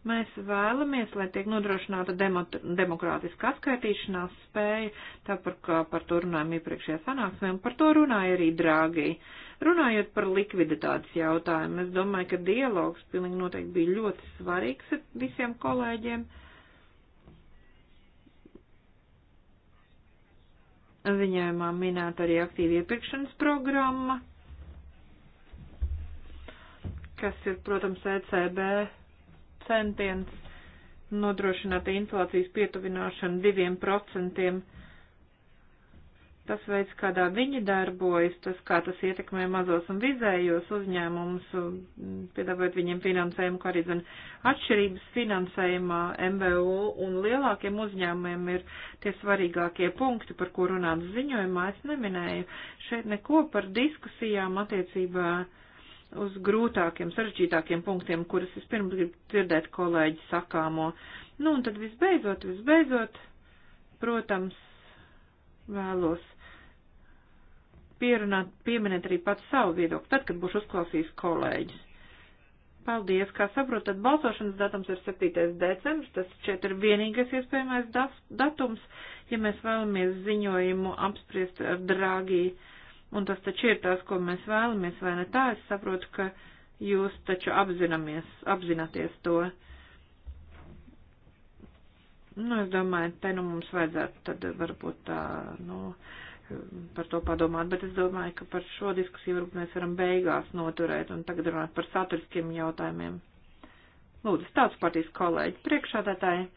Mēs vēlamies, lai tiek nodrošināta demot, demokrātiska atskaitīšanās spēja, tāpēc, kā par to runājam iepriekšējā sanāksmē, un par to runāja arī Drāgī. Runājot par likviditātes jautājumu, es domāju, ka dialogs pilnīgi noteikti bija ļoti svarīgs visiem kolēģiem. Uh, Viņojumā minēta arī aktīva iepirkšanas programma, kas ir, protams, ECB centiens nodrošināt inflācijas pietuvināšanu diviem procentiem tas veids, kādā viņi darbojas, tas, kā tas ietekmē mazos un vizējos uzņēmumus, mm, piedāvājot viņiem finansējumu, kā arī zin, atšķirības finansējumā MVU un lielākiem uzņēmumiem ir tie svarīgākie punkti, par ko runāts ziņojumā. Es neminēju šeit neko par diskusijām attiecībā uz grūtākiem, sarežģītākiem punktiem, kurus es pirms gribu dzirdēt kolēģi sakāmo. Nu, un tad visbeidzot, visbeidzot, protams, vēlos pierunāt, pieminēt arī pats savu viedokli, tad, kad būšu uzklausījis kolēģis. Paldies, kā saprotat, balsošanas datums ir 7. decembris, tas šeit ir vienīgais iespējamais datums, ja mēs vēlamies ziņojumu apspriest ar drāgī, un tas taču ir tās, ko mēs vēlamies, vai ne tā, es saprotu, ka jūs taču apzināmies, apzināties to. Nu, es domāju, te nu mums vajadzētu tad varbūt tā, nu, par to padomāt, bet es domāju, ka par šo diskusiju varbūt mēs varam beigās noturēt un tagad runāt par saturiskiem jautājumiem. Lūdzu, tāds partijas kolēģi, priekšādātāji.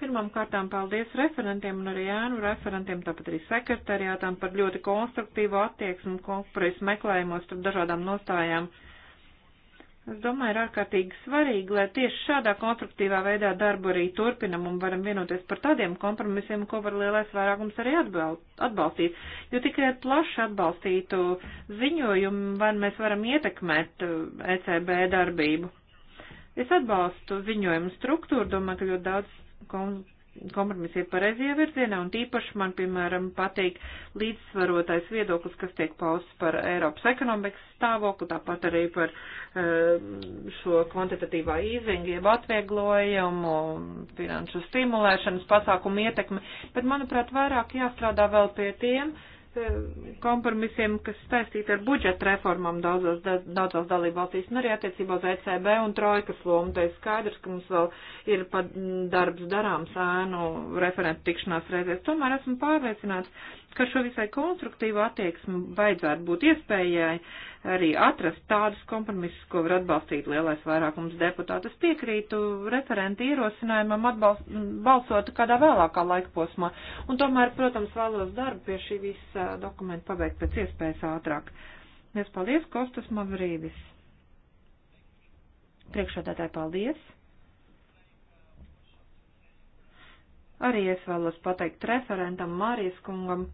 Pirmām kārtām paldies referentiem un arī ēnu referentiem, tāpat arī sekretariātām par ļoti konstruktīvu attieksmi, kompromisu meklējumos starp dažādām nostājām. Uh, Es domāju, ir ārkārtīgi svarīgi, lai tieši šādā konstruktīvā veidā darbu arī turpinam un varam vienoties par tādiem kompromisiem, ko var lielais vairākums arī atbalstīt. Jo tikai plaši atbalstītu ziņojumu, vai mēs varam ietekmēt uh, ECB darbību. Es atbalstu ziņojumu struktūru, domāju, ka ļoti daudz kompromiss ir pareizajā virzienā, un tīpaši man, piemēram, patīk līdzsvarotais viedoklis, kas tiek pausts par Eiropas ekonomikas stāvokli, tāpat arī par ehm, šo kvantitatīvā īzingu, jeb atvieglojumu, finanšu stimulēšanas pasākumu ietekmi, bet, manuprāt, vairāk jāstrādā vēl pie tiem, uh, kompromisiem, kas saistīti ar budžeta reformām daudzos, daudzos dalībvalstīs, un arī attiecībā uz ECB un trojkas lomu. Tā ir skaidrs, ka mums vēl ir darbs darāms ēnu referentu tikšanās reizēs. Tomēr esmu pārliecināts, ka šo visai konstruktīvu attieksmi vajadzētu būt iespējai arī atrast tādus kompromisus, ko var atbalstīt lielais vairākums deputātu. Es piekrītu referenti ierosinājumam atbalst, balsot kādā vēlākā laika posmā, un tomēr, protams, vēlos darbu pie šī visa dokumenta pabeigt pēc iespējas ātrāk. Mēs paldies, Kostas Mavrīdis. Priekšādātāji, paldies! Arī es vēlos pateikt referentam Mārijas kungam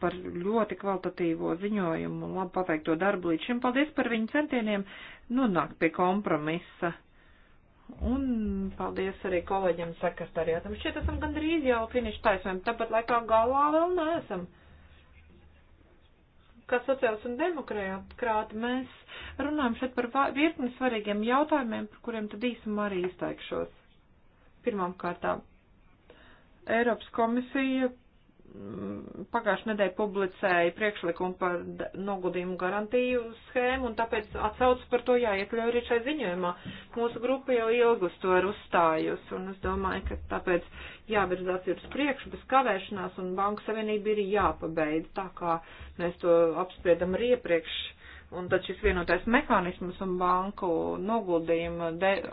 par ļoti kvalitatīvo ziņojumu un labi paveikto darbu līdz šim. Paldies par viņu centieniem nonākt pie kompromisa. Un paldies arī kolēģiem sekretariātam. Šķiet, esam gandrīz jau finišu taisnēm, tāpat laikā galā vēl neesam. Kā sociāls un demokrāti mēs runājam šeit par virkni svarīgiem jautājumiem, par kuriem tad īsumā arī izteikšos. Pirmām kārtām, Eiropas komisija pagājušajā nedēļā publicēja priekšlikumu par noguldījumu garantiju schēmu, un tāpēc atsauc par to jāiekļauj arī šai ziņojumā. Mūsu grupa jau ilgus to ir uzstājusi, un es domāju, ka tāpēc jāvirzās ir uz priekšu bez kavēšanās, un Banka Savienība ir jāpabeidz, tā kā mēs to apspriedam arī iepriekš Un tad šis vienotais mehānisms un banku noguldījuma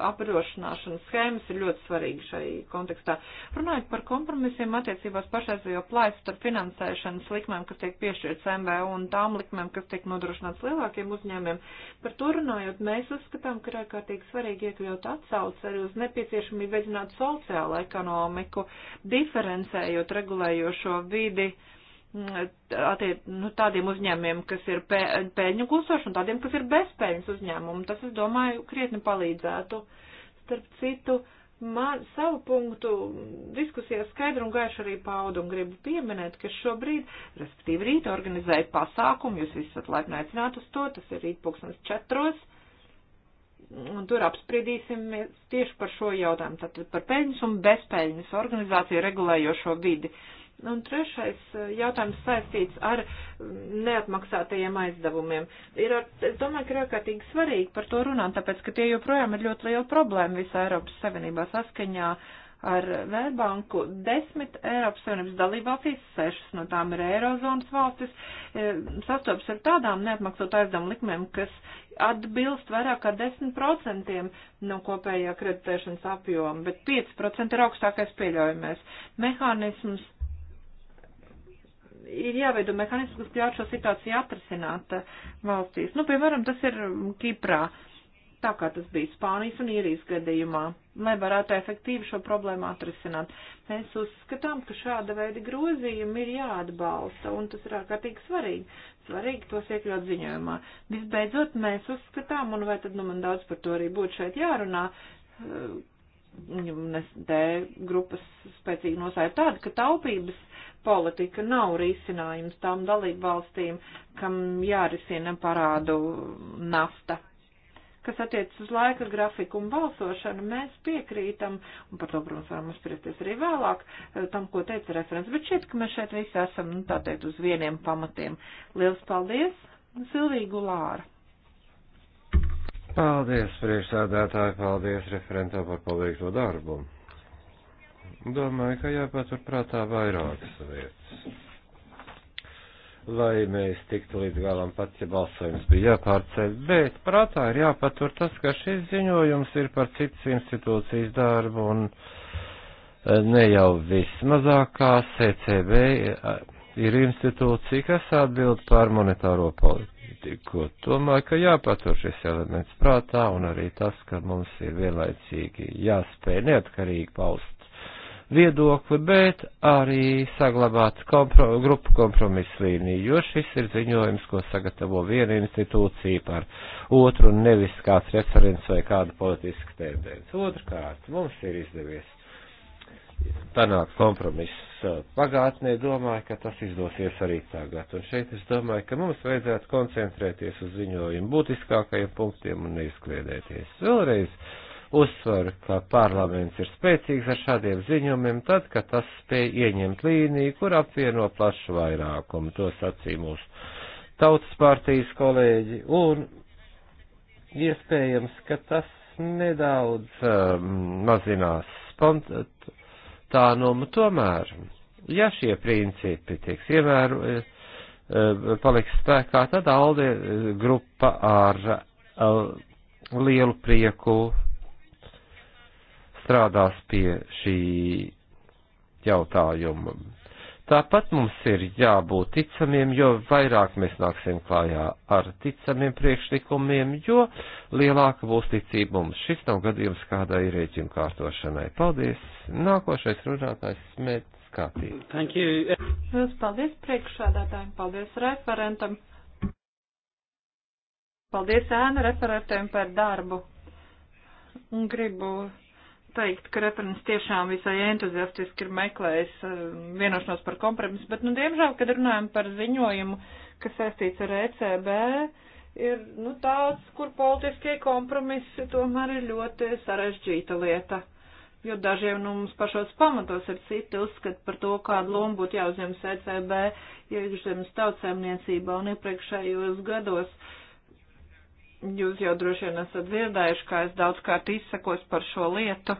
apdrošināšanas schēmas ir ļoti svarīgi šai kontekstā. Runājot par kompromisiem attiecībās pašreizējo plaisu starp finansēšanas likmēm, kas tiek piešķirts MVU un tām likmēm, kas tiek nodrošināts lielākiem uzņēmiem, par to runājot, mēs uzskatām, ka ir ārkārtīgi svarīgi iekļaut atsauc arī uz nepieciešamību veicināt sociālo ekonomiku, diferencējot regulējošo vidi. Uh, attiec, nu, tādiem uzņēmiem, kas ir pēļņu gūsoši un tādiem, kas ir bezpēļņas uzņēmumi. Tas, es domāju, krietni palīdzētu. Starp citu, man savu punktu diskusijā skaidru un gaišu arī paudu un gribu pieminēt, ka šobrīd, respektīvi rīt, organizēju pasākumu, jūs visi esat laipni aicināti uz to, tas ir rīt pulkstens četros. Un tur apspriedīsimies tieši par šo jautājumu, tātad par peļņas un bezpeļņas organizāciju regulējošo vidi. Uh, Un trešais eh, jautājums saistīts ar mm, neatmaksātajiem aizdevumiem. Ir, ar, es domāju, ka ir ārkārtīgi svarīgi par to runāt, tāpēc, ka tie joprojām ir ļoti liela problēma visā Eiropas Savienībā saskaņā ar Vērbanku. Desmit Eiropas Savienības dalībvalstīs, sešas no tām ir Eirozonas valstis, eh, sastopas ar tādām neatmaksātu aizdevumu likmēm, kas atbilst vairāk kā 10% no kopējā kreditēšanas apjoma, bet 5% ir augstākais pieļaujamais mehānisms ir jāveido mehānisms, kas ļauj šo situāciju atrasināt eh, valstīs. Nu, piemēram, tas ir mm, Kiprā, tā kā tas bija Spānijas un Īrijas gadījumā, lai varētu efektīvi šo problēmu atrasināt. Mēs uzskatām, ka šāda veida grozījumi ir jāatbalsta, un tas ir ārkārtīgi svarīgi. Svarīgi tos iekļaut ziņojumā. Visbeidzot, mēs uzskatām, un vai tad nu man daudz par to arī būtu šeit jārunā, eh, un es te grupas spēcīgi nosāju tādu, ka taupības politika nav risinājums tām dalību valstīm, kam jārisina parādu nafta. Kas attiecas uz laika grafiku un balsošanu, mēs piekrītam, un par to, protams, varam uzspriesties arī vēlāk, eh, tam, ko teica referents, bet šķiet, ka mēs šeit visi esam, nu, tā teikt, uz vieniem pamatiem. Liels paldies, Silvija Gulāra! Paldies, priekšsādātāji, paldies referentam par paveikto darbu. Domāju, ka jāpatur prātā vairākas lietas. Lai mēs tiktu līdz galam, pat ja balsojums bija jāpārceļ, bet prātā ir jāpatur tas, ka šis ziņojums ir par citas institūcijas darbu un eh, ne jau vismazākā CCB eh, ir institūcija, kas atbild par monetāro politiku. Tomēr, ka jāpatur šis elements prātā un arī tas, ka mums ir vienlaicīgi jāspēj neatkarīgi paust viedokli, bet arī saglabāt kompro, grupu kompromisu līniju, jo šis ir ziņojums, ko sagatavo viena institūcija par otru un nevis kāds referents vai kāda politiska tendence. Otrkārt, mums ir izdevies panākt kompromisu uh, pagātnē, domāju, ka tas izdosies arī tagad. Un šeit es domāju, ka mums vajadzētu koncentrēties uz ziņojumu būtiskākajiem punktiem un neizkliedēties. Vēlreiz uzsver, ka parlaments ir spēcīgs ar šādiem ziņojumiem, tad, kad tas spēj ieņemt līniju, kur apvieno plašu vairākumu, to sacīja mūsu tautas partijas kolēģi, un iespējams, ka tas nedaudz um, mazinās spontānumu tomēr. Ja šie principi tiks ievēroti, eh, eh, paliks spēkā, tad Alde eh, grupa ar lielu prieku strādās pie šī jautājuma. Tāpat mums ir jābūt ticamiem, jo vairāk mēs nāksim klājā ar ticamiem priekšlikumiem, jo lielāka būs ticība mums. Šis nav gadījums kādai rēķinu kārtošanai. Paldies! Nākošais runātājs smēt skatīt. Thank you! Jūs paldies priekšsādātājiem, paldies referentam, paldies ēnu referentiem par darbu. Un gribu teikt, ka referents tiešām visai entuziastiski ir meklējis eh, vienošanos par kompromisu, bet, nu, diemžēl, kad runājam par ziņojumu, kas saistīts ar ECB, ir, nu, tāds, kur politiskie kompromisi tomēr ir ļoti sarežģīta lieta. Jo dažiem nu, mums pašos pamatos ir citi uzskati par to, kādu lomu būtu jāuzņemas ECB iekšzemes tautsēmniecībā un iepriekšējos gados. Uh, Jūs jau droši vien esat dzirdējuši, kā es daudzkārt izsakos par šo lietu.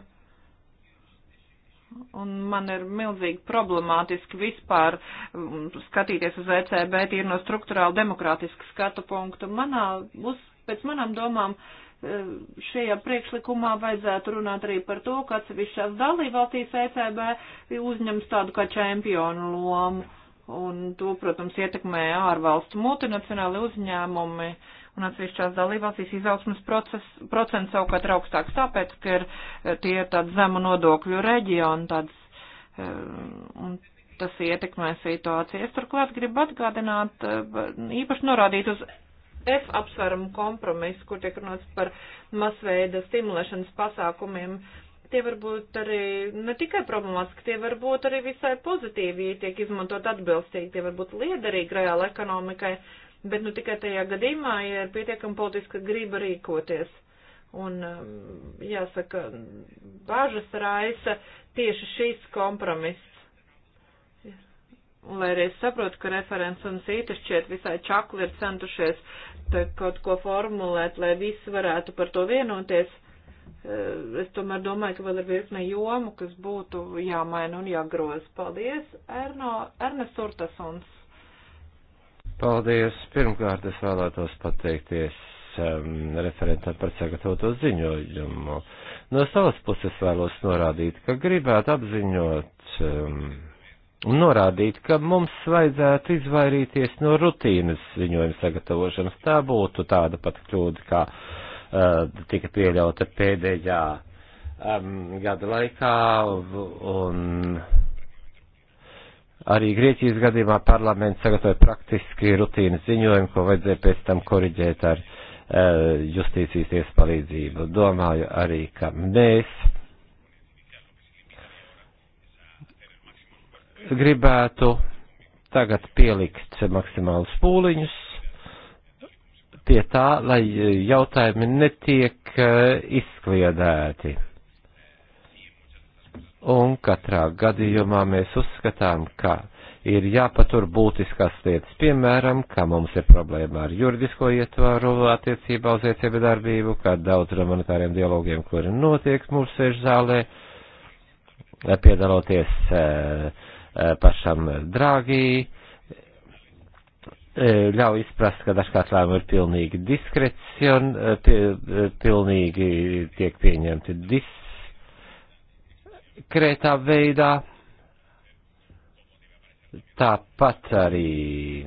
Un man ir milzīgi problemātiski vispār mm, skatīties uz ECB tīri no struktūrāli demokrātiska skatu punktu. Manā, uz, pēc manām domām, uh, šajā priekšlikumā vajadzētu runāt arī par to, ka atsevišķās dalībvalstīs ECB uzņems tādu kā čempionu lomu, un to, protams, ietekmē ārvalstu multinacionāli uzņēmumi, un atsevišķās dalībvalstīs izaugsmas procents savukārt ir augstāks, tāpēc, ka ir eh, tie tādi zemu nodokļu reģioni, tāds, eh, un tas ietekmē situāciju. Es turklāt gribu atgādināt, eh, īpaši norādīt uz F apsvērumu kompromisu, kur tiek runāts par masveida stimulēšanas pasākumiem. Tie var būt arī ne tikai problemātiski, tie var būt arī visai pozitīvi, ja tiek izmantot atbilstīgi, tie var būt liederīgi reāli ekonomikai bet nu tikai tajā gadījumā, ja ir pietiekama politiska grība rīkoties. Un um, jāsaka, bažas raisa tieši šīs kompromiss. Un lai arī es saprotu, ka referents un sīta šķiet visai čakli ir centušies kaut ko formulēt, lai visi varētu par to vienoties, eh, es tomēr domāju, ka vēl ir virkne jomu, kas būtu jāmaina un jāgroz. Paldies, Erno, Ernest Urtasons. Paldies. Pirmkārt, es vēlētos pateikties um, referentam par sagatavoto ziņojumu. No savas puses vēlos norādīt, ka gribētu apziņot um, un norādīt, ka mums vajadzētu izvairīties no rutīnas ziņojuma sagatavošanas. Tā būtu tāda pat kļūda, kā uh, tika pieļauta pēdējā um, gada laikā. Un, Arī Grieķijas gadījumā parlaments sagatavoja praktiski rutīnas ziņojumu, ko vajadzēja pēc tam koriģēt ar uh, justīcijas tiesas palīdzību. Domāju arī, ka mēs gribētu tagad pielikt maksimālus pūliņus pie tā, lai jautājumi netiek e, izkliedēti un katrā gadījumā mēs uzskatām, ka ir jāpatur būtiskās lietas, piemēram, ka mums ir problēma ar juridisko ietvaru attiecībā uz ECB darbību, ka daudz humanitāriem dialogiem, kuri notiek mūsu sēžzālē, piedaloties e, e, pašam drāgī, e, ļauj izprast, ka dažkārt lēmumi ir pilnīgi diskrecion, pilnīgi tiek pieņemti dis konkrētā veidā. Tāpat arī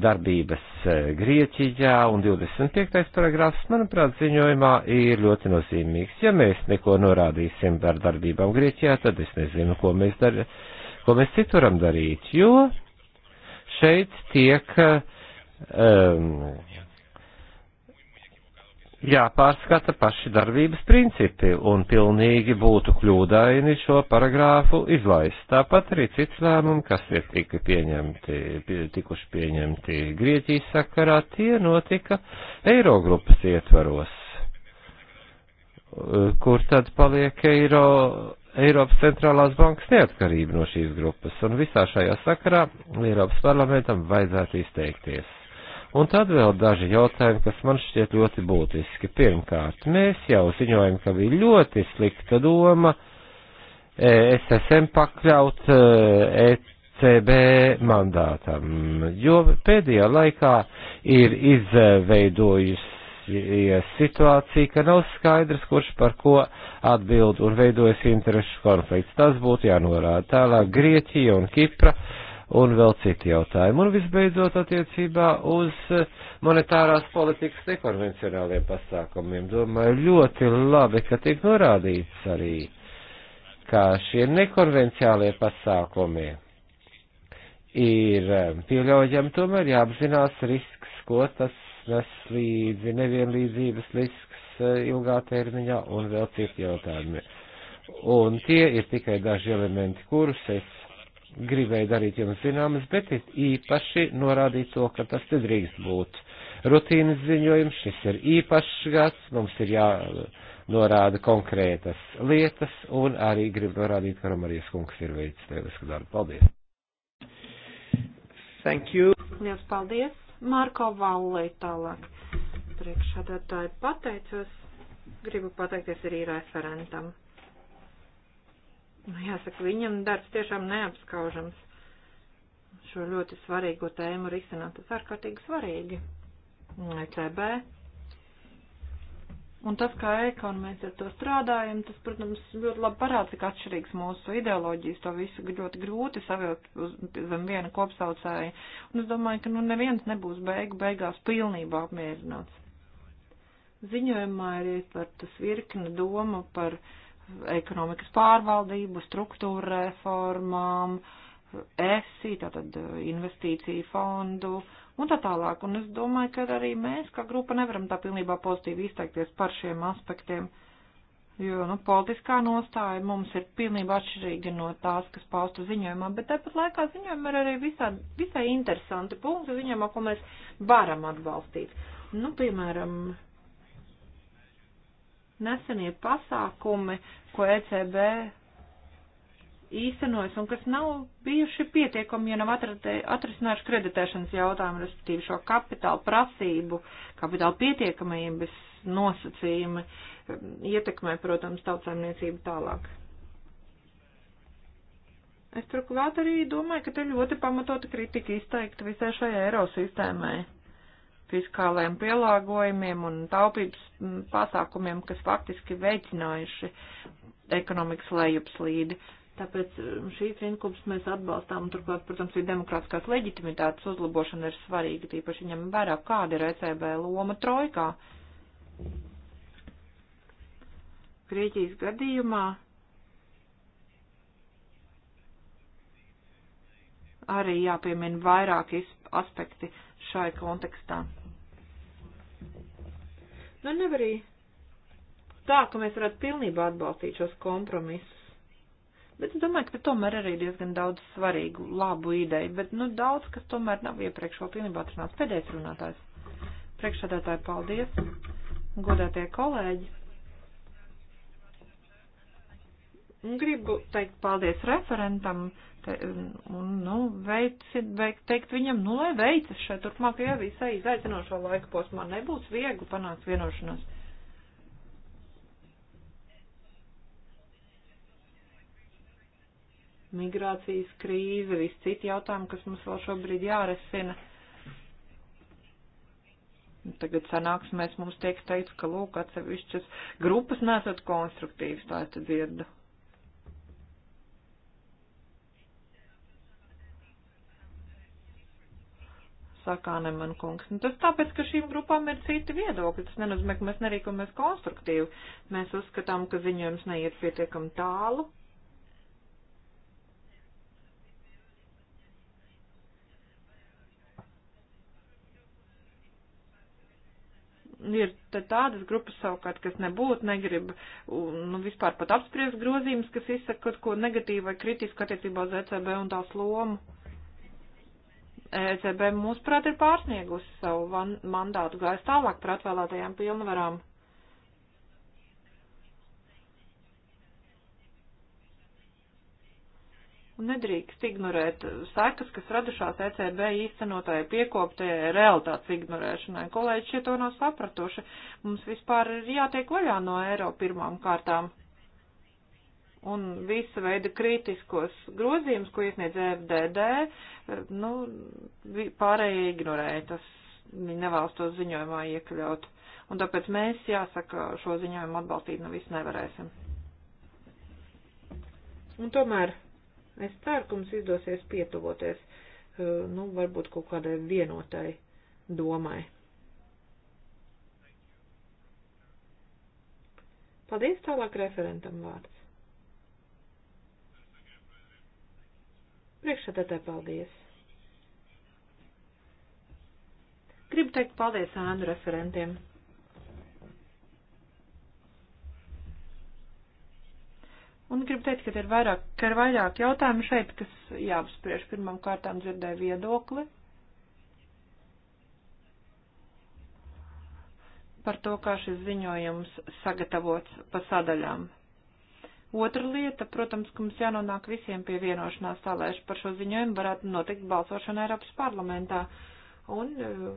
darbības eh, Grieķijā un 25. paragrāfs, manuprāt, ziņojumā ir ļoti nozīmīgs. Ja mēs neko norādīsim par darbībām Grieķijā, tad es nezinu, ko mēs, dar, ko mēs citu varam darīt, jo šeit tiek um, jāpārskata paši darbības principi, un pilnīgi būtu kļūdaini šo paragrāfu izlaist. Tāpat arī cits lēmumi, kas ir tika pieņemti, pie, tikuši pieņemti Grieķijas sakarā, tie notika Eirogrupas ietvaros, kur tad paliek Eiro, Eiropas centrālās bankas neatkarība no šīs grupas, un visā šajā sakarā Eiropas parlamentam vajadzētu izteikties Un tad vēl daži jautājumi, kas man šķiet ļoti būtiski. Pirmkārt, mēs jau ziņojam, ka bija ļoti slikta doma e, SSM pakļaut ECB e mandātam, jo pēdējā laikā ir izveidojusies situācija, ka nav skaidrs, kurš par ko atbild un veidojas interešu konflikts. Tas būtu jānorāda. Tālāk Grieķija un Kipra un vēl citi jautājumi. Un visbeidzot attiecībā uz monetārās politikas nekonvencionāliem pasākumiem. Domāju, ļoti labi, ka tiek norādīts arī, ka šie nekonvenciālie pasākumi ir um, pieļaujami, tomēr jāapzinās risks, ko tas nes līdzi, nevienlīdzības risks uh, ilgā termiņā un vēl citi jautājumi. Un tie ir tikai daži elementi, kurus es gribēju darīt jums zināmas, bet īpaši norādīt to, ka tas nedrīkst būt rutīnas ziņojums, šis ir īpašs gads, mums ir jānorāda konkrētas lietas, un arī gribu norādīt, ka Romarijas kungs ir veicis lielisku darbu. Paldies! Thank you! Liels paldies! Marko Vallei tālāk. Priekšādātāji pateicos, gribu pateikties arī referentam Nu, jāsaka, viņam darbs tiešām neapskaužams. Šo ļoti svarīgo tēmu risināt, tas ārkārtīgi svarīgi. ECB. Un tas, kā ekon mēs ar to strādājam, tas, protams, ļoti labi parāda, cik atšķirīgs mūsu ideoloģijas, to visu ļoti grūti savilkt zem viena kopsaucēja. Un es domāju, ka nu neviens nebūs beigu beigās pilnībā apmierināts. Ziņojumā ir ietvertas virkne doma par uh, ekonomikas pārvaldību, struktūra reformām, ESI, tātad eh, investīciju fondu un tā tālāk. Un es domāju, ka arī mēs, kā grupa, nevaram tā pilnībā pozitīvi izteikties par šiem aspektiem, jo, nu, politiskā nostāja mums ir pilnībā atšķirīga no tās, kas paustu ziņojumā, bet tāpat laikā ziņojumā ir arī visā, visai interesanti punkti ziņojumā, ko mēs varam atbalstīt. Nu, piemēram, Nesenie pasākumi, ko ECB īstenojas un kas nav bijuši pietiekami, ja nav atrisinājuši kreditēšanas jautājumu, respektīvi šo kapitāla prasību, kapitāla pietiekamības nosacījumi um, ietekmē, protams, tautsēmniecību tālāk. Es turklāt arī domāju, ka te ļoti pamatota kritika izteikta visai šai eiro sistēmai fiskālajiem pielāgojumiem un taupības mm, pasākumiem, kas faktiski veicinājuši ekonomikas lejupslīdi. Tāpēc mm, šīs inkubus mēs atbalstām, un turklāt, protams, ir demokrātiskās leģitimitātes uzlabošana ir svarīga, tīpaši ņem vērā, kāda ir ECB loma trojkā. Grieķijas gadījumā arī jāpiemina vairāki aspekti šai kontekstā. Nu, nevar arī tā, ka mēs varētu pilnībā atbalstīt šos kompromisus. Bet es domāju, ka tomēr arī diezgan daudz svarīgu, labu ideju, bet, nu, daudz, kas tomēr nav iepriekš vēl pilnībā atrunāts. Pēdējais runātājs. Priekšsādātāji, paldies. Godātie kolēģi. Gribu teikt paldies referentam te, un, nu, veicit, veik, teikt viņam, nu, lai veicas šai turpmākajā visai izaicinošā laika posmā. Nebūs viegli panākt vienošanos. Migrācijas krīze, visi citi jautājumi, kas mums vēl šobrīd jāresina. Tagad sanāksmēs mums tiek teikt, ka, lūk, atsevišķas grupas nesat konstruktīvas, tā es te dzirdu. saka Aneman kungs. Un nu, tas tāpēc, ka šīm grupām ir citi viedokļi. Tas nenozīmē, ka mēs nerīkojamies konstruktīvi. Mēs uzskatām, ka ziņojums neiet pietiekam tālu. Ir tādas grupas savukārt, kas nebūtu, negrib nu, vispār pat apspriest grozījumus, kas izsaka kaut ko negatīvu vai kritisku attiecībā uz ECB un tās lomu. ECB mūsuprāt ir pārsniegusi savu van, mandātu gājis tālāk par atvēlētajām pilnvarām. Un nedrīkst ignorēt sekas, kas radušās ECB īstenotāja piekoptajai realitātes ignorēšanai. Kolēģi šie to nav sapratuši. Mums vispār ir jātiek vaļā no eiro pirmām kārtām un visa veida kritiskos grozījumus, ko iesniedz FDD, nu, pārējie ignorēja. Tas viņi nevēlas to ziņojumā iekļaut. Un tāpēc mēs, jāsaka, šo ziņojumu atbalstīt nu visu nevarēsim. Un tomēr es ceru, ka mums izdosies pietuvoties, eh, nu, varbūt kaut kādai vienotai domai. Paldies tālāk referentam vārds. Priekšsēdētāji, paldies! Gribu teikt paldies ēnu referentiem. Un gribu teikt, ka ir vairāk, ka ir vairāk jautājumu šeit, kas jāapspriež. Pirmam kārtām dzirdēju viedokli par to, kā šis ziņojums sagatavots pa sadaļām. Otra lieta, protams, ka mums jānonāk visiem pie vienošanās tā, lai par šo ziņojumu varētu notikt balsošana Eiropas parlamentā. Un eh,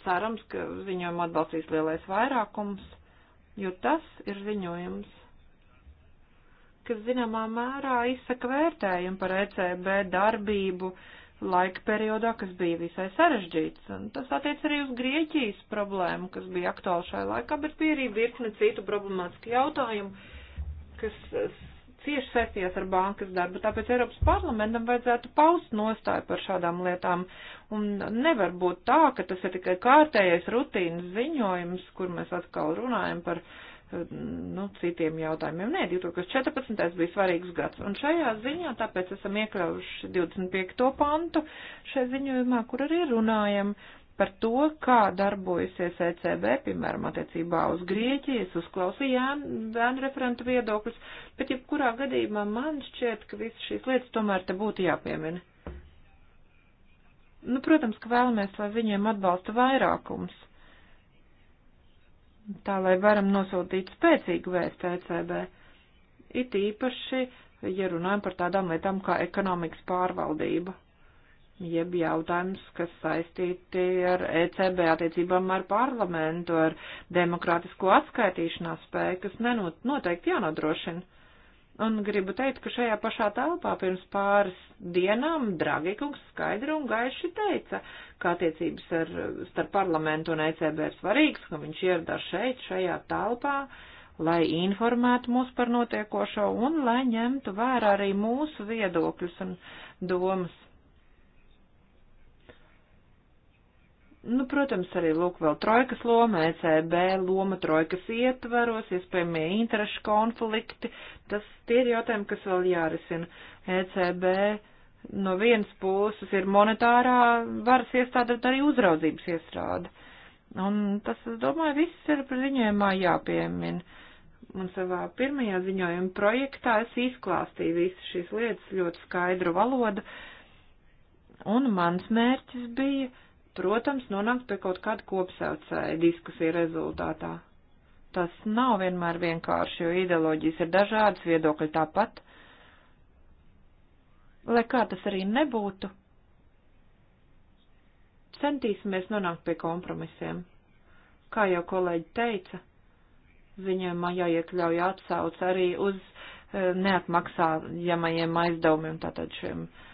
cerams, ka ziņojumu atbalstīs lielais vairākums, jo tas ir ziņojums, kas zināmā mērā izsaka vērtējumu par ECB darbību. Uh, laika periodā, kas bija visai sarežģīts. Un tas attiec arī uz Grieķijas problēmu, kas bija aktuāla šajā laikā, bet bija arī virkne citu problemātisku jautājumu, kas cieši saistījās ar bankas darbu. Tāpēc Eiropas parlamentam vajadzētu paust nostāju par šādām lietām. Un nevar būt tā, ka tas ir tikai kārtējais rutīnas ziņojums, kur mēs atkal runājam par uh, nu, citiem jautājumiem. Nē, 2014. bija svarīgs gads, un šajā ziņā tāpēc esam iekļaujuši 25. pantu šai ziņojumā, kur arī runājam par to, kā darbojusies ECB, piemēram, attiecībā uz Grieķiju. Es uzklausīju vēnu referentu viedokļus, bet jebkurā gadījumā man šķiet, ka visas šīs lietas tomēr te būtu jāpiemina. Nu, protams, ka vēlamies, lai viņiem atbalsta vairākums tā lai varam nosūtīt spēcīgu vēstu ECB. It īpaši, ja runājam par tādām lietām kā ekonomikas pārvaldība, jeb jautājums, kas saistīti ar ECB attiecībām ar parlamentu, ar demokrātisko atskaitīšanās spēju, kas nenot, noteikti jānodrošina. Un gribu teikt, ka šajā pašā telpā pirms pāris dienām Dragikungs skaidri un gaiši teica, ka attiecības ar, starp parlamentu un ECB ir svarīgs, ka viņš ieradās šeit, šajā telpā, lai informētu mūs par notiekošo un lai ņemtu vērā arī mūsu viedokļus un domas. Nu, protams, arī lūk vēl trojkas loma, ECB loma trojkas ietvaros, iespējamie interešu konflikti. Tas tie ir jautājumi, kas vēl jārisina. ECB no vienas puses ir monetārā varas iestāde, bet arī uzraudzības iestāde. Un tas, es domāju, viss ir par ziņojumā jāpiemina. Un savā pirmajā ziņojuma projektā es izklāstīju visu šīs lietas ļoti skaidru valodu. Un mans mērķis bija protams, nonākt pie kaut kāda kopsaucēja diskusija rezultātā. Tas nav vienmēr vienkārši, jo ideoloģijas ir dažādas, viedokļi tāpat. Lai kā tas arī nebūtu, centīsimies nonākt pie kompromisiem. Kā jau kolēģi teica, ziņojumā jāiekļauj atsauc arī uz eh, neatmaksājamajiem aizdevumiem, tātad šiem uh,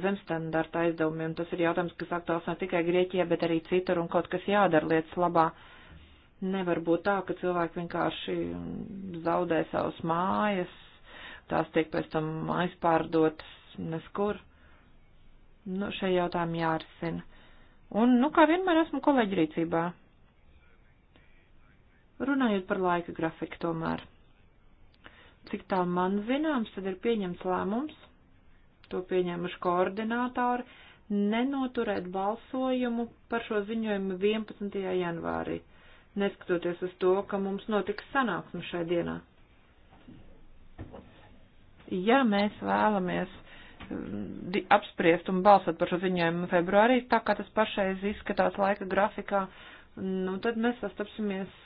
zemstandarta aizdevumiem. Tas ir jautājums, kas aktuāls ne tikai Grieķijai, bet arī citur, un kaut kas jādara lietas labā. Nevar būt tā, ka cilvēki vienkārši zaudē savas mājas, tās tiek pēc tam aizpārdotas neskur. Nu, šie jautājumi jārisina. Un, nu, kā vienmēr esmu kolēģi rīcībā. Runājot par laika grafiku tomēr. Cik tā man zināms, tad ir pieņemts lēmums to pieņēmuši koordinātori, nenoturēt balsojumu par šo ziņojumu 11. janvārī, neskatoties uz to, ka mums notiks sanāksme šai dienā. Ja mēs vēlamies mm, apspriest un balsot par šo ziņojumu februārī, tā kā tas pašreiz izskatās laika grafikā, nu tad mēs sastapsimies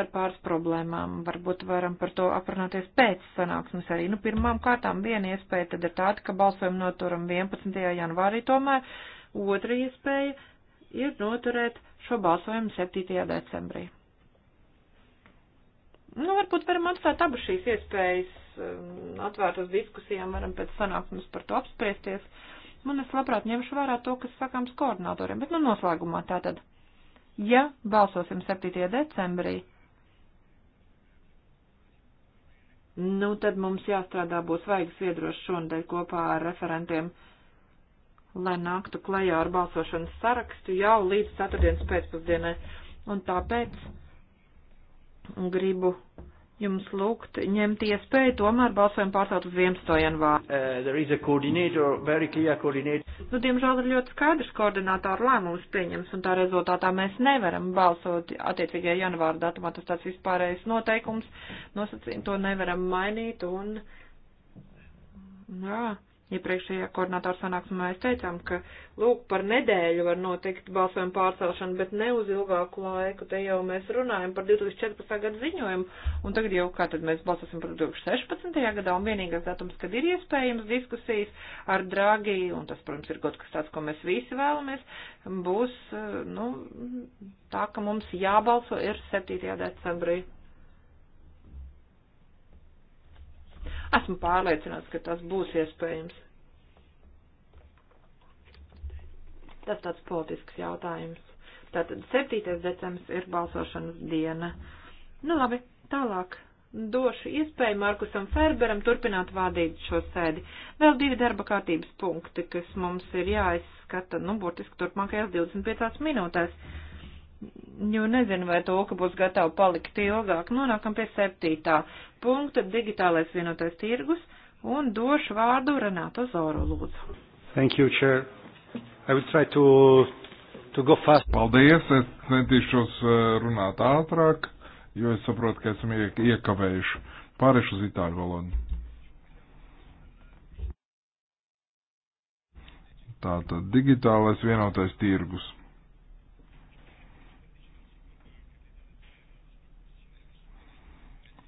ar pāris problēmām. Varbūt varam par to aprunāties pēc sanāksmes arī. Nu, pirmām kārtām viena iespēja tad ir tāda, ka balsojumu noturam 11. janvārī tomēr. Otra iespēja ir noturēt šo balsojumu 7. decembrī. Nu, varbūt varam atstāt abu šīs iespējas um, atvērtas diskusijām, varam pēc sanāksmes par to apspriesties. Man es labprāt ņemšu vērā to, kas sakāms koordinatoriem, bet nu noslēgumā tātad. Ja balsosim 7. decembrī, nu tad mums jāstrādā būs vajag sviedros šonadēļ kopā ar referentiem, lai nāktu klajā ar balsošanas sarakstu jau līdz ceturtdienas pēcpusdienai. Un tāpēc gribu jums lūgt ņemt iespēju tomēr balsojumu pārcelt uz 11. janvāru. Uh, nu, diemžēl ir ļoti skaidrs koordinātāru lēmums pieņems, un tā rezultātā mēs nevaram balsot attiecīgajā janvāra datumā. Tas tāds vispārējais noteikums, nosacījumi to nevaram mainīt, un jā. Iepriekšējā ja koordinātāra sanāksmē mēs teicām, ka lūk par nedēļu var notikt balsojuma pārcelšana, bet ne uz ilgāku laiku. Te jau mēs runājam par 2014. gadu ziņojumu, un tagad jau kā tad mēs balsosim par 2016. gadā, un vienīgais datums, kad ir iespējams diskusijas ar dragi, un tas, protams, ir kaut kas tāds, ko mēs visi vēlamies, būs, nu, tā, ka mums jābalso ir 7. decembrī. Esmu pārliecināts, ka tas būs iespējams. Tas tāds politisks jautājums. Tātad 7. decembris ir balsošanas diena. Nu labi, tālāk došu iespēju Markusam Ferberam turpināt vādīt šo sēdi. Vēl divi darba kārtības punkti, kas mums ir jāizskata, nu, burtiski turpmākajās 25 minūtēs jo nezinu, vai to, ka būs gatavi palikt ilgāk. Nonākam pie septītā punkta - digitālais vienotais tirgus, un došu vārdu Renāto Zoru lūdzu. Thank you, Chair. I will try to, to go fast. Paldies, es centīšos eh, runāt ātrāk, jo es saprotu, ka esam iekavējuši. Pārešu uz itāļu valodu. Tātad digitālais vienotais tirgus.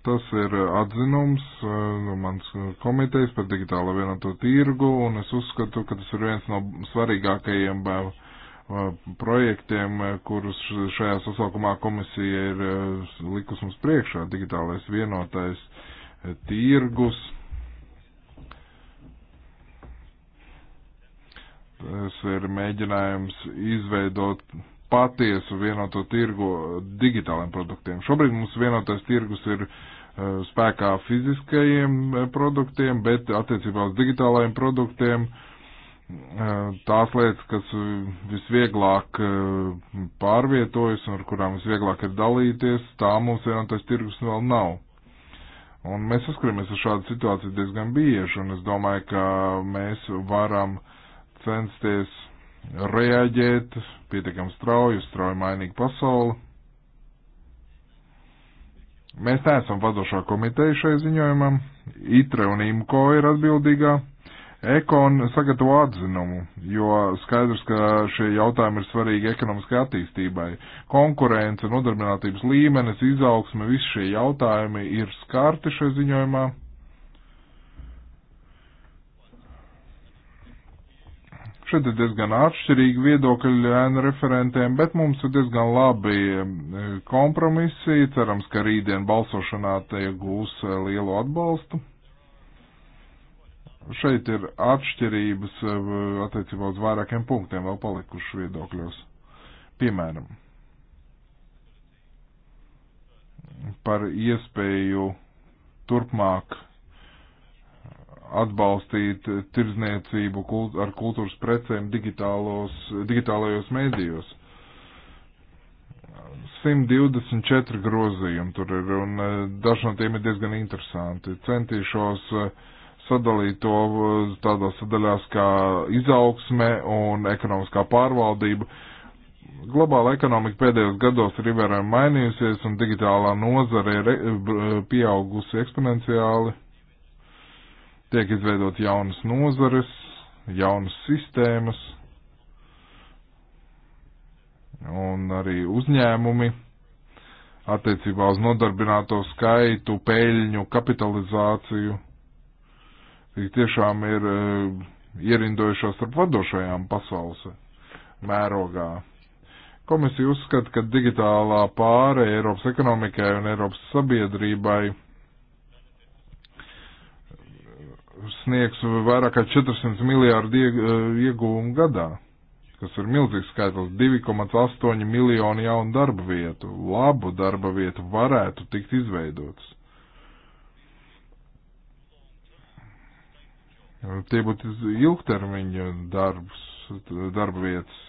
Tas ir atzinums eh, no mans komitejas par digitālo vienoto tirgu, un es uzskatu, ka tas ir viens no svarīgākajiem eh, projektiem, eh, kurus šajā sasaukumā komisija ir likus mums priekšā - digitālais vienotais tirgus. Tas ir mēģinājums izveidot patiesu vienoto tirgu digitāliem produktiem. Šobrīd mums vienotais tirgus ir spēkā fiziskajiem eh, produktiem, bet attiecībā uz digitālajiem produktiem eh, tās lietas, kas visvieglāk eh, pārvietojas un ar kurām visvieglāk ir dalīties, tā mums vienotais tirgus vēl nav. Un mēs saskaramies ar šādu situāciju diezgan bieži, un es domāju, ka mēs varam censties reaģēt pietiekami strauji, strauji mainīgi pasauli Mēs neesam vadošā komiteja šai ziņojumam, ITRE un IMCO ir atbildīgā. Ekon sagatavo atzinumu, jo skaidrs, ka šie jautājumi ir svarīgi ekonomiskai attīstībai. Konkurence, nodarbinātības līmenis, izaugsme, visi šie jautājumi ir skarti šajā ziņojumā. Šeit ir diezgan atšķirīgi viedokļi ēnu referentiem, bet mums ir diezgan labi eh, kompromisi. Cerams, ka rītdien balsošanā tie gūs eh, lielu atbalstu. Šeit ir atšķirības eh, attiecībā uz vairākiem punktiem vēl palikuši viedokļos. Piemēram, par iespēju turpmāk atbalstīt tirdzniecību kult, ar kultūras precēm digitālajos mēdījos. 124 grozījumi tur ir, un e, daži no tiem ir diezgan interesanti. Centīšos e, sadalīt to e, tādās sadaļās kā izaugsme un ekonomiskā pārvaldība. Globāla ekonomika pēdējos gados ir ievērojami mainījusies, un digitālā nozare ir pieaugusi eksponenciāli tiek izveidot jaunas nozares, jaunas sistēmas un arī uzņēmumi attiecībā uz nodarbināto skaitu, peļņu, kapitalizāciju. Tik tiešām ir e, ierindojušās ar vadošajām pasaules mērogā. Komisija uzskata, ka digitālā pāre Eiropas ekonomikai un Eiropas sabiedrībai sniegs vairāk kā 400 miljārdu ieguvumu eh, gadā, kas ir milzīgs skaitlis - 2,8 miljonu jaunu darba vietu, labu darba vietu varētu tikt izveidotas. Tie būtu ilgtermiņa darbs, darba vietas.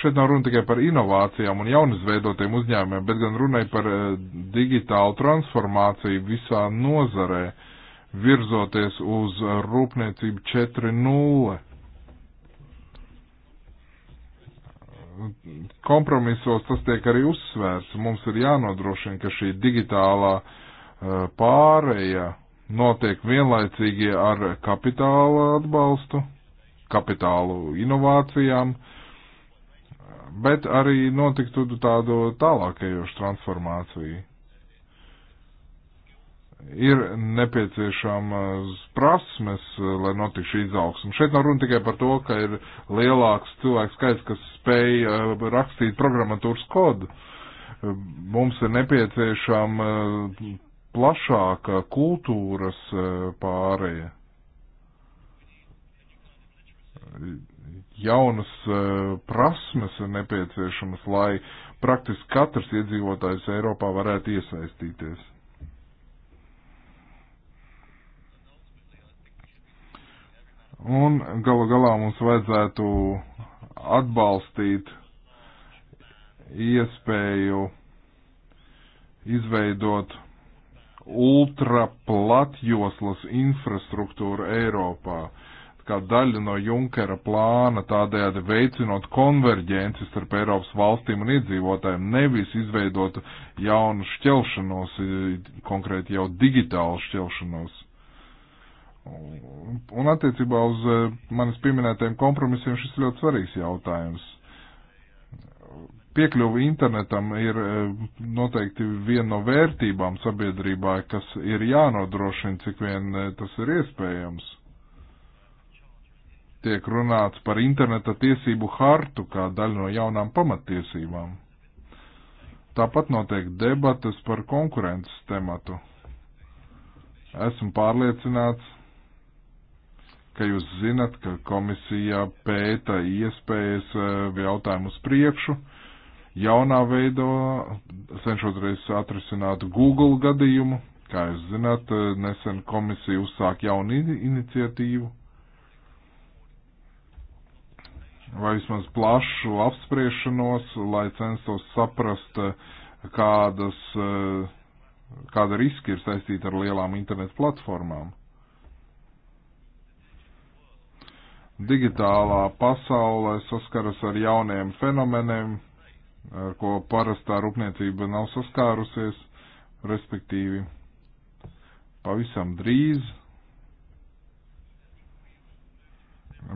Šeit nav runa tikai par inovācijām un jaunizveidotiem uzņēmumiem, bet gan runai par eh, digitālu transformāciju visā nozarē. Uh, virzoties uz rūpniecību 4.0. Kompromisos tas tiek arī uzsvērts. Mums ir jānodrošina, ka šī digitālā e, pāreja notiek vienlaicīgi ar kapitāla atbalstu, kapitālu inovācijām, bet arī notiktu tādu tālākajošu transformāciju ir nepieciešamas prasmes, lai notiktu šī izaugsme. Šeit nav runa tikai par to, ka ir lielāks cilvēks skaits, kas spēj eh, rakstīt programmatūras kodu. Mums ir nepieciešama eh, plašāka kultūras eh, pārēja. Jaunas prasmes ir nepieciešamas, lai praktiski katrs iedzīvotājs Eiropā varētu iesaistīties. Un gala galā mums vajadzētu atbalstīt iespēju izveidot ultraplatjoslas infrastruktūru Eiropā, kā daļa no Junkera plāna, tādējādi veicinot konverģenci starp Eiropas valstīm un iedzīvotājiem, nevis izveidot jaunu šķelšanos, konkrēti jau digitālu šķelšanos. Un attiecībā uz eh, manis pieminētajiem kompromisiem šis ļoti svarīgs jautājums. Piekļuva internetam ir eh, noteikti viena no vērtībām sabiedrībā, kas ir jānodrošina, cik vien eh, tas ir iespējams. Tiek runāts par interneta tiesību hartu kā daļu no jaunām pamattiesībām. Tāpat notiek debatas par konkurences tematu. Esmu pārliecināts, ka jūs zinat, ka komisija pēta iespējas eh, jautājumu uz priekšu. Jaunā veido cenšoties atrisināt Google gadījumu. Kā jūs zināt, eh, nesen komisija uzsāk jaunu iniciatīvu. Vai vismaz plašu apspriešanos, lai censtos saprast, eh, kādas, kāda riski ir saistīta ar lielām internetu platformām. Digitālā pasaulē saskaras ar jauniem fenomeniem, ar ko parastā rūpniecība nav saskārusies, respektīvi pavisam drīz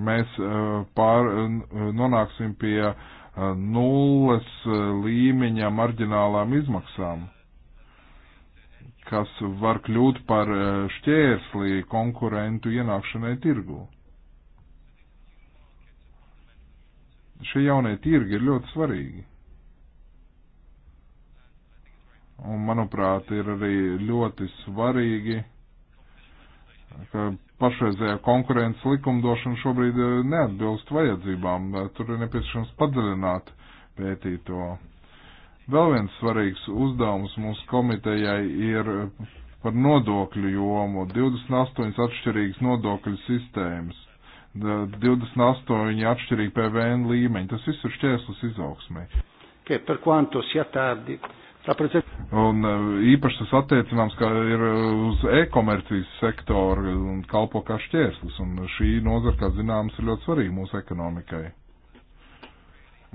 mēs eh, pār, nonāksim pie eh, nulles eh, līmeņa marģinālām izmaksām, kas var kļūt par šķērsli konkurentu ienākšanai tirgū. Šie jaunie tirgi ir ļoti svarīgi. Un, manuprāt, ir arī ļoti svarīgi, ka pašreizējā konkurences likumdošana šobrīd eh, neatbilst vajadzībām. Tur ir nepieciešams padziļināt pētīto. Vēl viens svarīgs uzdevums mūsu komitejai ir par nodokļu jomu. 28 atšķirīgas nodokļu sistēmas. 28 atšķirīgi PVN līmeņi. Tas viss ir šķērslis izaugsmai. Un e, īpaši tas attiecināms, ka ir e, uz e-komercijas sektoru un kalpo kā šķērslis, un šī nozara, kā zināms, ir ļoti svarīga mūsu ekonomikai.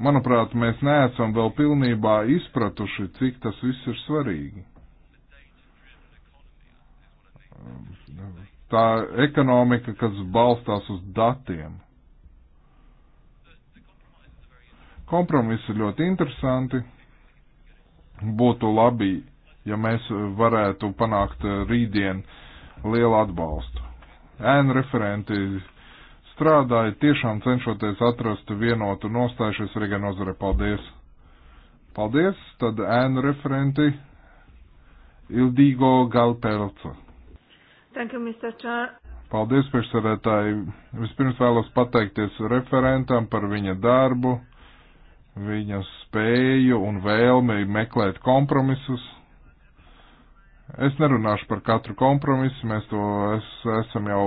Manuprāt, mēs neesam vēl pilnībā izpratuši, cik tas viss ir svarīgi tā ekonomika, kas balstās uz datiem. Kompromisi ir ļoti interesanti. Būtu labi, ja mēs varētu panākt rītdien lielu atbalstu. Ēnu referenti strādāja, tiešām cenšoties atrast vienotu nostāju šajā svarīgā nozarē. Paldies! Paldies! Tad ēnu referenti Ildīgo Galpelca. Thank you, Mr. Chair. Paldies, priekšsēdētāji. Vispirms vēlos pateikties referentam par viņa darbu, viņa spēju un vēlmi meklēt kompromisus. Es nerunāšu par katru kompromisu, mēs to es, esam jau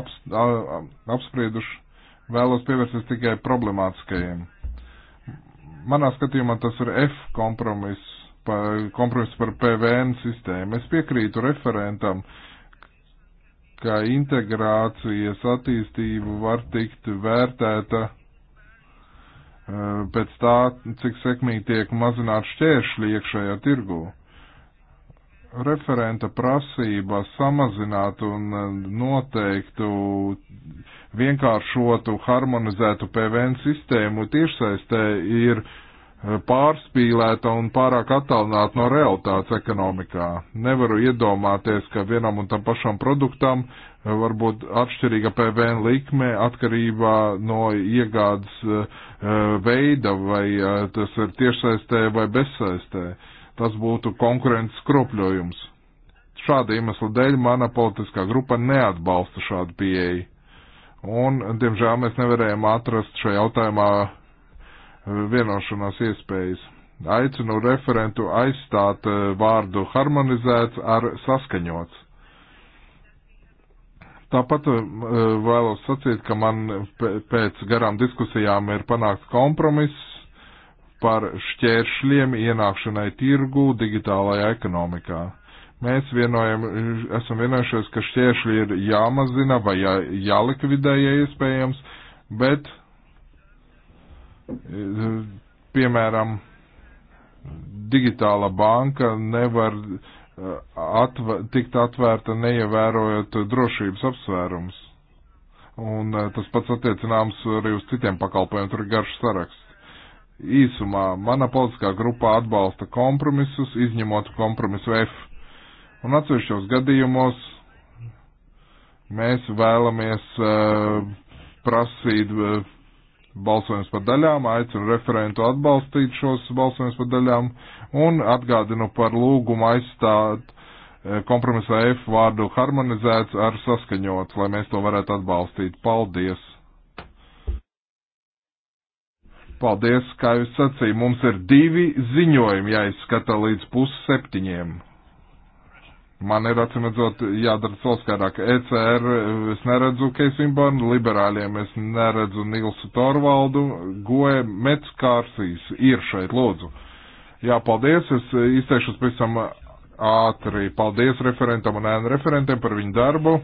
aps, a, apsprieduši. Vēlos pievērsties tikai problemātiskajiem. Manā skatījumā tas ir F kompromiss, pa, kompromiss par PVN sistēmu. Es piekrītu referentam, uh, ka integrācijas attīstība var tikt vērtēta eh, pēc tā, cik sekmīgi tiek mazināt šķēršļi iekšējā tirgū. Referenta prasība samazināt un eh, noteiktu vienkāršotu, harmonizētu PVN sistēmu tiešsaistē ir uh, pārspīlēta un pārāk attālināta no realitātes ekonomikā. Nevaru iedomāties, ka vienam un tam pašam produktam eh, var būt atšķirīga PVN likme atkarībā no iegādes eh, veida, vai eh, tas ir tiešsaistē vai bezsaistē. Tas būtu konkurences kropļojums. Šāda iemesla dēļ mana politiskā grupa neatbalsta šādu pieeju. Un, diemžēl, mēs nevarējām atrast šajā jautājumā vienošanās iespējas. Aicinu referentu aizstāt eh, vārdu harmonizēts ar saskaņots. Tāpat eh, vēlos sacīt, ka man pēc garām diskusijām ir panākts kompromiss par šķēršļiem ienākšanai tirgu digitālajā ekonomikā. Mēs vienojam, esam vienojušies, ka šķēršļi ir jāmazina vai jā, jālikvidē, ja iespējams, bet Piemēram, digitāla banka nevar eh, atva tikt atvērta neievērojot drošības apsvērums. Un eh, tas pats attiecināms arī uz citiem pakalpojumiem, tur ir garš saraksts. Īsumā, mana politiskā grupā atbalsta kompromisus, izņemot kompromisu F. Un atsevišķos gadījumos mēs vēlamies uh, prasīt uh, balsojums par daļām, aicinu referentu atbalstīt šos balsojums par daļām un atgādinu par lūgumu aizstāt eh, kompromisā F vārdu harmonizēts ar saskaņots, lai mēs to varētu atbalstīt. Paldies! Paldies, kā jūs sacījāt, mums ir divi ziņojumi jāizskata līdz pusseptiņiem. Man ir atsimedzot jādara solskārāk. ECR es neredzu Keisvinbornu, liberāļiem es neredzu Nilsu Torvaldu, Goe Metskārsīs ir šeit, lūdzu. Jā, paldies, es izteikšos pavisam ātri. Paldies referentam un ēnu referentiem par viņu darbu.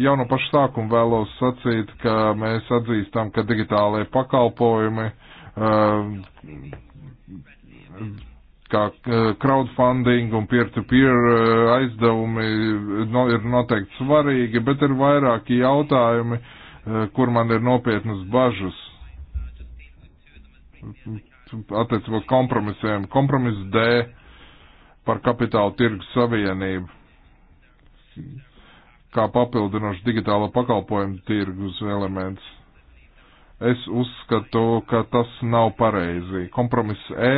Jau no paša sākuma vēlos sacīt, ka mēs atzīstam, ka digitālajie pakalpojumi uh, kā eh, crowdfunding un peer-to-peer -peer eh, aizdevumi eh, no, ir noteikti svarīgi, bet ir vairāki jautājumi, kur man ir nopietnas bažas attiecībā kompromisiem. Kompromiss D par kapitāla tirgus savienību kā papildinošs digitāla pakalpojuma tirgus elements. Es uzskatu, ka tas nav pareizi. Kompromiss E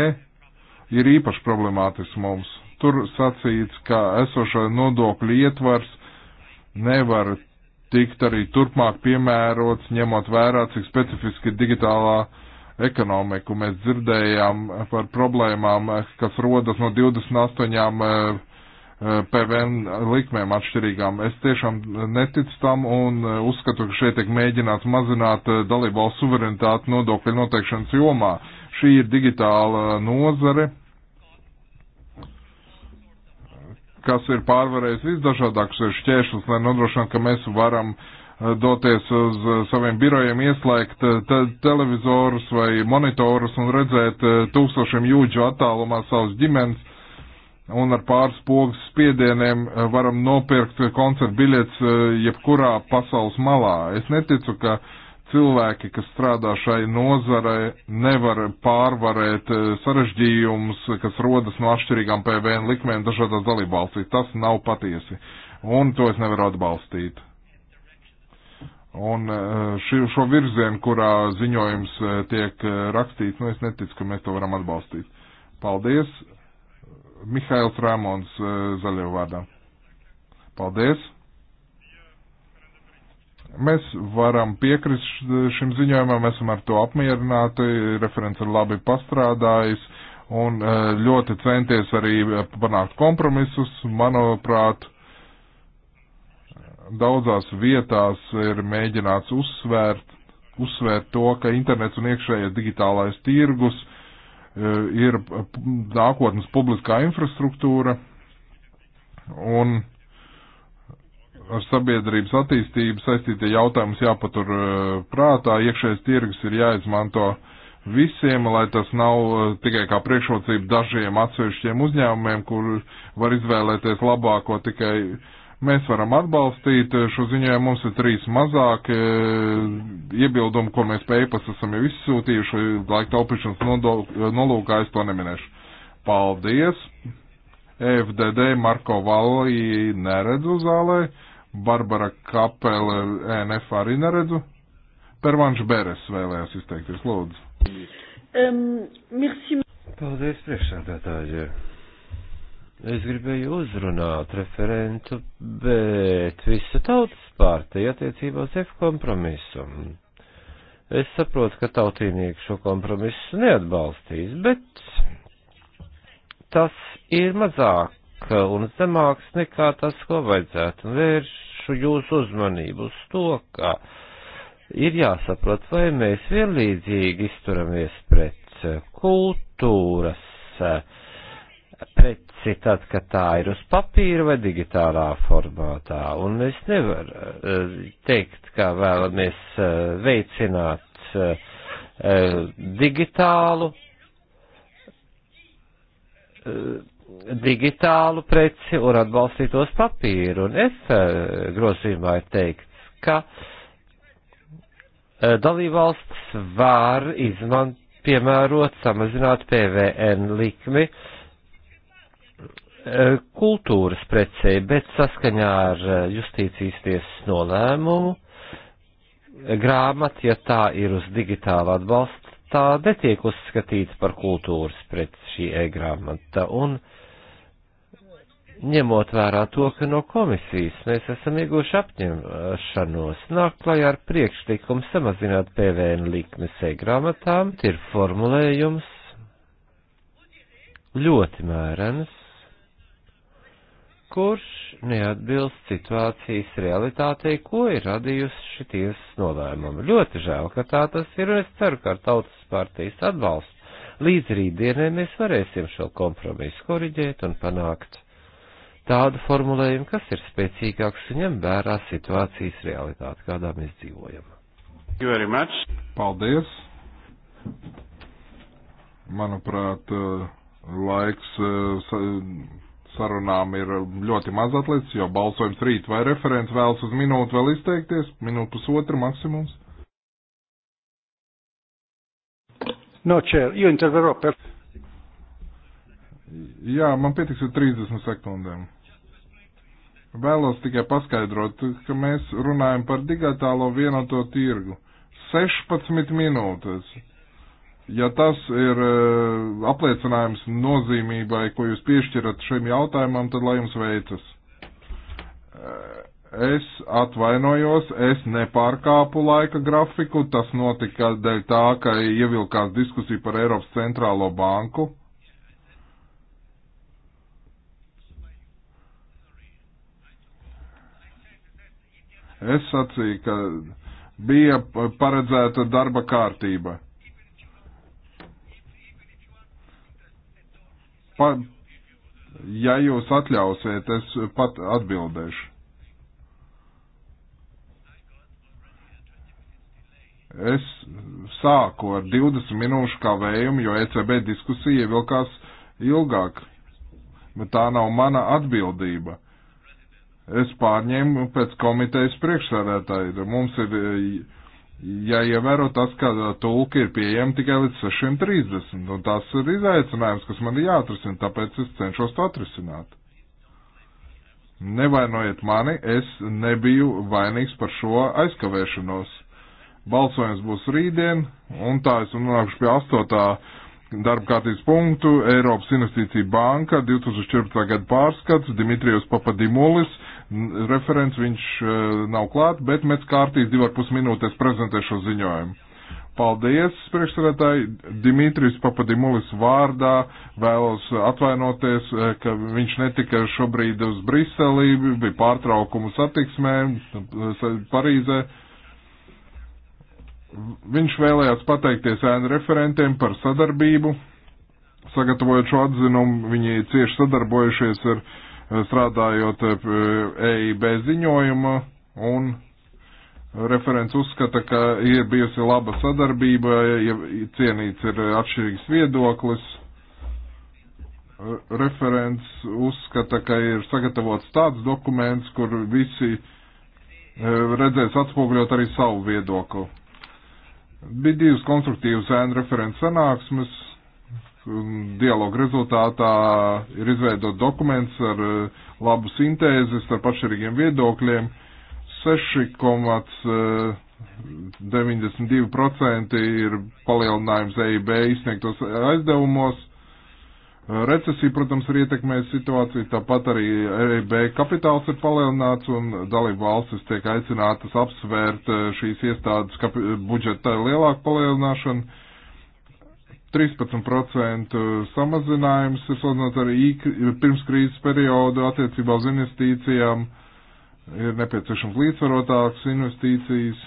ir īpaši problemātisks mums. Tur sacīts, ka esošā nodokļu ietvars nevar tikt arī turpmāk piemērots, ņemot vērā, cik specifiski digitālā ekonomiku mēs dzirdējām par problēmām, kas rodas no 28 eh, eh, PVN likmēm atšķirīgām. Es tiešām neticu tam un eh, uzskatu, ka šeit tiek mēģināts mazināt dalībvalsts suverenitāti nodokļu noteikšanas jomā. Šī ir digitāla nozare, kas ir pārvarējis visdažādākos šķēršļus, lai nodrošinātu, ka mēs varam eh, doties uz eh, saviem birojiem, ieslēgt eh, te televizorus vai monitorus un redzēt tūkstošiem jūdžu attālumā savas ģimenes. Un ar pāris pogas spiedieniem varam nopirkt koncertu biļetes jebkurā pasaules malā. Es neticu, ka uh, cilvēki, kas strādā šai nozarei, nevar pārvarēt eh, sarežģījumus, kas rodas no atšķirīgām PVN likmēm dažādās dalībvalstīs. Tas nav patiesi. Un to es nevaru atbalstīt. Un eh, ši, šo virzienu, kurā ziņojums eh, tiek rakstīts, nu es neticu, ka mēs to varam atbalstīt. Paldies. Mihails Rāmons zaļo vārdā. Paldies. Mēs varam piekrist šim ziņojumam, mēs esam ar to apmierināti, referents ir labi pastrādājis un e, ļoti centies arī panākt kompromisus. Manuprāt, daudzās vietās ir mēģināts uzsvērt, uzsvērt to, ka internets un iekšējais digitālais tirgus e, ir nākotnes publiskā infrastruktūra un ar sabiedrības attīstību saistītie jautājums jāpatur e, prātā. Iekšējais tirgus ir jāizmanto visiem, lai tas nav e, tikai kā priekšrocība dažiem atsevišķiem uzņēmumiem, kur var izvēlēties labāko tikai. Mēs varam atbalstīt šo ziņojumu, mums ir trīs mazāk e, iebildumi, ko mēs pēpas esam jau izsūtījuši, laika taupīšanas nolūkā es to neminēšu. Paldies! FDD Marko Valī neredzu zālē. Barbara Kapela, ENF arī neredzu. Pervanš Beres vēlējās izteikties, lūdzu. Um, merci. Paldies, priekšsēdētāji. Es gribēju uzrunāt referentu, bet visa tautas pārtīja attiecībā uz F kompromisu. Es saprotu, ka tautīnieki šo kompromisu neatbalstīs, bet tas ir mazāk un zemāks nekā tas, ko vajadzētu. Un vēršu jūsu uzmanību uz to, ka ir jāsaprot, vai mēs vienlīdzīgi izturamies pret kultūras preci tad, kad tā ir uz papīra vai digitālā formātā. Un mēs nevar eh, teikt, kā vēlamies eh, veicināt eh, digitālu digitālu preci un atbalstītos papīru. Un es eh, grozījumā ir teikts, ka eh, dalībvalsts var izmantot, piemērot, samazināt PVN likmi eh, kultūras precei, bet saskaņā ar justīcijas tiesas nolēmumu grāmat, ja tā ir uz digitāla atbalsta, tā netiek uzskatīta par kultūras preci šī e-grāmata. Un uh, ņemot vērā to, ka no komisijas mēs esam ieguši apņemšanos nākt klajā ar priekšlikumu samazināt PVN likmes e-grāmatām, ir formulējums ļoti mērens, kurš neatbilst situācijas realitātei, ko ir radījusi šī tiesas nolēmuma. Ļoti žēl, ka tā tas ir, un es ceru, ka ar tautas partijas atbalstu līdz rītdienai mēs varēsim šo kompromisu koriģēt un panākt tādu formulējumu, kas ir spēcīgāks un ņem vērā situācijas realitāti, kādā mēs dzīvojam. Paldies! Manuprāt, eh, laiks eh, sarunām ir ļoti maz atlicis, jo balsojums rīt vai referents vēlas uz minūtu vēl izteikties, minūtu pusotru maksimums. No, chair, io interverrò per... Jā, man pietiks ar 30 sekundēm. Vēlos tikai paskaidrot, ka mēs runājam par digitālo vienoto tirgu. 16 minūtes. Ja tas ir eh, apliecinājums nozīmībai, ko jūs piešķirat šim jautājumam, tad lai jums veicas. Eh, es atvainojos, es nepārkāpu laika grafiku, tas notika dēļ tā, ka ievilkās diskusija par Eiropas centrālo banku Es sacīju, ka bija paredzēta darba kārtība. Pa, ja jūs atļausiet, es pat atbildēšu. Es sāku ar 20 minūšu kavējumu, jo ECB diskusija vilkās ilgāk, bet tā nav mana atbildība es pārņēmu pēc komitejas priekšsēdētāja. Mums ir eh, jāievēro ja tas, ka tulki ir pieejami tikai līdz 630, un tas ir izaicinājums, kas man ir jāatrisina, tāpēc es cenšos to atrisināt. Nevainojiet mani, es nebiju vainīgs par šo aizkavēšanos. Balsojums būs rītdien, un tā es nonākušu pie astotā darba kārtības punktu Eiropas Investīcija banka 2014. gada pārskats Dimitrijus Papadimulis. Referents viņš e, nav klāt, bet mēc kārtīs divi ar pus minūtes prezentē šo ziņojumu. Paldies, priekšsēdētāji. Dimitrijs Papadimulis vārdā vēlos atvainoties, e, ka viņš netika šobrīd uz Briselī, bija pārtraukumu satiksmē e, Parīzē. Uh, Viņš vēlējās pateikties ēnu referentiem par sadarbību. Sagatavojot šo atzinumu, viņi cieši sadarbojušies ar eh, strādājot EIB eh, e ziņojumu un referents uzskata, ka ir bijusi laba sadarbība, ja cienīts ir atšķirīgs viedoklis. Referents uzskata, ka ir sagatavots tāds dokuments, kur visi eh, redzēs atspoguļot arī savu viedokli. Bija divas konstruktīvas ēnu referents sanāksmes. Dialogu rezultātā ir izveidot dokuments ar eh, labu sintēzi ar pašarīgiem viedokļiem. 6,92% eh, ir palielinājums EIB izsniegtos aizdevumos Eh, recesija, protams, ir ietekmējusi situāciju, tāpat arī EIB kapitāls ir palielināts un dalību valstis tiek aicinātas apsvērt eh, šīs iestādes budžeta lielāku palielināšanu. 13% samazinājums ir salīdzināts ar pirms krīzes periodu attiecībā uz investīcijām, ir nepieciešams līdzsvarotāks investīcijas,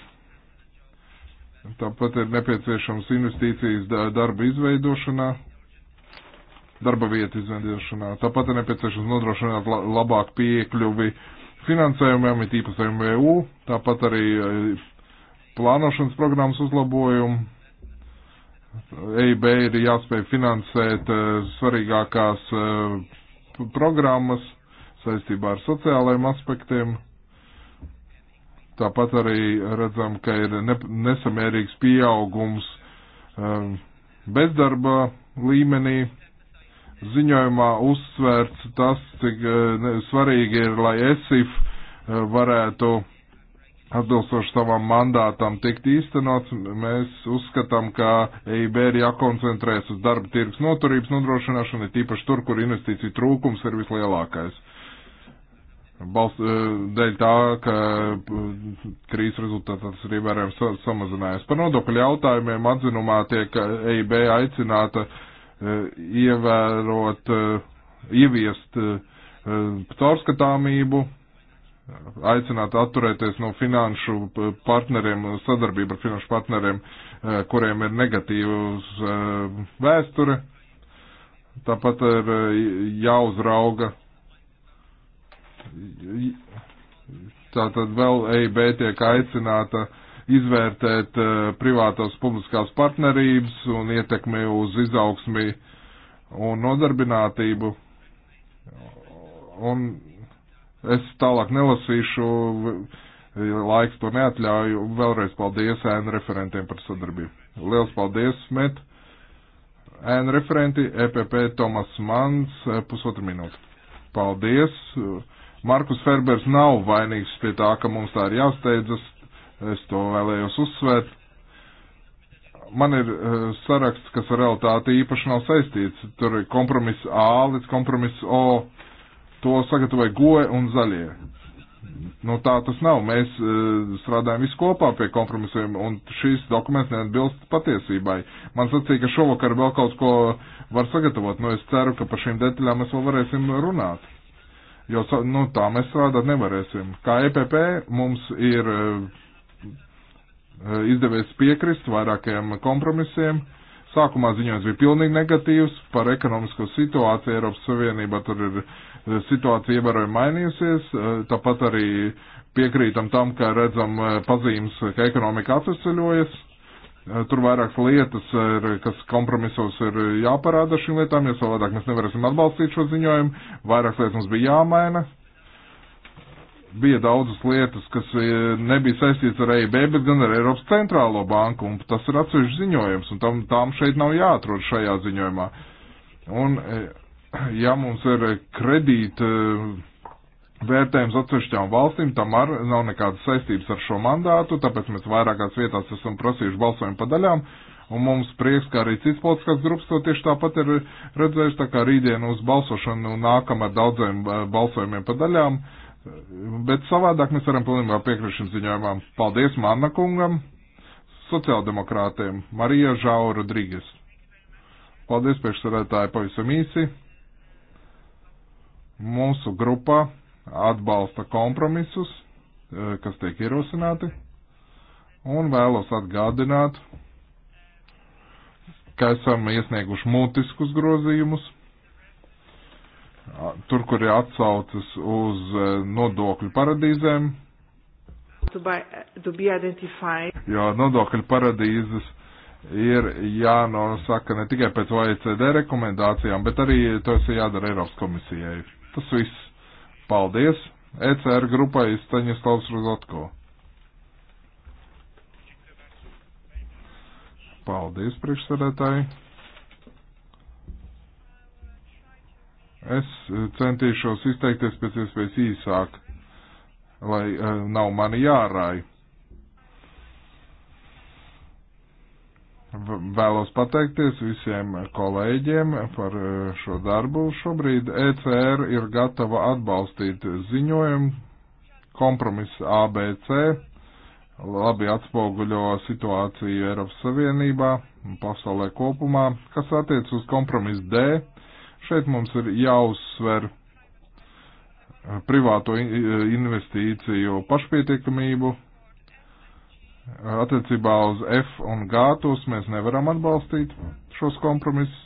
tāpat ir nepieciešams investīcijas darba izveidošanā, darba vietu izveidošanā. Tāpat ir nepieciešams nodrošināt labāku piekļuvi finansējumiem, it īpaši MVU, tāpat arī eh, plānošanas programmas uzlabojumu. EIB ir jāspēj finansēt eh, svarīgākās eh, programmas saistībā ar sociālajiem aspektiem. Tāpat arī redzam, ka ir ne, nesamērīgs pieaugums bezdarba līmenī, ziņojumā uzsvērts tas, cik e, svarīgi ir, lai ESIF e, varētu atbilstoši savam mandātam tikt īstenots. Mēs uzskatām, ka EIB ir jākoncentrēs uz darba tirgus noturības nodrošināšanu, ir tīpaši tur, kur investīciju trūkums ir vislielākais. Balst, e, dēļ tā, ka krīzes rezultātā tas ir ievērojami samazinājies. Par nodokļu jautājumiem atzinumā tiek EIB aicināta uh, Eh, ievērot, eh, ieviest eh, caurskatāmību, aicināt atturēties no finanšu partneriem, sadarbību ar finanšu partneriem, kuriem ir negatīvas vēsture. Tāpat ir jāuzrauga. Tātad vēl EIB tiek aicināta uh, izvērtēt eh, privātās publiskās partnerības un ietekmi uz izaugsmi un nodarbinātību. Un es tālāk nelasīšu, laiks to neatļauju. Vēlreiz paldies ēnu referentiem par sadarbību. Liels paldies, Smet! ēnu referenti EPP Tomas Mans, eh, pusotru minūtu. Paldies! Markus Ferbers nav vainīgs pie tā, ka mums tā ir jāsteidzas, Es to vēlējos uzsvērt. Man ir eh, saraksts, kas ar realitāti īpaši nav saistīts. Tur ir kompromiss A līdz kompromiss O. To sagatavoja goe un zaļie. Nu, tā tas nav. Mēs uh, strādājam visu kopā pie kompromisiem, un šīs dokuments neatbilst patiesībai. Man sacīja, ka šovakar vēl kaut ko var sagatavot. Nu, es ceru, ka par šīm detaļām mēs vēl varēsim runāt. Jo nu, tā mēs strādāt nevarēsim. Kā EPP mums ir. Uh, Eh, izdevies piekrist vairākiem kompromisiem. Sākumā ziņojums bija pilnīgi negatīvs par ekonomisko situāciju Eiropas Savienībā. Tur ir eh, situācija ievērojami mainījusies. Eh, tāpat arī piekrītam tam, ka redzam pazīmes, ka ekonomika atvesaļojas. Tur vairākas lietas, ir, kas kompromisos ir jāparāda šīm lietām, jo savādāk mēs nevarēsim atbalstīt šo ziņojumu. Vairākas lietas mums bija jāmaina bija daudzas lietas, kas e, nebija saistīts ar EIB, bet gan ar Eiropas centrālo banku, un tas ir atsevišķi ziņojums, un tam, tām šeit nav jāatrod šajā ziņojumā. Un, e, ja mums ir e, kredīta vērtējums atsevišķām valstīm, tam ar nav nekādas saistības ar šo mandātu, tāpēc mēs vairākās vietās esam prasījuši balsojumu pa daļām, un mums prieks, ka arī cits politiskās grupas to tieši tāpat ir redzējuši, tā kā rītdien uz balsošanu nākam ar daudziem balsojumiem pa daļām. Uh, Bet savādāk mēs varam pilnībā piekrist šim ziņojumam. Paldies Manna kungam, sociāldemokrātiem, Marija Žau Rodrīgas. Paldies priekšsarētāji pavisam īsi. Mūsu grupa atbalsta kompromisus, e, kas tiek ierosināti, un vēlos atgādināt, ka esam iesnieguši mutiskus grozījumus tur, kur ir atsaucas uz e, nodokļu paradīzēm. To by, to jo nodokļu paradīzes ir jānosaka ne tikai pēc OECD rekomendācijām, bet arī tas ir jādara Eiropas komisijai. Tas viss. Paldies! ECR grupai Staņislavs Rozotko. Paldies, priekšsēdētāji! Es eh, centīšos izteikties pēc iespējas īsāk, lai uh, nav mani jārāj. Vēlos pateikties visiem kolēģiem par eh, šo darbu. Šobrīd ECR ir gatava atbalstīt ziņojumu kompromisu ABC, labi atspoguļo situāciju Eiropas Savienībā un pasaulē kopumā, kas attiec uz kompromisu D Šeit mums ir jāuzsver privāto investīciju pašpietiekamību. Attiecībā uz F un G tos mēs nevaram atbalstīt šos kompromisus,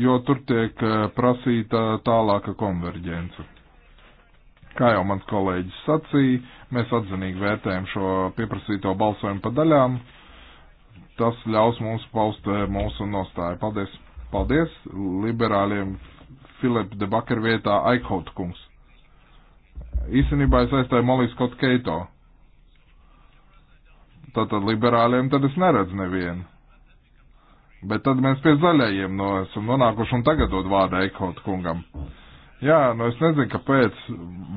jo tur tiek prasīta tālāka konverģence. Kā jau mans kolēģis sacīja, mēs atzinīgi vērtējam šo pieprasīto balsojumu pa daļām. Tas ļaus mums paust mūsu nostāju. Paldies! Paldies liberāļiem Filipa de Bakar vietā Aikhaut kungs. Īstenībā es aizstāju Molly Scott Keito. Tātad liberāļiem tad es neredzu nevienu. Bet tad mēs pie zaļajiem no esam nonākuši un tagad dod vārdu Eikhaut kungam. Jā, nu es nezinu, kāpēc.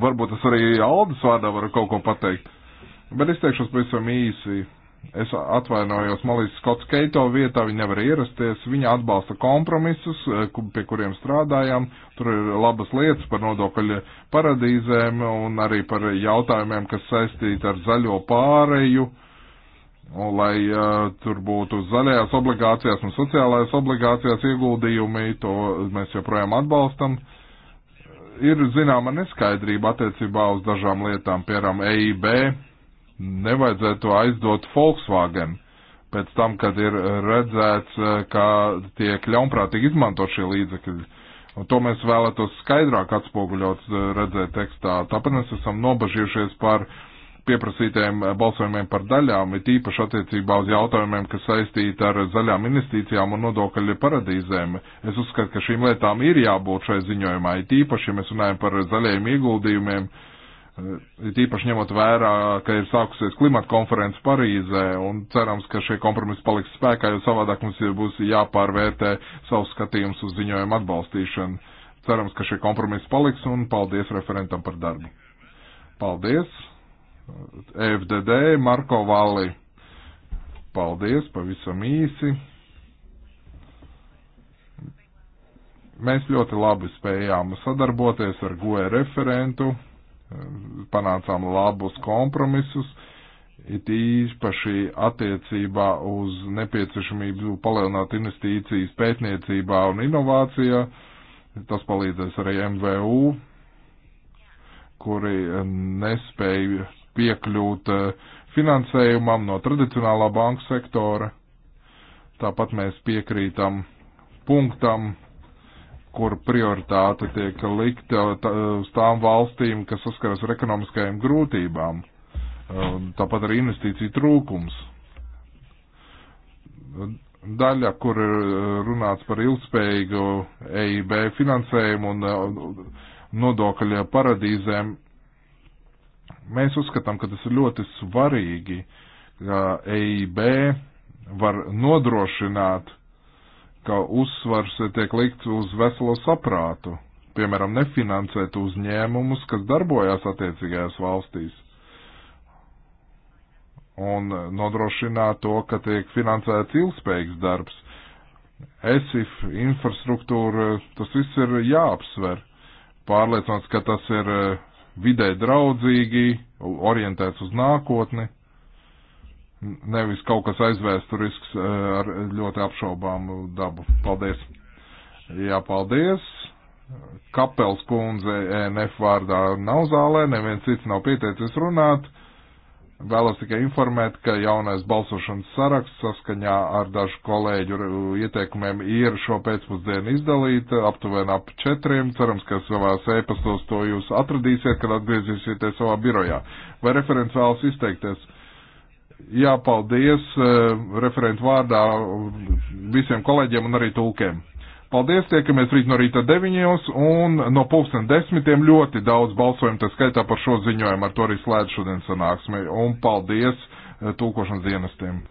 Varbūt es arī Aldis vārdā varu kaut ko pateikt. Bet es teikšos pavisam īsi. Es atvainojos, Malīs Skots Keito vietā viņa nevar ierasties. Viņa atbalsta kompromisus, eh, pie kuriem strādājam. Tur ir labas lietas par nodokļu paradīzēm un arī par jautājumiem, kas saistīti ar zaļo pāreju. Un, lai uh, tur būtu zaļajās obligācijās un sociālajās obligācijās ieguldījumi, to mēs joprojām atbalstam. Ir zināma neskaidrība attiecībā uz dažām lietām, piemēram, EIB nevajadzētu to aizdot Volkswagen pēc tam, kad ir eh, redzēts, eh, ka tiek ļaunprātīgi izmantot šie līdzekļi. Un to mēs vēlētos skaidrāk atspoguļot eh, redzēt tekstā. Tāpēc mēs esam nobažījušies par pieprasītajiem balsojumiem par daļām, ir tīpaši attiecībā uz jautājumiem, kas saistīti ar zaļām investīcijām un nodokļu paradīzēm. Es uzskatu, ka šīm lietām ir jābūt šai ziņojumā, ir tīpaši, ja mēs runājam par zaļajiem ieguldījumiem, uh, Eh, Tīpaši ņemot vērā, ka ir sākusies klimata konference Parīzē un cerams, ka šie kompromisi paliks spēkā, jo savādāk mums būs jāpārvērtē savus skatījumus uz ziņojumu atbalstīšanu. Cerams, ka šie kompromisi paliks un paldies referentam par darbu. Paldies. FDD Marko Valli. Paldies, pavisam īsi. Mēs ļoti labi spējām sadarboties ar GOE referentu panācām labus kompromisus, it īpaši attiecībā uz nepieciešamību palielināt investīcijas pētniecībā un inovācijā. Tas palīdzēs arī MVU, kuri nespēja piekļūt eh, finansējumam no tradicionālā banka sektora. Tāpat mēs piekrītam punktam kur prioritāte tiek likta uz tām valstīm, kas saskaras ar ekonomiskajām grūtībām. Um, tāpat arī investīciju trūkums. Daļa, kur ir uh, runāts par ilgspējīgu EIB finansējumu un uh, nodokļa paradīzēm, mēs uzskatām, ka tas ir ļoti svarīgi, ka EIB var nodrošināt ka uzsvars tiek likts uz veselo saprātu, piemēram, nefinansēt uzņēmumus, kas darbojās attiecīgajās valstīs, un nodrošināt to, ka tiek finansēts ilgspējīgs darbs. ESIF, infrastruktūra, tas viss ir jāapsver. Pārliecināts, ka tas ir eh, vidē draudzīgi, orientēts uz nākotni nevis kaut kas aizvēsturisks eh, ar ļoti apšaubāmu dabu. Paldies! Jā, paldies! Kapels kundze ENF vārdā nav zālē, neviens cits nav pieteicis runāt. Vēlos tikai informēt, ka jaunais balsošanas saraksts saskaņā ar dažu kolēģu ieteikumiem ir šo pēcpusdienu izdalīta aptuveni ap četriem. Cerams, ka savās ēpastos to jūs atradīsiet, kad atgriezīsieties savā birojā. Vai referents vēlas izteikties? jāpaldies eh, referentu vārdā visiem kolēģiem un arī tulkiem. Paldies, tiekamies rīt no rīta deviņos un no pulksten desmitiem ļoti daudz balsojumu, tā skaitā par šo ziņojumu, ar to arī slēdz šodien sanāksmi. Un paldies eh, tūkošanas dienestiem.